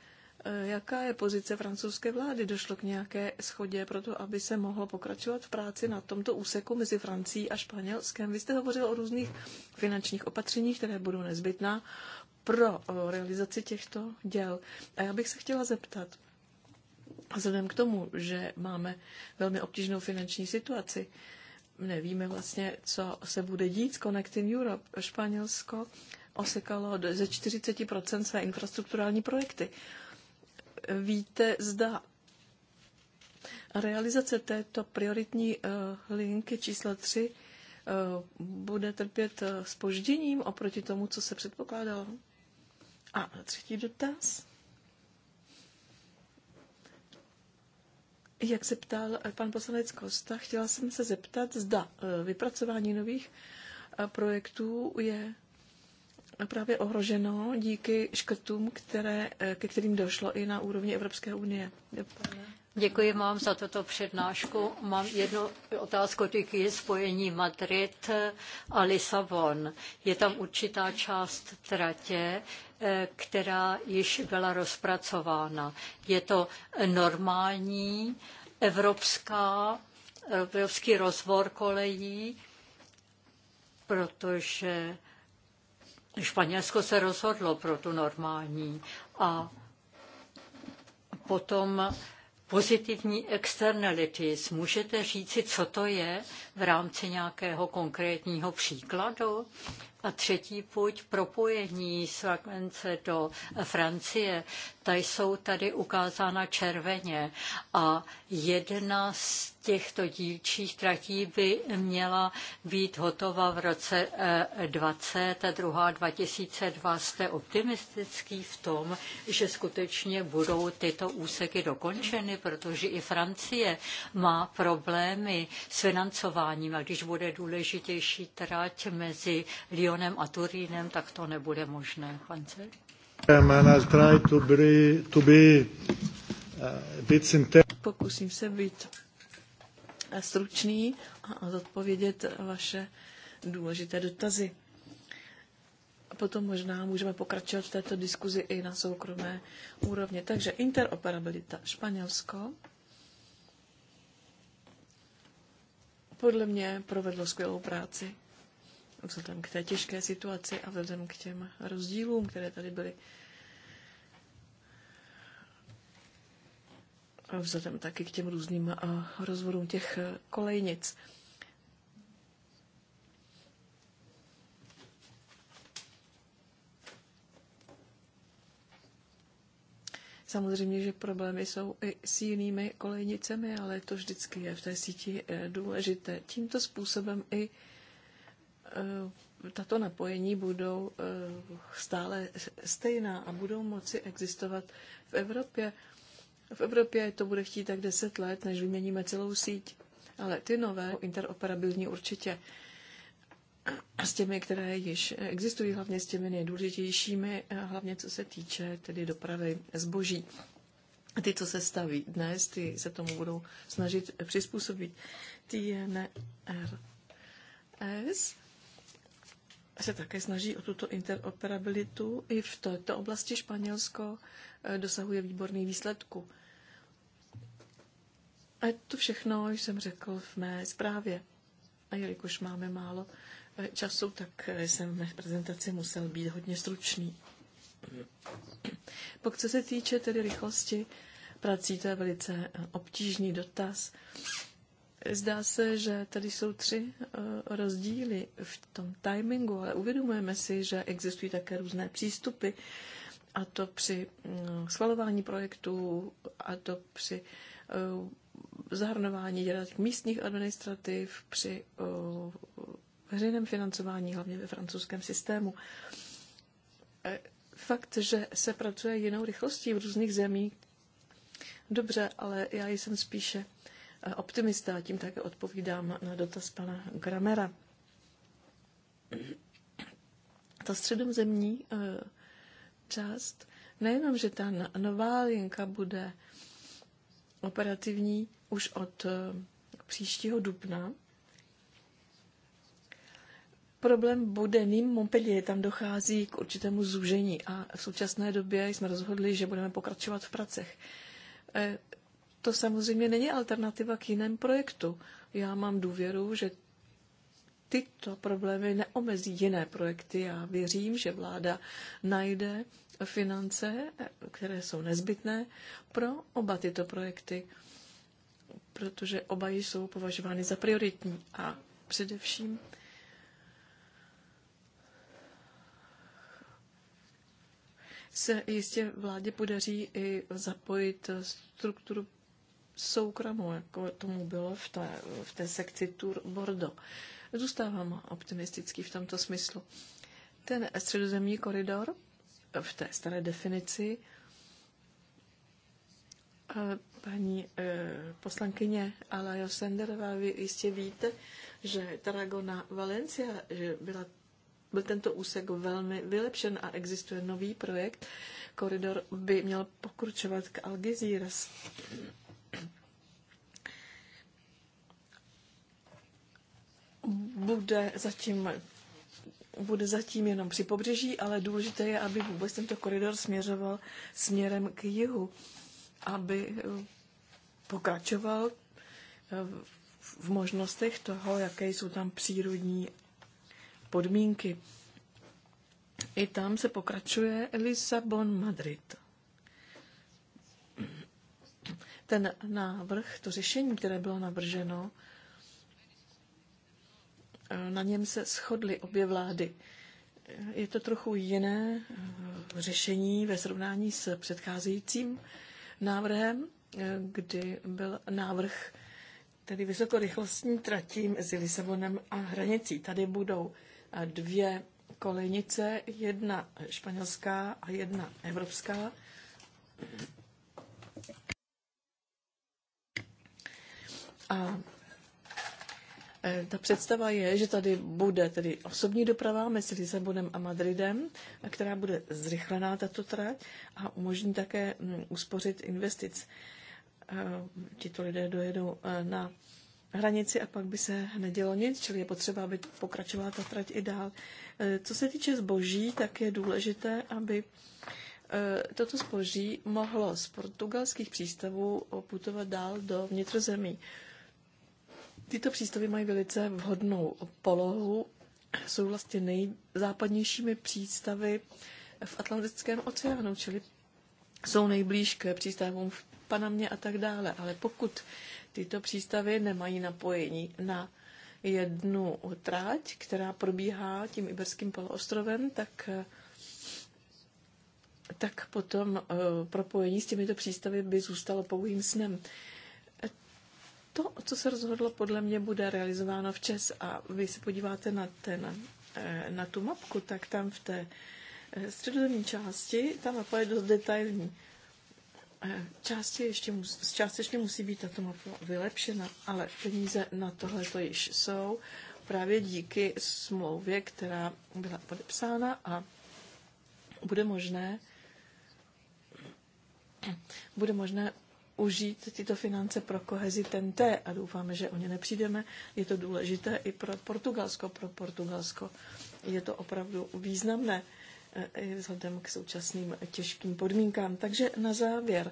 eh, jaká je pozice francouzské vlády? Došlo k nějaké schodě pro to, aby se mohlo pokračovat v práci na tomto úseku mezi Francií a Španělskem? Vy jste hovořil o různých finančních opatřeních, které budou nezbytná pro eh, realizaci těchto děl. A já bych se chtěla zeptat, vzhledem k tomu, že máme velmi obtížnou finanční situaci, nevíme vlastně, co se bude dít s Connecting Europe. Španělsko osekalo ze 40% své infrastrukturální projekty. Víte, zda realizace této prioritní eh, linky číslo 3 eh, bude trpět spožděním eh, oproti tomu, co se předpokládalo? A třetí dotaz. Jak se ptal pan poslanec Kosta, chtěla jsem se zeptat, zda vypracování nových projektů je právě ohroženo díky škrtům, které, eh, ke kterým došlo i na úrovni Evropské unie. Děkuji vám za tuto přednášku. Mám jednu otázku, týky spojení Madrid a Lisabon. Je tam určitá část tratě, eh, která již byla rozpracována. Je to normální evropská, evropský rozvor kolejí, protože Španělsko se rozhodlo pro tu normální a potom pozitivní externalities. Můžete říci, co to je v rámci nějakého konkrétního příkladu? A třetí půjď propojení z do Francie, ta jsou tady ukázána červeně a jedna z těchto dílčích tratí by měla být hotova v roce 20 eh, a druhá 2002. Jste optimistický v tom, že skutečně budou tyto úseky dokončeny, protože i Francie má problémy s financováním a když bude důležitější trať mezi Lyon Lyonem a Turínem, tak to nebude možné. Pan eh, Pokusím se být eh, stručný a zodpovědět vaše důležité dotazy. A potom možná můžeme pokračovat v této diskuzi i na soukromé úrovně. Takže interoperabilita Španělsko podle mě provedlo skvělou práci vzhledem k té těžké situaci a vzhledem k těm rozdílům, které tady byly. A vzhledem taky k těm různým rozvodům těch e, kolejnic. Samozřejmě, že problémy jsou i s jinými kolejnicemi, ale to vždycky je v té síti e, důležité. Tímto způsobem i Eh, tato napojení budou eh, stále stejná a budou moci existovat v Evropě. V Evropě to bude chtít tak 10 let, než vyměníme celou síť, ale ty nové, interoperabilní určitě. A s těmi, které již existují, hlavně s těmi nejdůležitějšími, eh, hlavně co se týče tedy dopravy zboží. Ty, co se staví dnes, ty se tomu budou snažit přizpůsobit. TNRS se také snaží o tuto interoperabilitu. I v této oblasti Španělsko eh, dosahuje výborný výsledku. A to všechno jsem řekl v mé zprávě. A jelikož máme málo eh, času, tak eh, jsem v prezentaci musel být hodně stručný. Pokud se týče tedy rychlosti prací, to je velice obtížný dotaz. Zdá se, že tady jsou tři eh, rozdíly v tom timingu, ale uvědomujeme si, že existují také různé přístupy, a to při mm, schvalování projektů, a to při eh, zahrnování těch místních administrativ, při eh, veřejném financování, hlavně ve francouzském systému. Fakt, že se pracuje jinou rychlostí v různých zemích, dobře, ale já jsem spíše optimista. tím také odpovídám na dotaz pana Gramera. Ta středozemní eh, část, nejenom, že ta nová linka bude operativní už od eh, příštího dubna, problém bude ním Montpellier. Tam dochází k určitému zúžení a v současné době jsme rozhodli, že budeme pokračovat v pracech. Eh, to samozřejmě není alternativa k jiném projektu. Já mám důvěru, že tyto problémy neomezí jiné projekty. Já věřím, že vláda najde finance, které jsou nezbytné pro oba tyto projekty, protože oba jsou považovány za prioritní a především se jistě vládě podaří i zapojit strukturu soukromou, jako tomu bylo v té, v té sekci Tour Bordeaux. Zůstávám optimistický v tomto smyslu. Ten středozemní koridor v té staré definici eh, paní eh, poslankyně Alajo Senderová, vy jistě víte, že Tarragona Valencia že byla, byl tento úsek velmi vylepšen a existuje nový projekt. Koridor by měl pokručovat k Algeciras. bude zatím, bude zatím jenom při pobřeží, ale důležité je, aby vůbec tento koridor směřoval směrem k jihu, aby eh, pokračoval eh, v možnostech toho, jaké jsou tam přírodní podmínky. I tam se pokračuje Lisabon-Madrid. Ten návrh, to řešení, které bylo navrženo, na něm se shodly obě vlády. Je to trochu jiné eh, řešení ve srovnání s předcházejícím návrhem, eh, kdy byl návrh tedy vysokorychlostní tratí mezi Lisabonem a hranicí. Tady budou eh, dvě kolejnice, jedna španělská a jedna evropská. A Eh, ta představa je, že tady bude tedy osobní doprava mezi Lisabonem a Madridem, která bude zrychlená tato trať a umožní také mm, uspořit investic. Eh, tito lidé dojedou eh, na hranici a pak by se nedělo nic, čili je potřeba, aby pokračovala ta trať i dál. Co se týče zboží, tak je důležité, aby toto zboží mohlo z portugalských přístavů putovat dál do vnitrozemí. Tyto přístavy mají velice vhodnou polohu, jsou vlastně nejzápadnějšími přístavy v Atlantickém oceánu, čili jsou nejblíž k přístavům v Panamě a tak dále. Ale pokud tyto přístavy nemají napojení na jednu tráť, která probíhá tím Iberským poloostrovem, tak tak potom eh, propojení s těmito přístavy by zůstalo pouhým snem. To, co se rozhodlo, podle mě bude realizováno včas a vy se podíváte na, ten, eh, na tu mapku, tak tam v té eh, středozemní části, ta mapa je dost detailní. Eh, části ještě, z části ještě musí být tato mapa vylepšena, ale peníze na tohle to již jsou právě díky smlouvě, která byla podepsána a bude možné bude možné užít tyto finance pro kohezi TNT a doufáme, že o ně nepřijdeme. Je to důležité i pro Portugalsko. Pro Portugalsko je to opravdu významné eh, vzhledem k současným těžkým podmínkám. Takže na závěr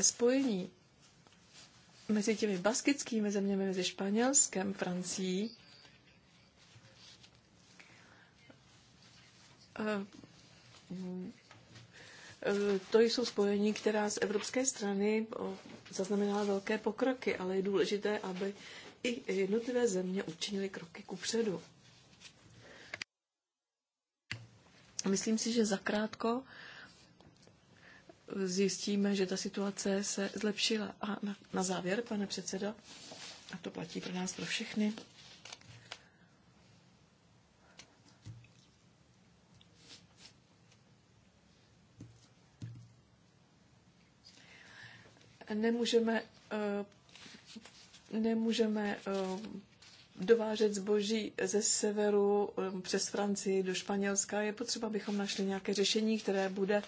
spojení mezi těmi baskickými zeměmi, mezi Španělskem, Francií, eh, Eh, to jsou spojení, která z evropské strany zaznamenala velké pokroky, ale je důležité, aby i jednotlivé země učinily kroky kupředu. Myslím si, že zakrátko zjistíme, že ta situace se zlepšila. A na, na závěr, pane předsedo, a to platí pro nás pro všechny, nemůžeme, eh, nemůžeme eh, dovážet zboží ze severu eh, přes Francii do Španělska. Je potřeba, abychom našli nějaké řešení, které bude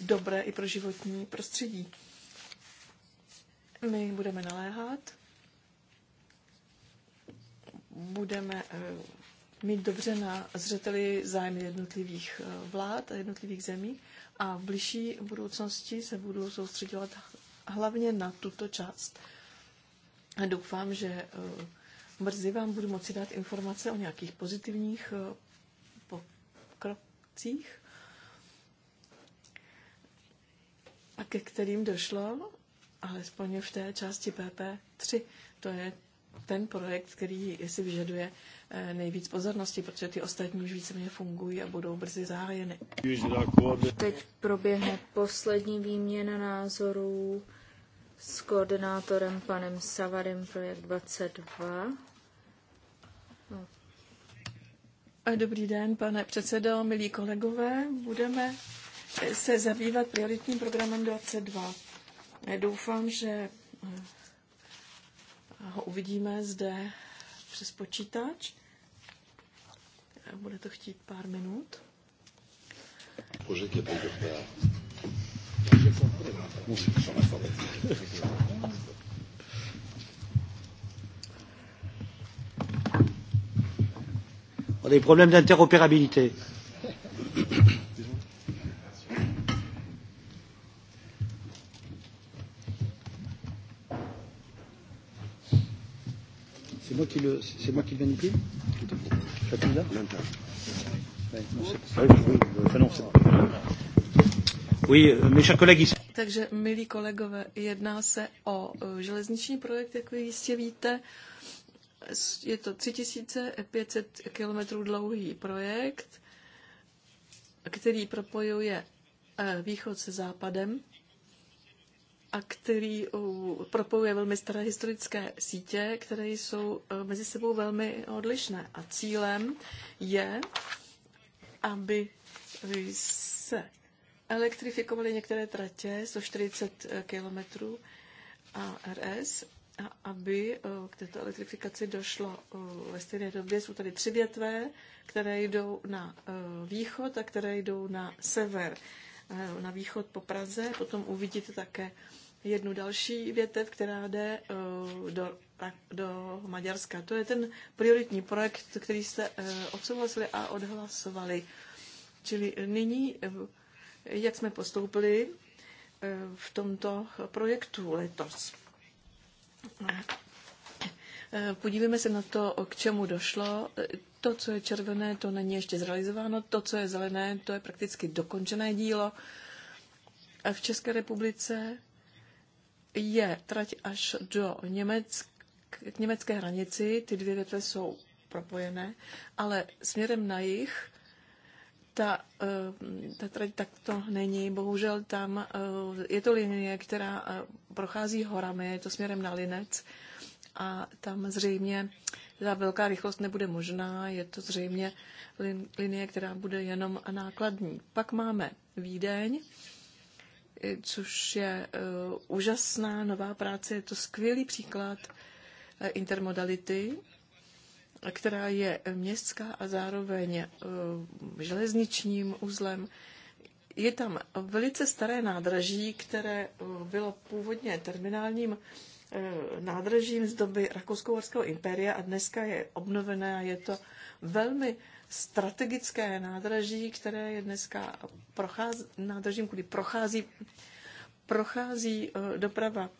dobré i pro životní prostředí. My budeme naléhat, budeme mít dobře na zřeteli zájmy jednotlivých vlád a jednotlivých zemí a v blížší budoucnosti se budu soustředovat hlavně na tuto část. A doufám, že e, brzy vám budu moci dát informace o nějakých pozitivních e, pokrocích, a ke kterým došlo, alespoň v té části PP3. To je ten projekt, který si vyžaduje eh, nejvíc pozornosti, protože ty ostatní už víceméně fungují a budou brzy zahájeny. Teď proběhne poslední výměna názorů s koordinátorem panem Savarem Projekt 22. No. A Dobrý den, pane předsedo, milí kolegové. Budeme eh, se zabývat prioritním programem 22. Doufám, že eh, ho uvidíme zde přes počítač. Bude to chtít pár minut. Bože, On a des problèmes d'interopérabilité. moi qui le, c'est moi qui le manipule Chacune là Oui, euh, mes chers collègues, ici. Takže, milí kolegové, jedná se o e, železniční projekt, jak vy jistě víte. Je to 3500 km dlouhý projekt, který propojuje e, východ se západem a který propojuje velmi staré historické sítě, které jsou e, mezi sebou velmi odlišné. A cílem je, aby se elektrifikovaly některé tratě 140 e, km a RS, a aby e, k této elektrifikaci došlo ve stejné době. Jsou tady tři větve, které jdou na východ a které jdou na sever. Na východ po Praze, potom uvidíte také jednu další větev, která jde eh, do, do Maďarska. To je ten prioritní projekt, který jste eh, odsouhlasili a odhlasovali. Čili nyní, eh, jak jsme postoupili v tomto projektu letos. Podívejme se na to, k čemu došlo. To, co je červené, to není ještě zrealizováno. To, co je zelené, to je prakticky dokončené dílo. A V České republice je trať až do Německ, k německé hranici, ty dvě větve jsou propojené, ale směrem na jich ta, eh, ta trať takto není. Bohužel tam eh, je to linie, která eh, prochází horami, je to směrem na Linec a tam zřejmě ta velká rychlost nebude možná, je to zřejmě linie, která bude jenom nákladní. Pak máme Vídeň, což je eh, úžasná nová práce. Je to skvělý příklad eh, intermodality, která je městská a zároveň eh, železničním uzlem. Je tam velice staré nádraží, které bylo původně terminálním nádražím z doby Rakousko-Horského impéria a dneska je obnovené a je to velmi strategické nádraží, které je dneska prochází, nádražím, kudy prochází, prochází e, doprava,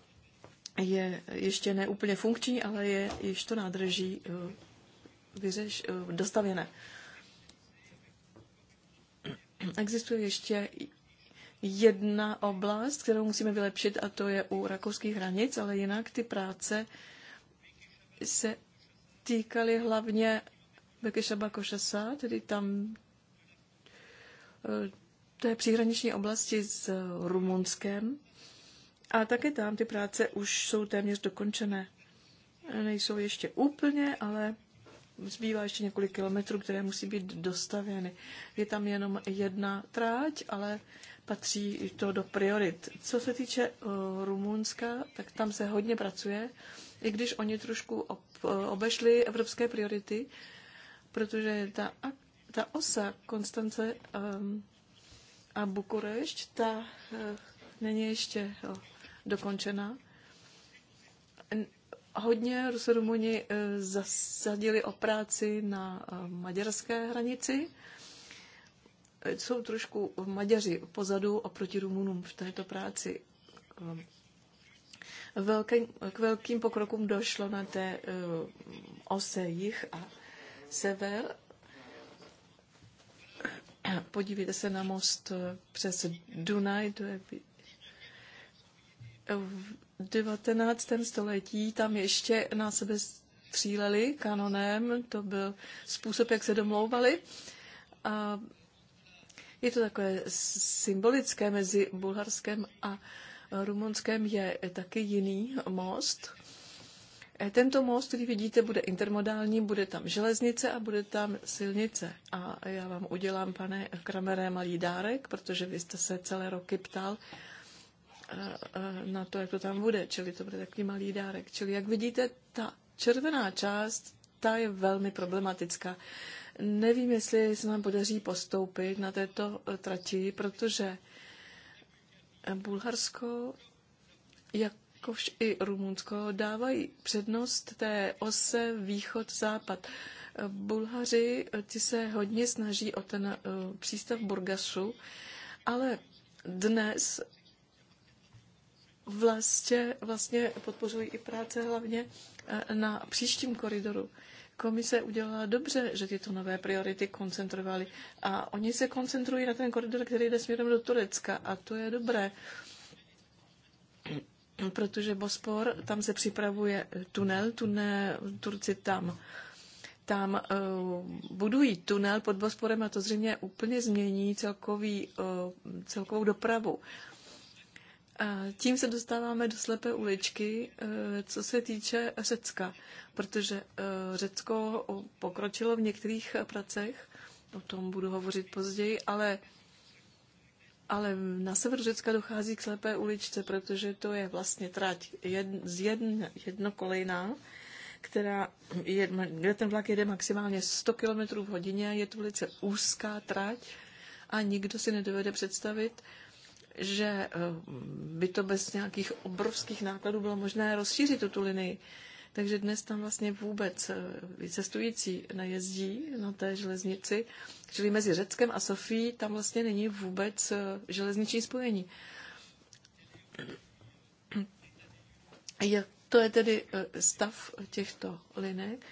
je ještě neúplně funkční, ale je již to nádraží e, vyřeš, e, dostavěné. Existuje ještě jedna oblast, kterou musíme vylepšit, a to je u rakouských hranic, ale jinak ty práce se týkaly hlavně Bekešaba Košasa, tedy tam eh, té příhraniční oblasti s Rumunskem. A také tam ty práce už jsou téměř dokončené. Nejsou ještě úplně, ale zbývá ještě několik kilometrů, které musí být dostavěny. Je tam jenom jedna tráť, ale patří to do priorit. Co se týče eh, Rumunska, tak tam se hodně pracuje, i když oni trošku eh, obešli evropské priority, protože ta, ta osa Konstance um, a Bukurešť, ta uh, není ještě uh, dokončena. Hodně Rusorumuni uh, eh, zasadili o práci na uh, maďarské hranici. Jsou trošku Maďaři pozadu oproti Rumunům v této práci. velký, k velkým pokrokům došlo na té uh, ose jich a sever. Podívejte se na most přes Dunaj, to je v 19. století tam ještě na sebe stříleli kanonem, to byl způsob, jak se domlouvali. A je to takové symbolické mezi Bulharskem a Rumunskem je taky jiný most. Eh, tento most, který vidíte, bude intermodální, bude tam železnice a bude tam silnice. A já vám udělám, pane Kramere, malý dárek, protože vy jste se celé roky ptal eh, eh, na to, jak to tam bude. Čili to bude takový malý dárek. Čili jak vidíte, ta červená část, ta je velmi problematická. Nevím, jestli se nám podaří postoupit na této trati, protože Bulharsko jak jakož i Rumunsko dávají přednost té ose východ-západ. Bulhaři eh, ti se hodně snaží o ten eh, přístav Burgasu, ale dnes vlastně, vlastně podpořují i práce hlavně eh, na příštím koridoru. Komise udělala dobře, že tyto nové priority koncentrovaly. A oni se koncentrují na ten koridor, který jde směrem do Turecka. A to je dobré protože Bospor, tam se připravuje eh, tunel, tunel Turci tam tam uh, budují tunel pod Bosporem a to zřejmě úplně změní celkový, uh, celkovou dopravu. A tím se dostáváme do slepé uličky, uh, co se týče Řecka, protože uh, Řecko pokročilo v některých pracech, o tom budu hovořit později, ale uh, ale na sever Řecka dochází k slepé uličce, protože to je vlastně trať jed, z jedn, jednokolejná, která je, kde ten vlak jede maximálně 100 km v hodině, je to velice úzká trať a nikdo si nedovede představit, že eh, by to bez nějakých obrovských nákladů bylo možné rozšířit tu linii. Takže dnes tam vlastně vůbec eh, cestující nejezdí na té železnici, čili mezi Řeckem a Sofií tam vlastně není vůbec eh, železniční spojení. Je, to je tedy eh, stav těchto linek,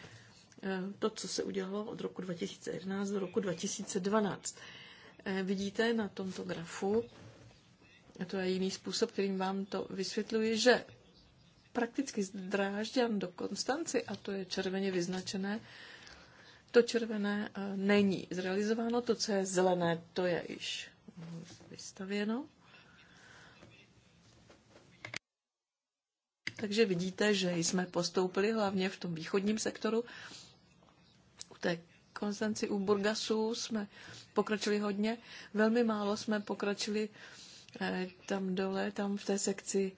to, co se udělalo od roku 2011 do roku 2012. Vidíte na tomto grafu, to je jiný způsob, kterým vám to vysvětluji, že prakticky z Drážďan do Konstanci, a to je červeně vyznačené, to červené eh, není zrealizováno, to, co je zelené, to je již vystavěno. Takže vidíte, že jsme postoupili hlavně v tom východním sektoru. U té Konstanci, u Burgasu jsme pokročili hodně. Velmi málo jsme pokročili eh, tam dole, tam v té sekci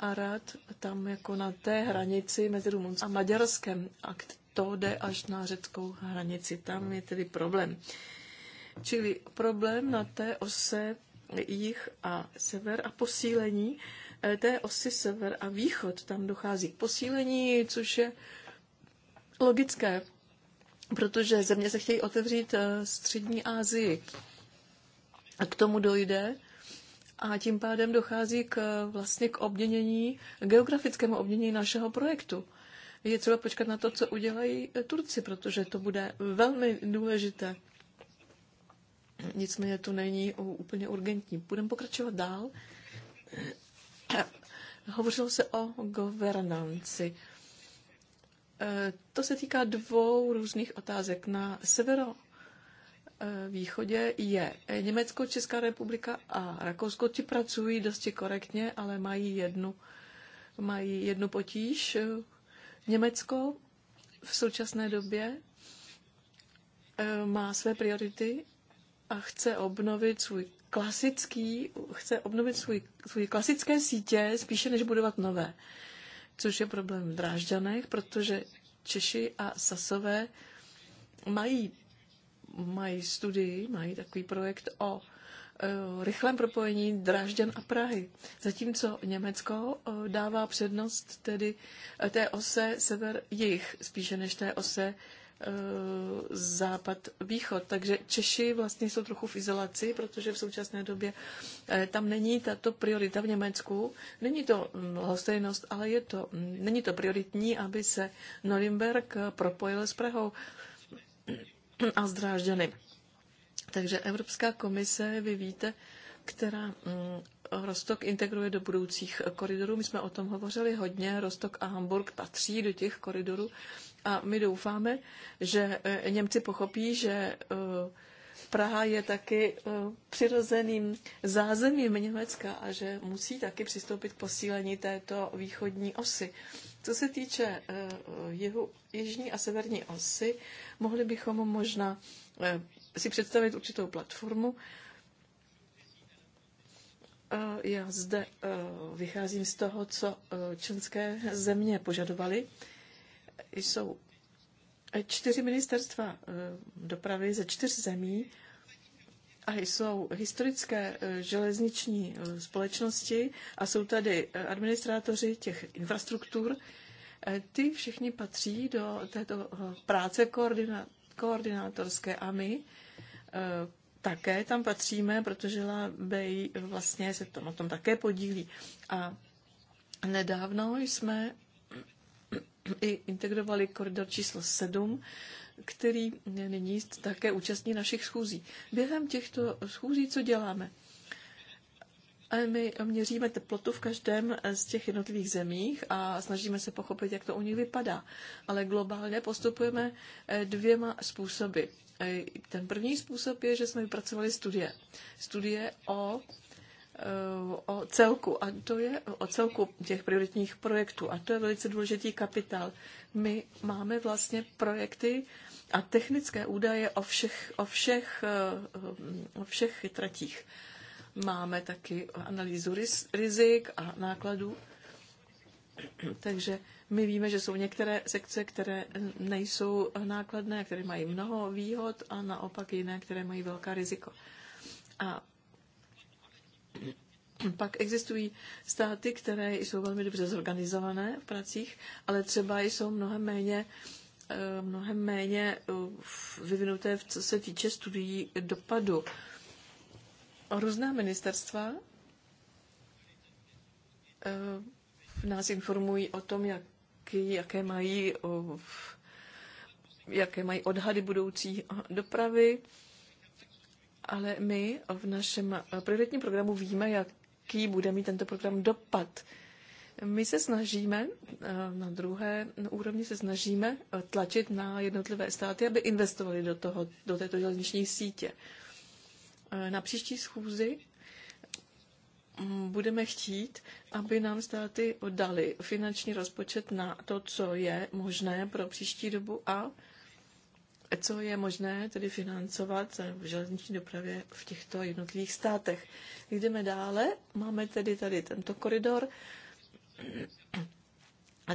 Arad tam jako na té hranici mezi Rumunskem a Maďarskem. A to jde až na řeckou hranici. Tam je tedy problém. Čili problém na té ose jich a sever a posílení eh, té osy sever a východ. Tam dochází k posílení, což je logické, protože země se chtějí otevřít eh, střední Asii. A k tomu dojde a tím pádem dochází k, vlastně k obměnění, geografickému obměnění našeho projektu. Je třeba počkat na to, co udělají eh, Turci, protože to bude velmi důležité. Nicméně to není úplně urgentní. Budeme pokračovat dál. Hovořilo se o governanci. Eh, to se týká dvou různých otázek. Na severo Eh, východě je Německo, Česká republika a Rakousko. Ti pracují dosti korektně, ale mají jednu, mají jednu potíž. Německo v současné době eh, má své priority a chce obnovit svůj klasický, chce obnovit svůj, svůj klasické sítě spíše než budovat nové. Což je problém v Drážďanech, protože Češi a Sasové mají mají studii, mají takový projekt o e, rychlém propojení Drážďan a Prahy. Zatímco Německo e, dává přednost tedy e, té ose sever jich spíše než té ose západ-východ. Takže Češi vlastně jsou trochu v izolaci, protože v současné době tam není tato priorita v Německu. Není to mm, lhostejnost, ale je to, mm, není to prioritní, aby se Norimberg propojil s Prahou a zdrážďany. Takže Evropská komise, vy víte, která mm, Rostok integruje do budoucích koridorů. My jsme o tom hovořili hodně. Rostok a Hamburg patří do těch koridorů a my doufáme, že eh, Němci pochopí, že eh, Praha je taky eh, přirozeným zázemím Německa a že musí taky přistoupit k posílení této východní osy. Co se týče eh, jihu, jižní a severní osy, mohli bychom možná eh, si představit určitou platformu. Eh, já zde vycházím z toho, co členské země požadovaly. Jsou čtyři ministerstva dopravy ze čtyř zemí a jsou historické eh, železniční eh, společnosti a jsou tady eh, administrátoři těch infrastruktur. Ty všichni patří do této práce koordina- koordinátorské a my také tam patříme, protože Labej vlastně se to na tom také podílí. A nedávno jsme i integrovali koridor číslo 7, který nyní také účastní našich schůzí. Během těchto schůzí co děláme? A my měříme teplotu v každém z těch jednotlivých zemích a snažíme se pochopit, jak to u nich vypadá. Ale globálně postupujeme eh, dvěma způsoby. Eh, ten první způsob je, že jsme vypracovali studie. Studie o o celku. A to je o celku těch prioritních projektů. A to je velice důležitý kapitál. My máme vlastně projekty a technické údaje o všech, o všech, eh, o všech tratích. Máme taky analýzu rizik a nákladů. Takže my víme, že jsou některé sekce, které nejsou nákladné, které mají mnoho výhod a naopak jiné, které mají velká riziko. A pak existují státy, které jsou velmi dobře zorganizované v pracích, ale třeba jsou mnohem méně eh, mnohem méně eh, vyvinuté, co se týče studií dopadu. Různá ministerstva eh, nás informují o tom, jaký, jaké mají jaké mají odhady budoucí dopravy, ale my v našem prioritním programu víme, jak, jaký bude mít tento program dopad. My se snažíme, eh, na druhé úrovni se snažíme eh, tlačit na jednotlivé státy, aby investovali do, toho, do této železniční sítě. Eh, na příští schůzi mm, budeme chtít, aby nám státy oddali finanční rozpočet na to, co je možné pro příští dobu a co je možné tedy financovat v železniční dopravě v těchto jednotlivých státech. Jdeme dále, máme tedy tady tento koridor. A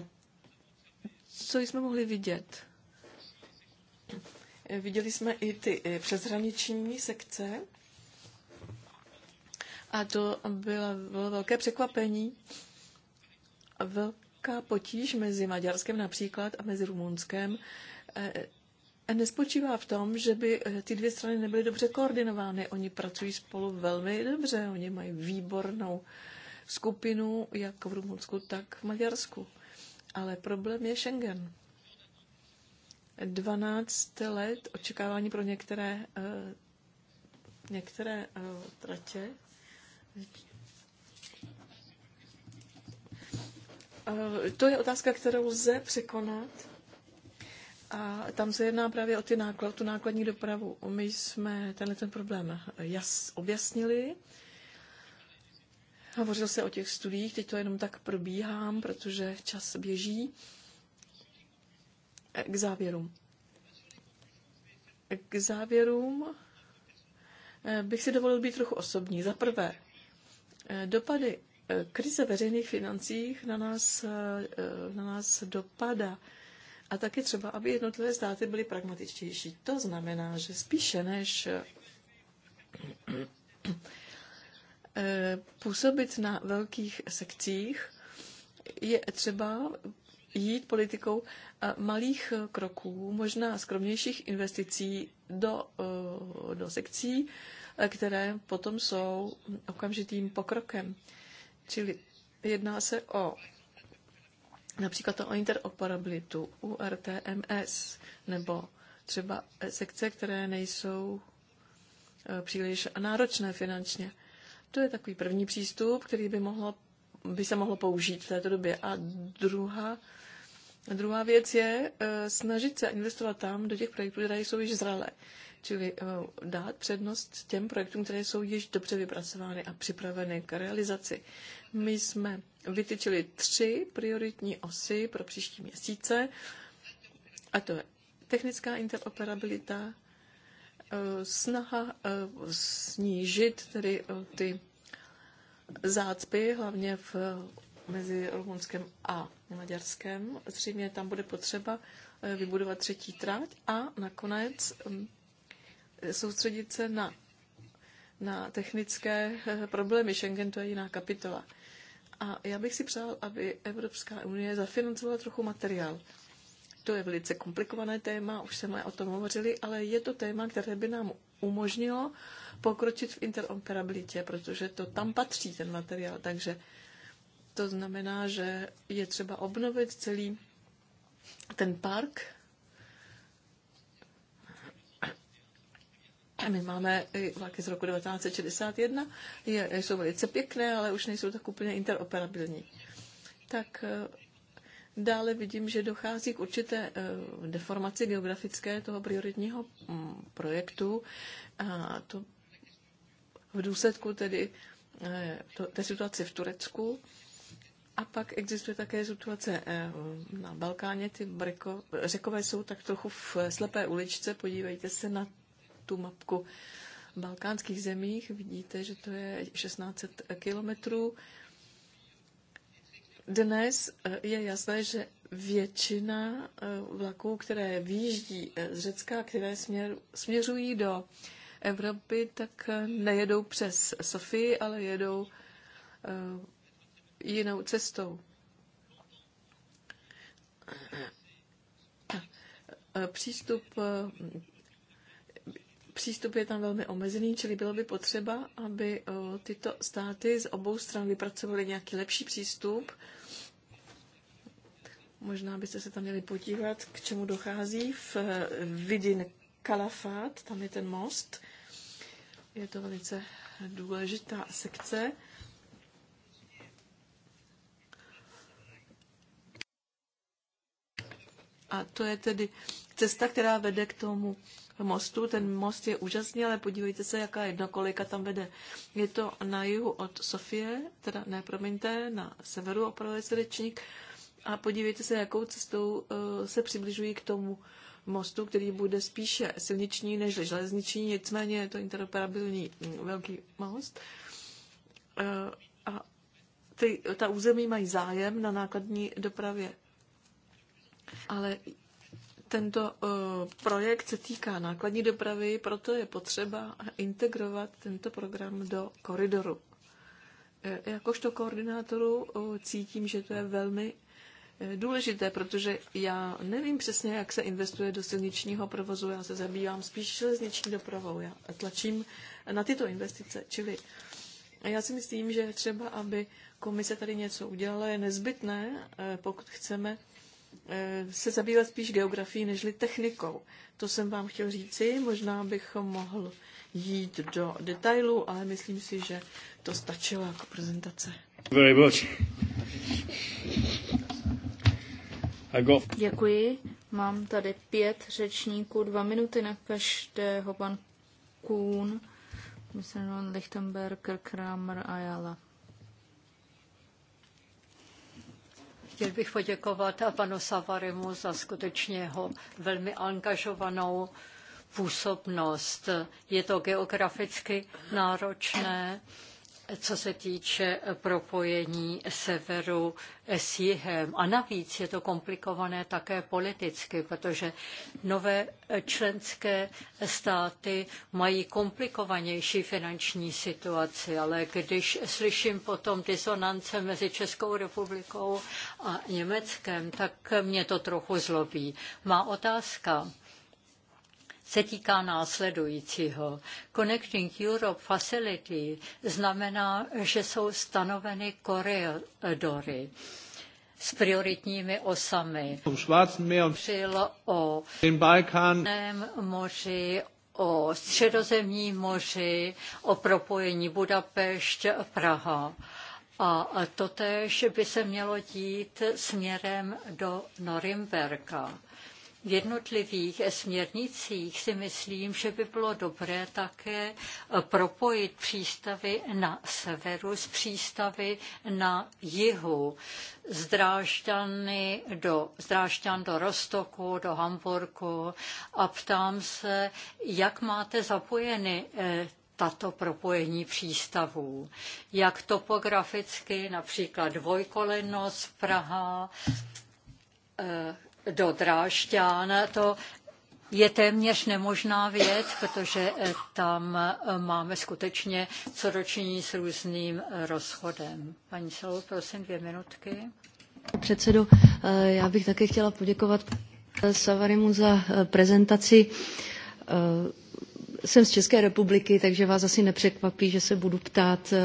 co jsme mohli vidět? Viděli jsme i ty eh, přeshraniční sekce a to bylo, bylo velké překvapení. Velká potíž mezi Maďarskem například a mezi Rumunskem eh, nespočívá v tom, že by eh, ty dvě strany nebyly dobře koordinovány. Oni pracují spolu velmi dobře, oni mají výbornou skupinu, jak v Rumunsku, tak v Maďarsku. Ale problém je Schengen. 12 let očekávání pro některé, eh, některé eh, tratě. To je otázka, kterou lze překonat a tam se jedná právě o ty náklad, tu nákladní dopravu. My jsme tenhle ten problém eh, jas, objasnili. Hovořil se o těch studiích, teď to jenom tak probíhám, protože čas běží. Eh, k závěrům. Eh, k závěrům bych si dovolil být trochu osobní. Za prvé, dopady krize veřejných financích na nás, na nás dopada a taky třeba, aby jednotlivé státy byly pragmatičtější. To znamená, že spíše než eh, působit na velkých sekcích, je třeba jít politikou eh, malých kroků, možná skromnějších investicí do, eh, do sekcí, které potom jsou okamžitým pokrokem. Čili jedná se o například o interoperabilitu URTMS nebo třeba sekce, které nejsou e, příliš náročné finančně. To je takový první přístup, který by, mohlo, by se mohlo použít v této době. A druhá, druhá věc je e, snažit se investovat tam do těch projektů, které jsou již zralé. Čili e, dát přednost těm projektům, které jsou již dobře vypracovány a připraveny k realizaci. My jsme vytyčili tři prioritní osy pro příští měsíce, a to je technická interoperabilita, e, snaha e, snížit tedy e, ty zácpy, hlavně v, mezi Rumunskem a Maďarskem. Zřejmě tam bude potřeba vybudovat třetí tráť a nakonec soustředit se na, na technické problémy. Schengen to je jiná kapitola. A já bych si přál, aby Evropská unie zafinancovala trochu materiál. To je velice komplikované téma, už jsme o tom hovořili, ale je to téma, které by nám umožnilo pokročit v interoperabilitě, protože to tam patří, ten materiál. Takže to znamená, že je třeba obnovit celý ten park My máme vlaky z roku 1961, je, jsou velice pěkné, ale už nejsou tak úplně interoperabilní. Tak eh, dále vidím, že dochází k určité eh, deformaci geografické toho prioritního mm, projektu a to v důsledku tedy eh, to, té situace v Turecku. A pak existuje také situace na Balkáně. Ty breko, řekové jsou tak trochu v slepé uličce. Podívejte se na tu mapku balkánských zemích. Vidíte, že to je 1600 kilometrů. Dnes eh, je jasné, že většina eh, vlaků, které výjíždí eh, z Řecka, které směr, směřují do Evropy, tak nejedou přes Sofii, ale jedou jinou cestou. Přístup Přístup je tam velmi omezený, čili bylo by potřeba, aby eh, tyto státy z obou stran vypracovaly nějaký lepší přístup. Možná byste se tam měli podívat, k čemu dochází v eh, Vidin Kalafat, tam je ten most. Je to velice důležitá sekce. A to je tedy cesta, která vede k tomu mostu. Ten most je úžasný, ale podívejte se, jaká jednokolika tam vede. Je to na jihu od Sofie, teda ne, promiňte, na severu opravuje se A podívejte se, jakou cestou eh, se přibližují k tomu mostu, který bude spíše silniční než železniční, nicméně je to interoperabilní mm, velký most. Eh, a ty, ta území mají zájem na nákladní dopravě. Ale tento eh, projekt se týká nákladní dopravy, proto je potřeba integrovat tento program do koridoru. Eh, jakožto koordinátoru eh, cítím, že to je velmi důležité, protože já nevím přesně, jak se investuje do silničního provozu. Já se zabývám spíš železniční dopravou. Já tlačím na tyto investice. Čili já si myslím, že třeba, aby komise tady něco udělala, je nezbytné, pokud chceme Eh, se zabývat spíš geografií nežli technikou. To jsem vám chtěl říci, možná bychom mohl jít do detailu, ale myslím si, že to stačilo jako prezentace. Very much. Děkuji. Mám tady pět řečníků, dva minuty na každého, pan Kuhn, Lichtenberger, Kramer a Jala. Chtěl bych poděkovat panu Savarymu za skutečně jeho velmi angažovanou působnost. Je to geograficky náročné co se týče propojení severu s jihem. A navíc je to komplikované také politicky, protože nové členské státy mají komplikovanější finanční situaci, ale když slyším potom disonance mezi Českou republikou a Německem, tak mě to trochu zlobí. Má otázka se týká následujícího. Connecting Europe Facility znamená, že jsou stanoveny koridory s prioritními osami. Přijelo o moři, o středozemním moři, o propojení Budapešť Praha. A totéž by se mělo dít směrem do Norimberka jednotlivých směrnicích si myslím, že by bylo dobré také propojit přístavy na severu s přístavy na jihu. Z Drážďany do, z Drážďan do Rostoku, do Hamburku a ptám se, jak máte zapojeny eh, tato propojení přístavů. Jak topograficky, například dvojkolenost Praha, eh, do Drážďán, to je téměř nemožná věc, protože eh, tam eh, máme skutečně co dočinění s různým eh, rozchodem. Paní Solou, prosím, dvě minutky. Předsedu, já bych také chtěla poděkovat Savarimu za prezentaci jsem z České republiky, takže vás asi nepřekvapí, že se budu ptát eh,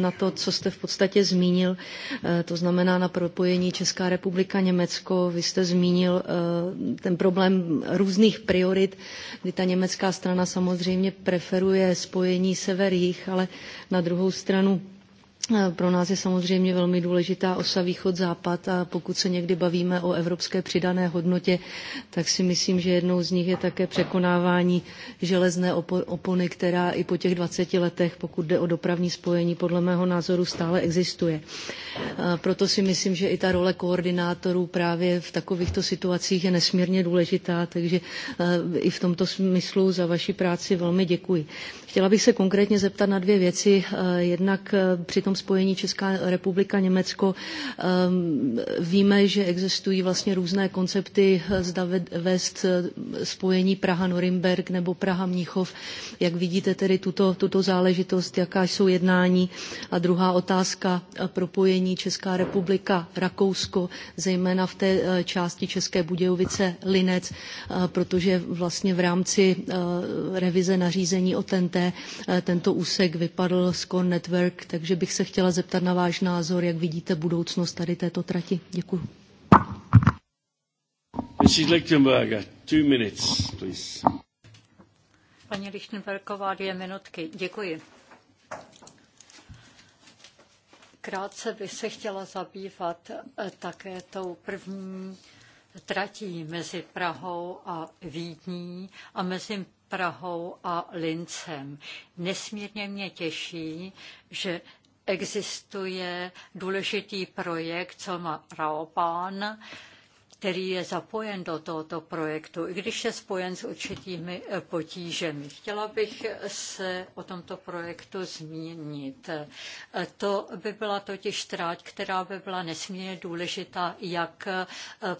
na to, co jste v podstatě zmínil, eh, to znamená na propojení Česká republika Německo. Vy jste zmínil eh, ten problém různých priorit, kdy ta německá strana samozřejmě preferuje spojení sever-jih, ale na druhou stranu Eh, pro nás je samozřejmě velmi důležitá osa východ-západ a pokud se někdy bavíme o evropské přidané hodnotě, tak si myslím, že jednou z nich je také překonávání železné opony, která i po těch 20 letech, pokud jde o dopravní spojení, podle mého názoru stále existuje. Eh, proto si myslím, že i ta role koordinátorů právě v takovýchto situacích je nesmírně důležitá, takže eh, i v tomto smyslu za vaši práci velmi děkuji. Chtěla bych se konkrétně zeptat na dvě věci. Jednak při tom spojení Česká republika, Německo. Ehm, víme, že existují vlastně různé koncepty, zda vést eh, spojení Praha-Norimberg nebo Praha-Mnichov. Jak vidíte tedy tuto, tuto záležitost, jaká jsou jednání? A druhá otázka, eh, propojení Česká republika, Rakousko, zejména v té eh, části České Budějovice, Linec, protože vlastně v rámci revize nařízení o TNT tento úsek vypadl z Core Network, takže bych se chtěla zeptat na váš názor, jak vidíte budoucnost tady této trati. Děkuji. Mrs. Lichtenberger, two minutes, please. Paní Lichtenbergová, dvě minutky. Děkuji. Krátce bych se chtěla zabývat eh, také tou první tratí mezi Prahou a Vídní a mezi Prahou a Lincem. Nesmírně mě těší, že existuje důležitý projekt, co má Raopan, který je zapojen do tohoto projektu, i když je spojen s určitými eh, potížemi. Chtěla bych se o tomto projektu zmínit. Eh, to by byla totiž tráť, která by byla nesmírně důležitá jak eh,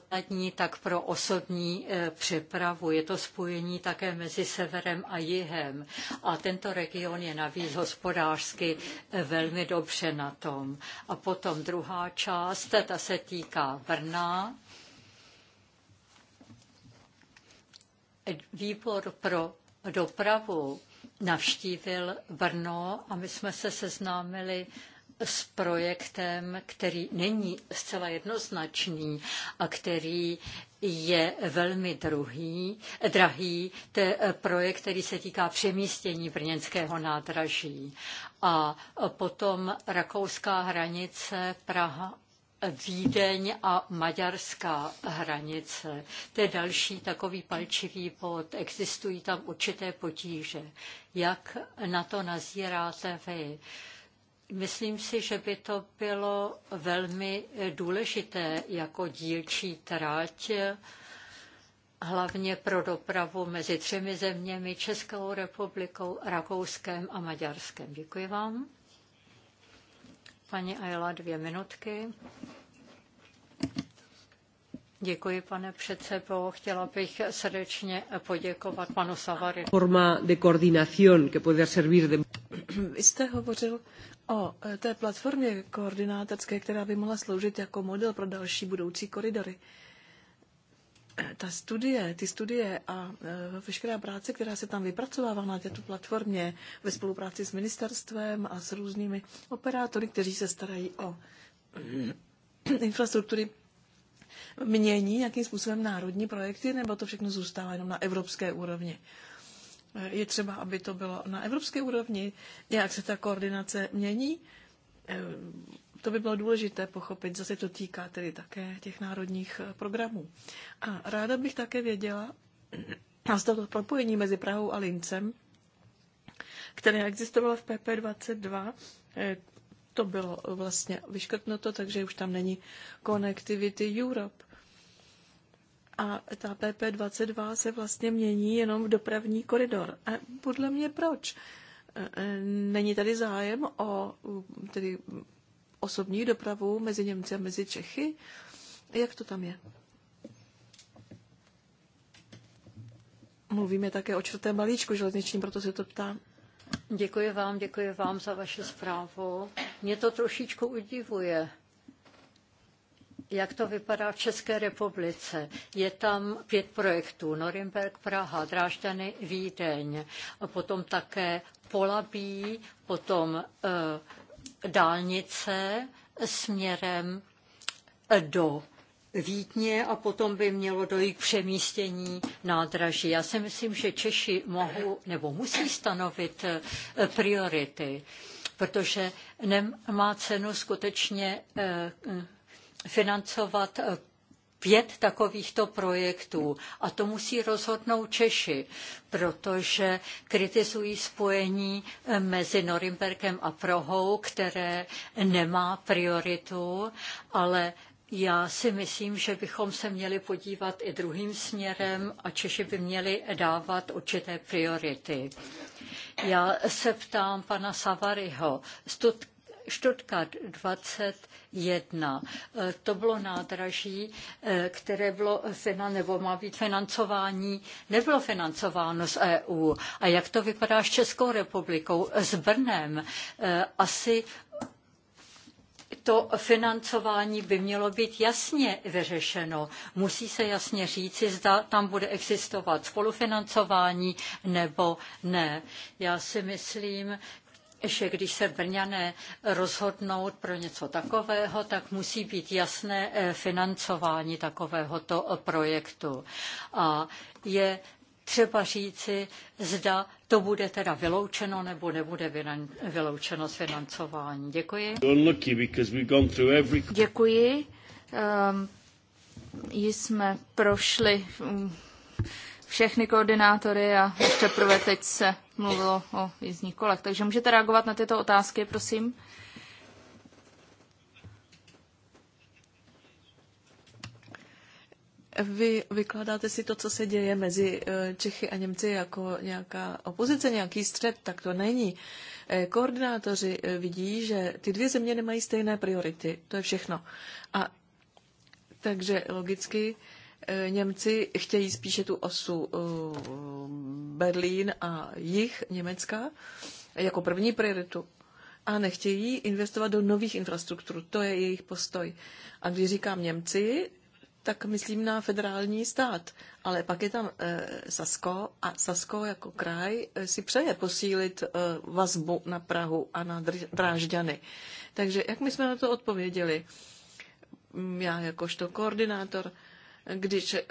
platní, tak pro osobní přepravu. Je to spojení také mezi severem a jihem. A tento region je navíc hospodářsky velmi dobře na tom. A potom druhá část, ta se týká Brna, výbor pro dopravu navštívil Brno a my jsme se seznámili s projektem, který není zcela jednoznačný a který je velmi druhý, drahý. To je eh, projekt, který se týká přemístění brněnského nádraží. A eh, potom rakouská hranice Praha Vídeň a maďarská hranice. To je další takový palčivý bod. Existují tam určité potíže. Jak na to nazíráte vy? Myslím si, že by to bylo velmi důležité jako dílčí tráť, hlavně pro dopravu mezi třemi zeměmi, Českou republikou, Rakouskem a Maďarskem. Děkuji vám. Paní Ajla, dvě minutky. Děkuji, pane předsedo. Chtěla bych srdečně poděkovat panu Savary. Forma de coordinación que puede servir de... Vy jste hovořil o eh, té platformě koordinátorské, která by mohla sloužit jako model pro další budoucí koridory ta studie, ty studie a e, veškerá práce, která se tam vypracovává na této platformě ve spolupráci s ministerstvem a s různými operátory, kteří se starají o [clears throat] infrastruktury, mění nějakým způsobem národní projekty, nebo to všechno zůstává jenom na evropské úrovni. Je třeba, aby to bylo na evropské úrovni, jak se ta koordinace mění to by bylo důležité pochopit, zase to týká tedy také těch národních eh, programů. A ráda bych také věděla, [clears throat] a z toho propojení mezi Prahou a Lincem, které existovalo v PP22, eh, to bylo vlastně vyškrtnuto, takže už tam není Connectivity Europe. A ta PP22 se vlastně mění jenom v dopravní koridor. A podle mě proč? Eh, není tady zájem o tedy osobní dopravu mezi Němci a mezi Čechy? Jak to tam je? Mluvíme také o čtvrtém balíčku železničním, proto se to ptám. Děkuji vám, děkuji vám za vaši zprávu. Mě to trošičku udivuje, jak to vypadá v České republice? Je tam pět projektů. Norimberg, Praha, Drážďany, Vídeň, a potom také Polabí, potom eh, dálnice směrem do Vítně a potom by mělo dojít k přemístění nádraží. Já si myslím, že Češi mohou nebo musí stanovit eh, priority, protože nemá cenu skutečně eh, eh, financovat pět takovýchto projektů a to musí rozhodnout Češi, protože kritizují spojení eh, mezi Norimberkem a Prohou, které nemá prioritu, ale já si myslím, že bychom se měli podívat i druhým směrem a Češi by měli dávat určité priority. Já se ptám pana Savaryho. Stuttgart Stuttgart 21. To bylo nádraží, které bylo finan, nebo má být financování, nebylo financováno z EU. A jak to vypadá s Českou republikou, s Brnem? Asi to financování by mělo být jasně vyřešeno. Musí se jasně říci, zda tam bude existovat spolufinancování nebo ne. Já si myslím, že když se Brňané rozhodnou pro něco takového, tak musí být jasné eh, financování takovéhoto projektu. A je třeba říci, zda to bude teda vyloučeno nebo nebude vyloučeno s financování. Děkuji. Děkuji. Um, jsme prošli um, všechny koordinátory a ještě prvé teď se mluvilo o jízdních kolech. Takže můžete reagovat na tyto otázky, prosím. Vy vykládáte si to, co se děje mezi eh, Čechy a Němci jako nějaká opozice, nějaký střed, tak to není. Eh, koordinátoři eh, vidí, že ty dvě země nemají stejné priority. To je všechno. A takže logicky Eh, Němci chtějí spíše tu osu eh, Berlín a jich Německa jako první prioritu a nechtějí investovat do nových infrastruktur. To je jejich postoj. A když říkám Němci, tak myslím na federální stát. Ale pak je tam e, Sasko a Sasko jako kraj si přeje posílit e, vazbu na Prahu a na Drážďany. Takže jak my jsme na to odpověděli? Mm, já jakožto koordinátor e, když eh,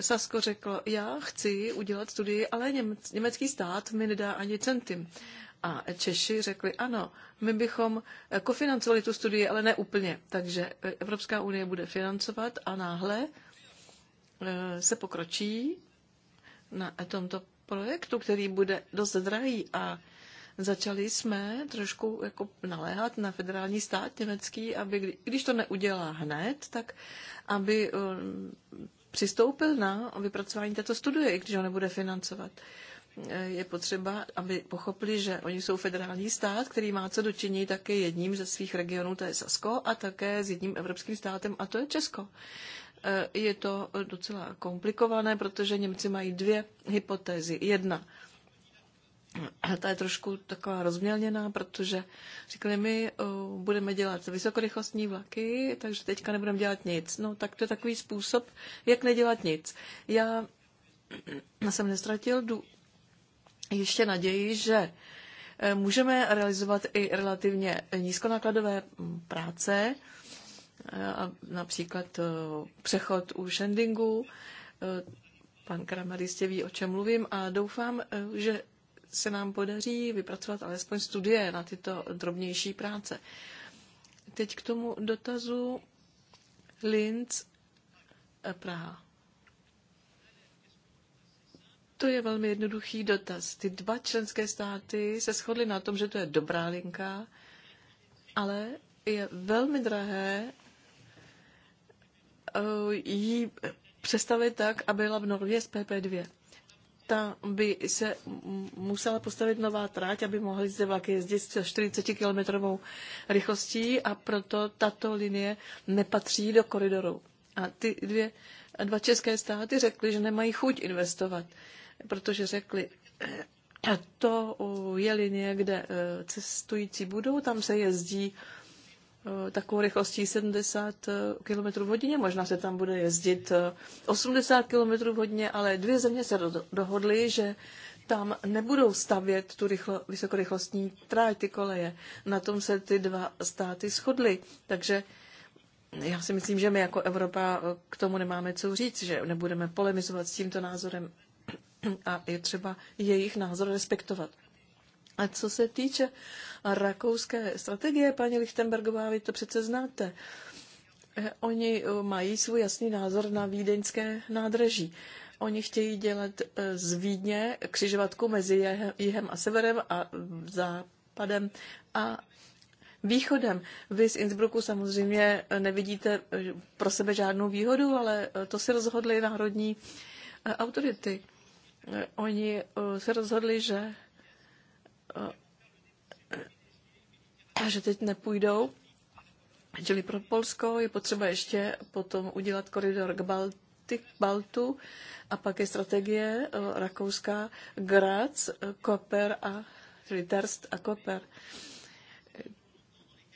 Sasko řekl, já chci udělat studii, ale německý stát mi nedá ani centim. A Češi řekli, ano, my bychom eh, kofinancovali tu studii, ale ne úplně. Takže eh, Evropská unie bude financovat a náhle se pokročí na tomto projektu, který bude dost drahý a Začali jsme trošku jako naléhat na federální stát německý, aby když to neudělá hned, tak aby eh, přistoupil na vypracování této studie, i když ho nebude financovat eh, je potřeba, aby pochopili, že oni jsou federální stát, který má co dočinit také jedním ze svých regionů, to je Sasko, a také s jedním evropským státem, a to je Česko. Eh, je to docela komplikované, protože Němci mají dvě hypotézy. Jedna ta je trošku taková rozmělněná, protože říkali, my uh, budeme dělat vysokorychlostní vlaky, takže teďka nebudeme dělat nic. No tak to je takový způsob, jak nedělat nic. Já [clears throat] jsem nestratil dů... ještě naději, že e, můžeme realizovat i relativně nízkonákladové mm, práce, například e, přechod u Shendingu, e, pan Kramer jistě ví, o čem mluvím a doufám, že se nám podaří vypracovat alespoň studie na tyto drobnější práce. Teď k tomu dotazu Linz eh, Praha. To je velmi jednoduchý dotaz. Ty dva členské státy se shodly na tom, že to je dobrá linka, ale je velmi drahé eh, ji přestavit tak, aby byla v Norvě z PP2 ta by se musela postavit nová trať, aby mohly zde vlaky jezdit s 40 kilometrovou rychlostí a proto tato linie nepatří do koridoru. A ty dvě, dva české státy řekly, že nemají chuť investovat, protože řekli, eh, a to je linie, kde eh, cestující budou, tam se jezdí Eh, takovou rychlostí 70 eh, km v hodině. Možná se tam bude jezdit 80 eh, km v hodině, ale dvě země se dohodly, že tam nebudou stavět tu rychlo, vysokorychlostní tráť, ty koleje. Na tom se ty dva státy shodly. Takže já si myslím, že my jako Evropa k tomu nemáme co říct, že nebudeme polemizovat s tímto názorem a je třeba jejich názor respektovat. A co se týče rakouské strategie, paní Lichtenbergová, vy to přece znáte. Eh, oni eh, mají svůj jasný názor na vídeňské nádraží. Oni chtějí dělat eh, z Vídně křižovatku mezi jihem a severem a západem a východem. Vy z Innsbrucku samozřejmě nevidíte pro sebe žádnou výhodu, ale to si rozhodly národní autority. Oni se rozhodli, že že teď nepůjdou. Čili pro Polsko je potřeba ještě potom udělat koridor k Baltik, Baltu a pak je strategie eh, Rakouska, Graz, Koper a čili Terst a Koper.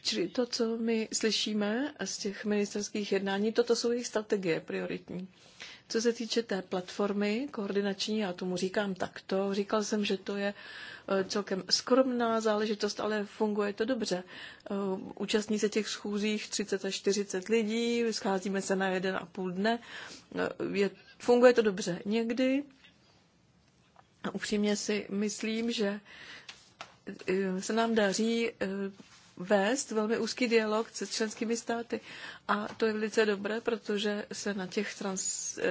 Čili to, co my slyšíme z těch ministerských jednání, toto jsou jejich strategie prioritní. Co se týče té platformy koordinační, já tomu říkám takto, říkal jsem, že to je eh, celkem skromná záležitost, ale funguje to dobře. Eh, účastní se těch schůzích 30 až 40 lidí, scházíme se na jeden a půl dne, eh, je, funguje to dobře. Někdy upřímně si myslím, že se nám daří vést velmi úzký dialog se členskými státy. A to je velice dobré, protože se na těch, trans, eh,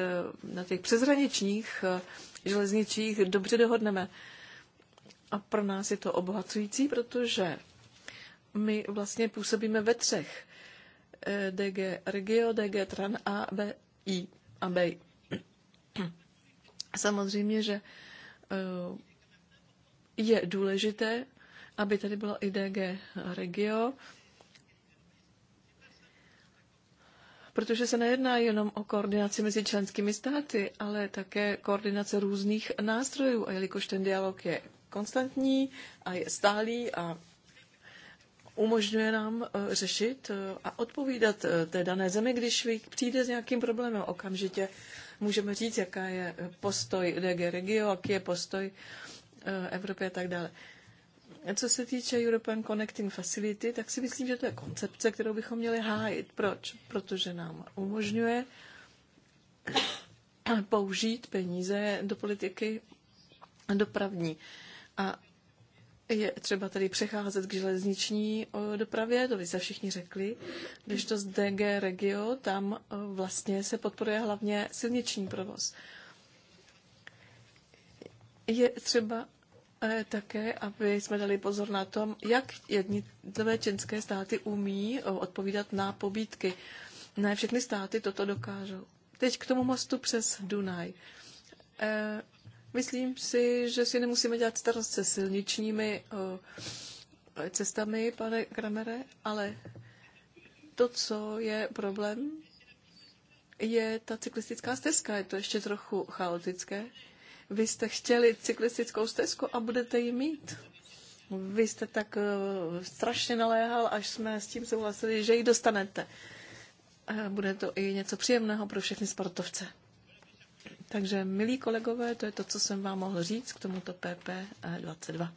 na těch přezhraničních eh, železničích dobře dohodneme. A pro nás je to obohacující, protože my vlastně působíme ve třech. Eh, DG Regio, DG Tran a BI. A BI. Samozřejmě, že je důležité aby tady bylo i DG Regio, protože se nejedná jenom o koordinaci mezi členskými státy, ale také koordinace různých nástrojů. A jelikož ten dialog je konstantní a je stálý a umožňuje nám e, řešit e, a odpovídat e, té dané zemi, když přijde s nějakým problémem. Okamžitě můžeme říct, jaká je postoj DG Regio, jaký je postoj Evropy a tak dále. Co se týče European Connecting Facility, tak si myslím, že to je koncepce, kterou bychom měli hájit. Proč? Protože nám umožňuje [coughs] použít peníze do politiky dopravní. A je třeba tady přecházet k železniční dopravě, to by se všichni řekli, když to z DG Regio, tam vlastně se podporuje hlavně silniční provoz. Je třeba ale také, aby jsme dali pozor na tom, jak jednotlivé čínské státy umí odpovídat na pobídky. Ne všechny státy toto dokážou. Teď k tomu mostu přes Dunaj. E, myslím si, že si nemusíme dělat starost se silničními cestami, pane Kramere, ale to, co je problém, je ta cyklistická stezka. Je to ještě trochu chaotické. Vy jste chtěli cyklistickou stezku a budete ji mít. Vy jste tak uh, strašně naléhal, až jsme s tím souhlasili, že ji dostanete. A bude to i něco příjemného pro všechny sportovce. Takže, milí kolegové, to je to, co jsem vám mohl říct k tomuto PP22. E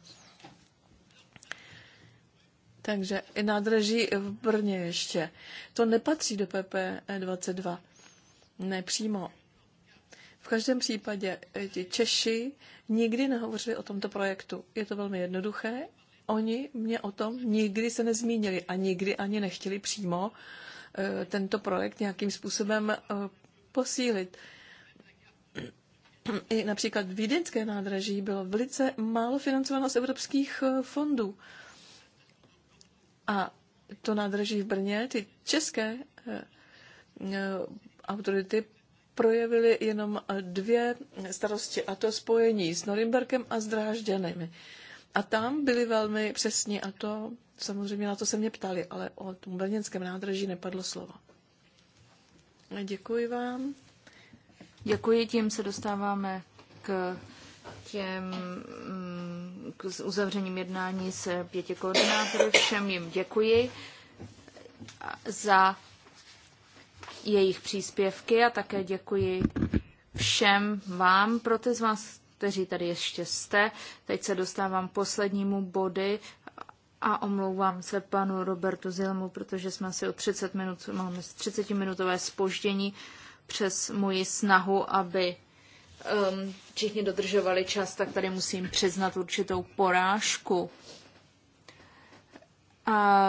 Takže i nádraží v Brně ještě. To nepatří do PP22. E Nepřímo. V každém případě eh, ti Češi nikdy nehovořili o tomto projektu. Je to velmi jednoduché. Oni mě o tom nikdy se nezmínili a nikdy ani nechtěli přímo eh, tento projekt nějakým způsobem eh, posílit. [clears throat] I například Vídeňské nádraží bylo velice málo financováno z evropských fondů. A to nádraží v Brně, ty české autority projevily jenom eh, dvě starosti, a to spojení s Norimberkem a s Drážďanem. A tam byli velmi přesní a to samozřejmě na to se mě ptali, ale o tom brněnském nádraží nepadlo slovo. Děkuji vám. Děkuji, tím se dostáváme k těm mm, k uzavřením jednání s pěti koordinátorů. Všem jim děkuji za jejich příspěvky a také děkuji všem vám, pro ty z vás, kteří tady ještě jste. Teď se dostávám k poslednímu body a omlouvám se panu Robertu Zilmu, protože jsme asi o 30 minut, máme 30 minutové spoždění přes moji snahu, aby um, všichni dodržovali čas, tak tady musím přiznat určitou porážku a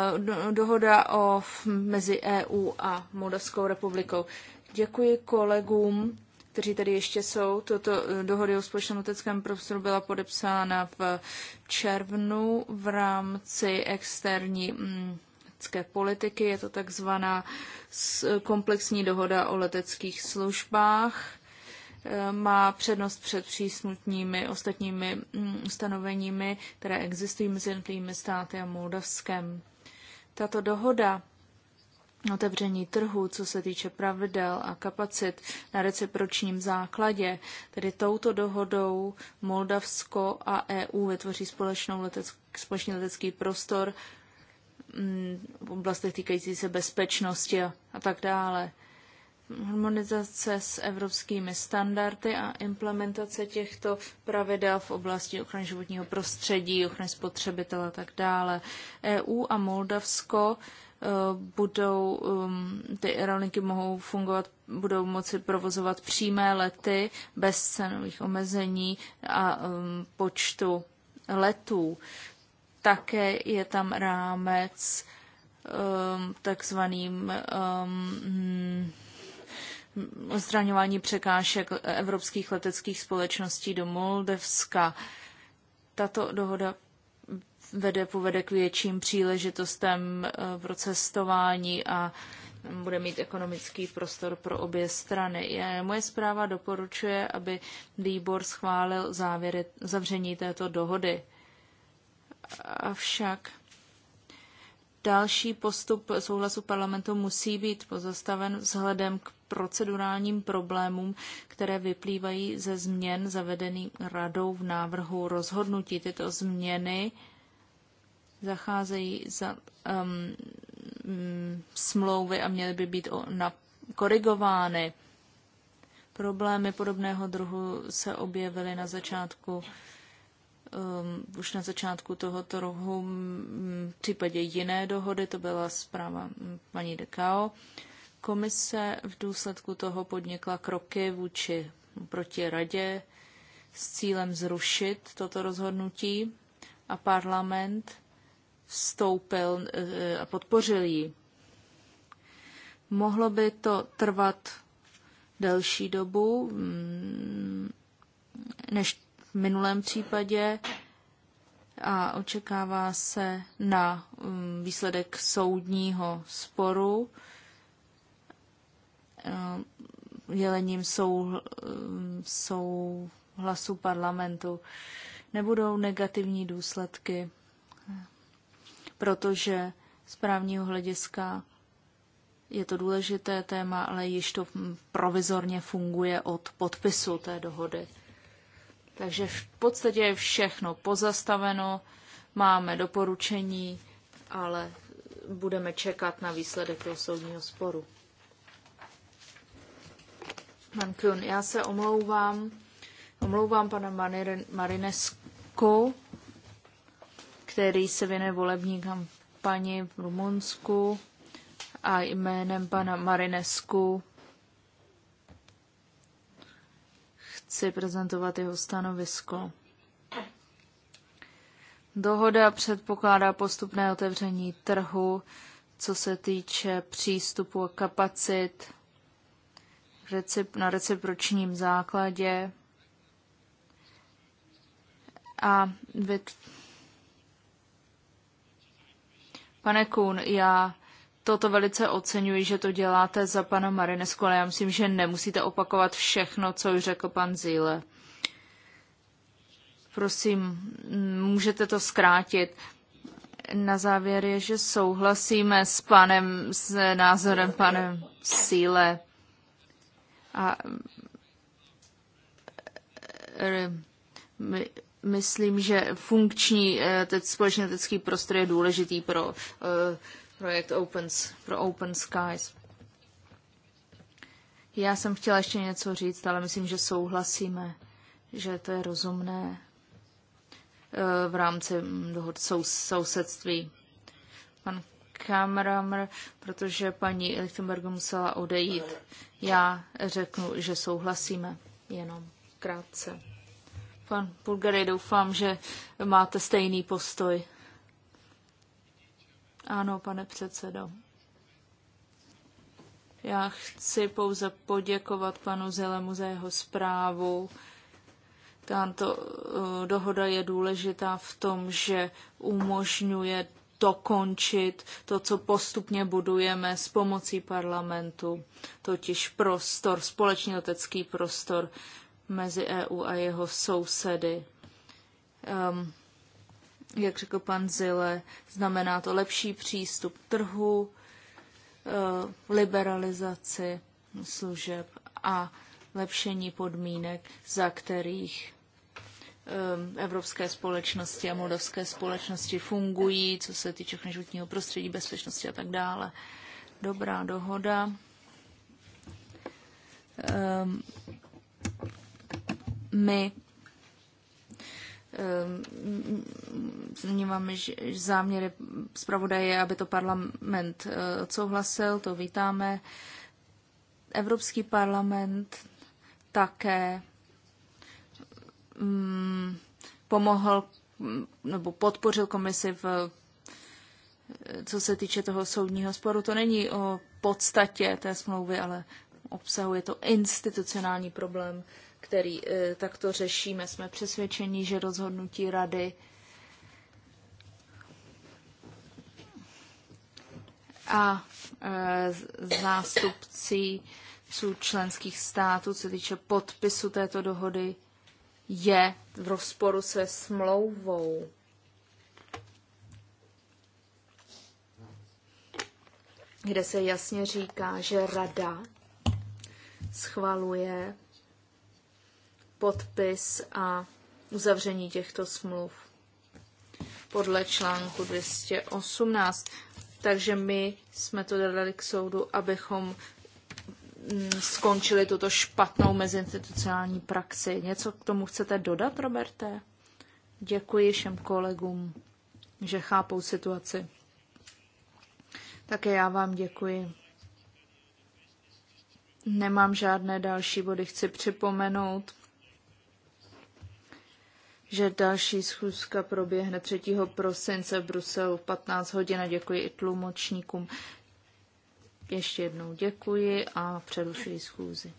dohoda o, mezi EU a Moldavskou republikou. Děkuji kolegům, kteří tady ještě jsou. Toto eh, dohody o společném leteckém prostoru byla podepsána v červnu v rámci externí mm, letecké politiky. Je to takzvaná komplexní dohoda o leteckých službách má přednost před přísnutními ostatními mm, ustanoveními, které existují mezi jednotlivými státy a Moldavskem. Tato dohoda otevření trhu, co se týče pravidel a kapacit na recipročním základě. Tedy touto dohodou Moldavsko a EU vytvoří společnou letecký, společný letecký prostor mm, v oblastech týkající se bezpečnosti a, a tak dále harmonizace s evropskými standardy a implementace těchto pravidel v oblasti ochrany životního prostředí, ochrany spotřebitele a tak dále. EU a Moldavsko e, budou, um, ty aerolinky mohou fungovat, budou moci provozovat přímé lety bez cenových omezení a um, počtu letů. Také je tam rámec um, takzvaným um, odstraňování překážek evropských leteckých společností do Moldevska. Tato dohoda vede, povede k větším příležitostem eh, pro cestování a bude mít ekonomický prostor pro obě strany. Moje zpráva doporučuje, aby výbor schválil závěry zavření této dohody. Avšak další postup souhlasu parlamentu musí být pozastaven vzhledem k procedurálním problémům, které vyplývají ze změn zavedených radou v návrhu rozhodnutí. Tyto změny zacházejí za um, um, smlouvy a měly by být o, korigovány. Problémy podobného druhu se objevily na začátku um, už na začátku tohoto rohu mm, v případě jiné dohody, to byla zpráva mm, paní Dekao. Komise v důsledku toho podnikla kroky vůči proti radě s cílem zrušit toto rozhodnutí a parlament vstoupil eh, a podpořil ji. Mohlo by to trvat delší dobu mm, než v minulém případě a očekává se na mm, výsledek soudního sporu dělením eh, sou, eh, sou hlasu parlamentu. Nebudou negativní důsledky, protože z právního hlediska je to důležité téma, ale již to provizorně funguje od podpisu té dohody. Takže v podstatě je všechno pozastaveno, máme doporučení, ale budeme čekat na výsledek toho soudního sporu. Pan já se omlouvám, omlouvám pana Marinesko, který se věnuje volební kampani v Rumunsku a jménem pana Marinesku chci prezentovat jeho stanovisko. Dohoda předpokládá postupné otevření trhu, co se týče přístupu a kapacit na recipročním základě a vyt... Pane Kuhn, já toto velice oceňuji, že to děláte za pana Marinesku, ale já myslím, že nemusíte opakovat všechno, co už řekl pan Zíle. Prosím, můžete to zkrátit. Na závěr je, že souhlasíme s panem, s názorem panem Síle. A eh, eh, my, myslím, že funkční eh, teď společný letecký prostor je důležitý pro uh, projekt Open, pro Open Skies. Já jsem chtěla ještě něco říct, ale myslím, že souhlasíme, že to je rozumné v rámci hm, dohod sous, sousedství. Pan kamramr, protože paní Lichtenberg musela odejít. Já řeknu, že souhlasíme, jenom krátce. Pan Pulgary, doufám, že máte stejný postoj. Ano, pane předsedo. Já chci pouze poděkovat panu Zelemu za jeho zprávu. Tato eh, dohoda je důležitá v tom, že umožňuje dokončit to, co postupně budujeme s pomocí parlamentu, totiž prostor, společný letecký prostor mezi EU a jeho sousedy. Um, jak řekl pan Zile, znamená to lepší přístup k trhu, eh, liberalizaci služeb a lepšení podmínek, za kterých Ehm, evropské společnosti a moldavské společnosti fungují, co se týče životního prostředí, bezpečnosti a tak dále. Dobrá dohoda. Ehm, my ehm, vnímáme záměry zpravodaje, aby to parlament eh, odsouhlasil, to vítáme. Evropský parlament také Mm, pomohl mm, nebo podpořil komisi v co se týče toho soudního sporu. To není o podstatě té smlouvy, ale obsahuje to institucionální problém, který eh, takto řešíme. Jsme přesvědčeni, že rozhodnutí rady a eh, zástupcí členských států, co se týče podpisu této dohody, je v rozporu se smlouvou. kde se jasně říká, že rada schvaluje podpis a uzavření těchto smluv podle článku 218. Takže my jsme to dali k soudu, abychom Mm, skončili tuto špatnou mezinstitucionální praxi. Něco k tomu chcete dodat, Roberte? Děkuji všem kolegům, že chápou situaci. Také já vám děkuji. Nemám žádné další body. Chci připomenout, že další schůzka proběhne 3. prosince v Bruselu v 15 hodin a děkuji i tlumočníkům. Ještě jednou děkuji a přerušuji schůzi.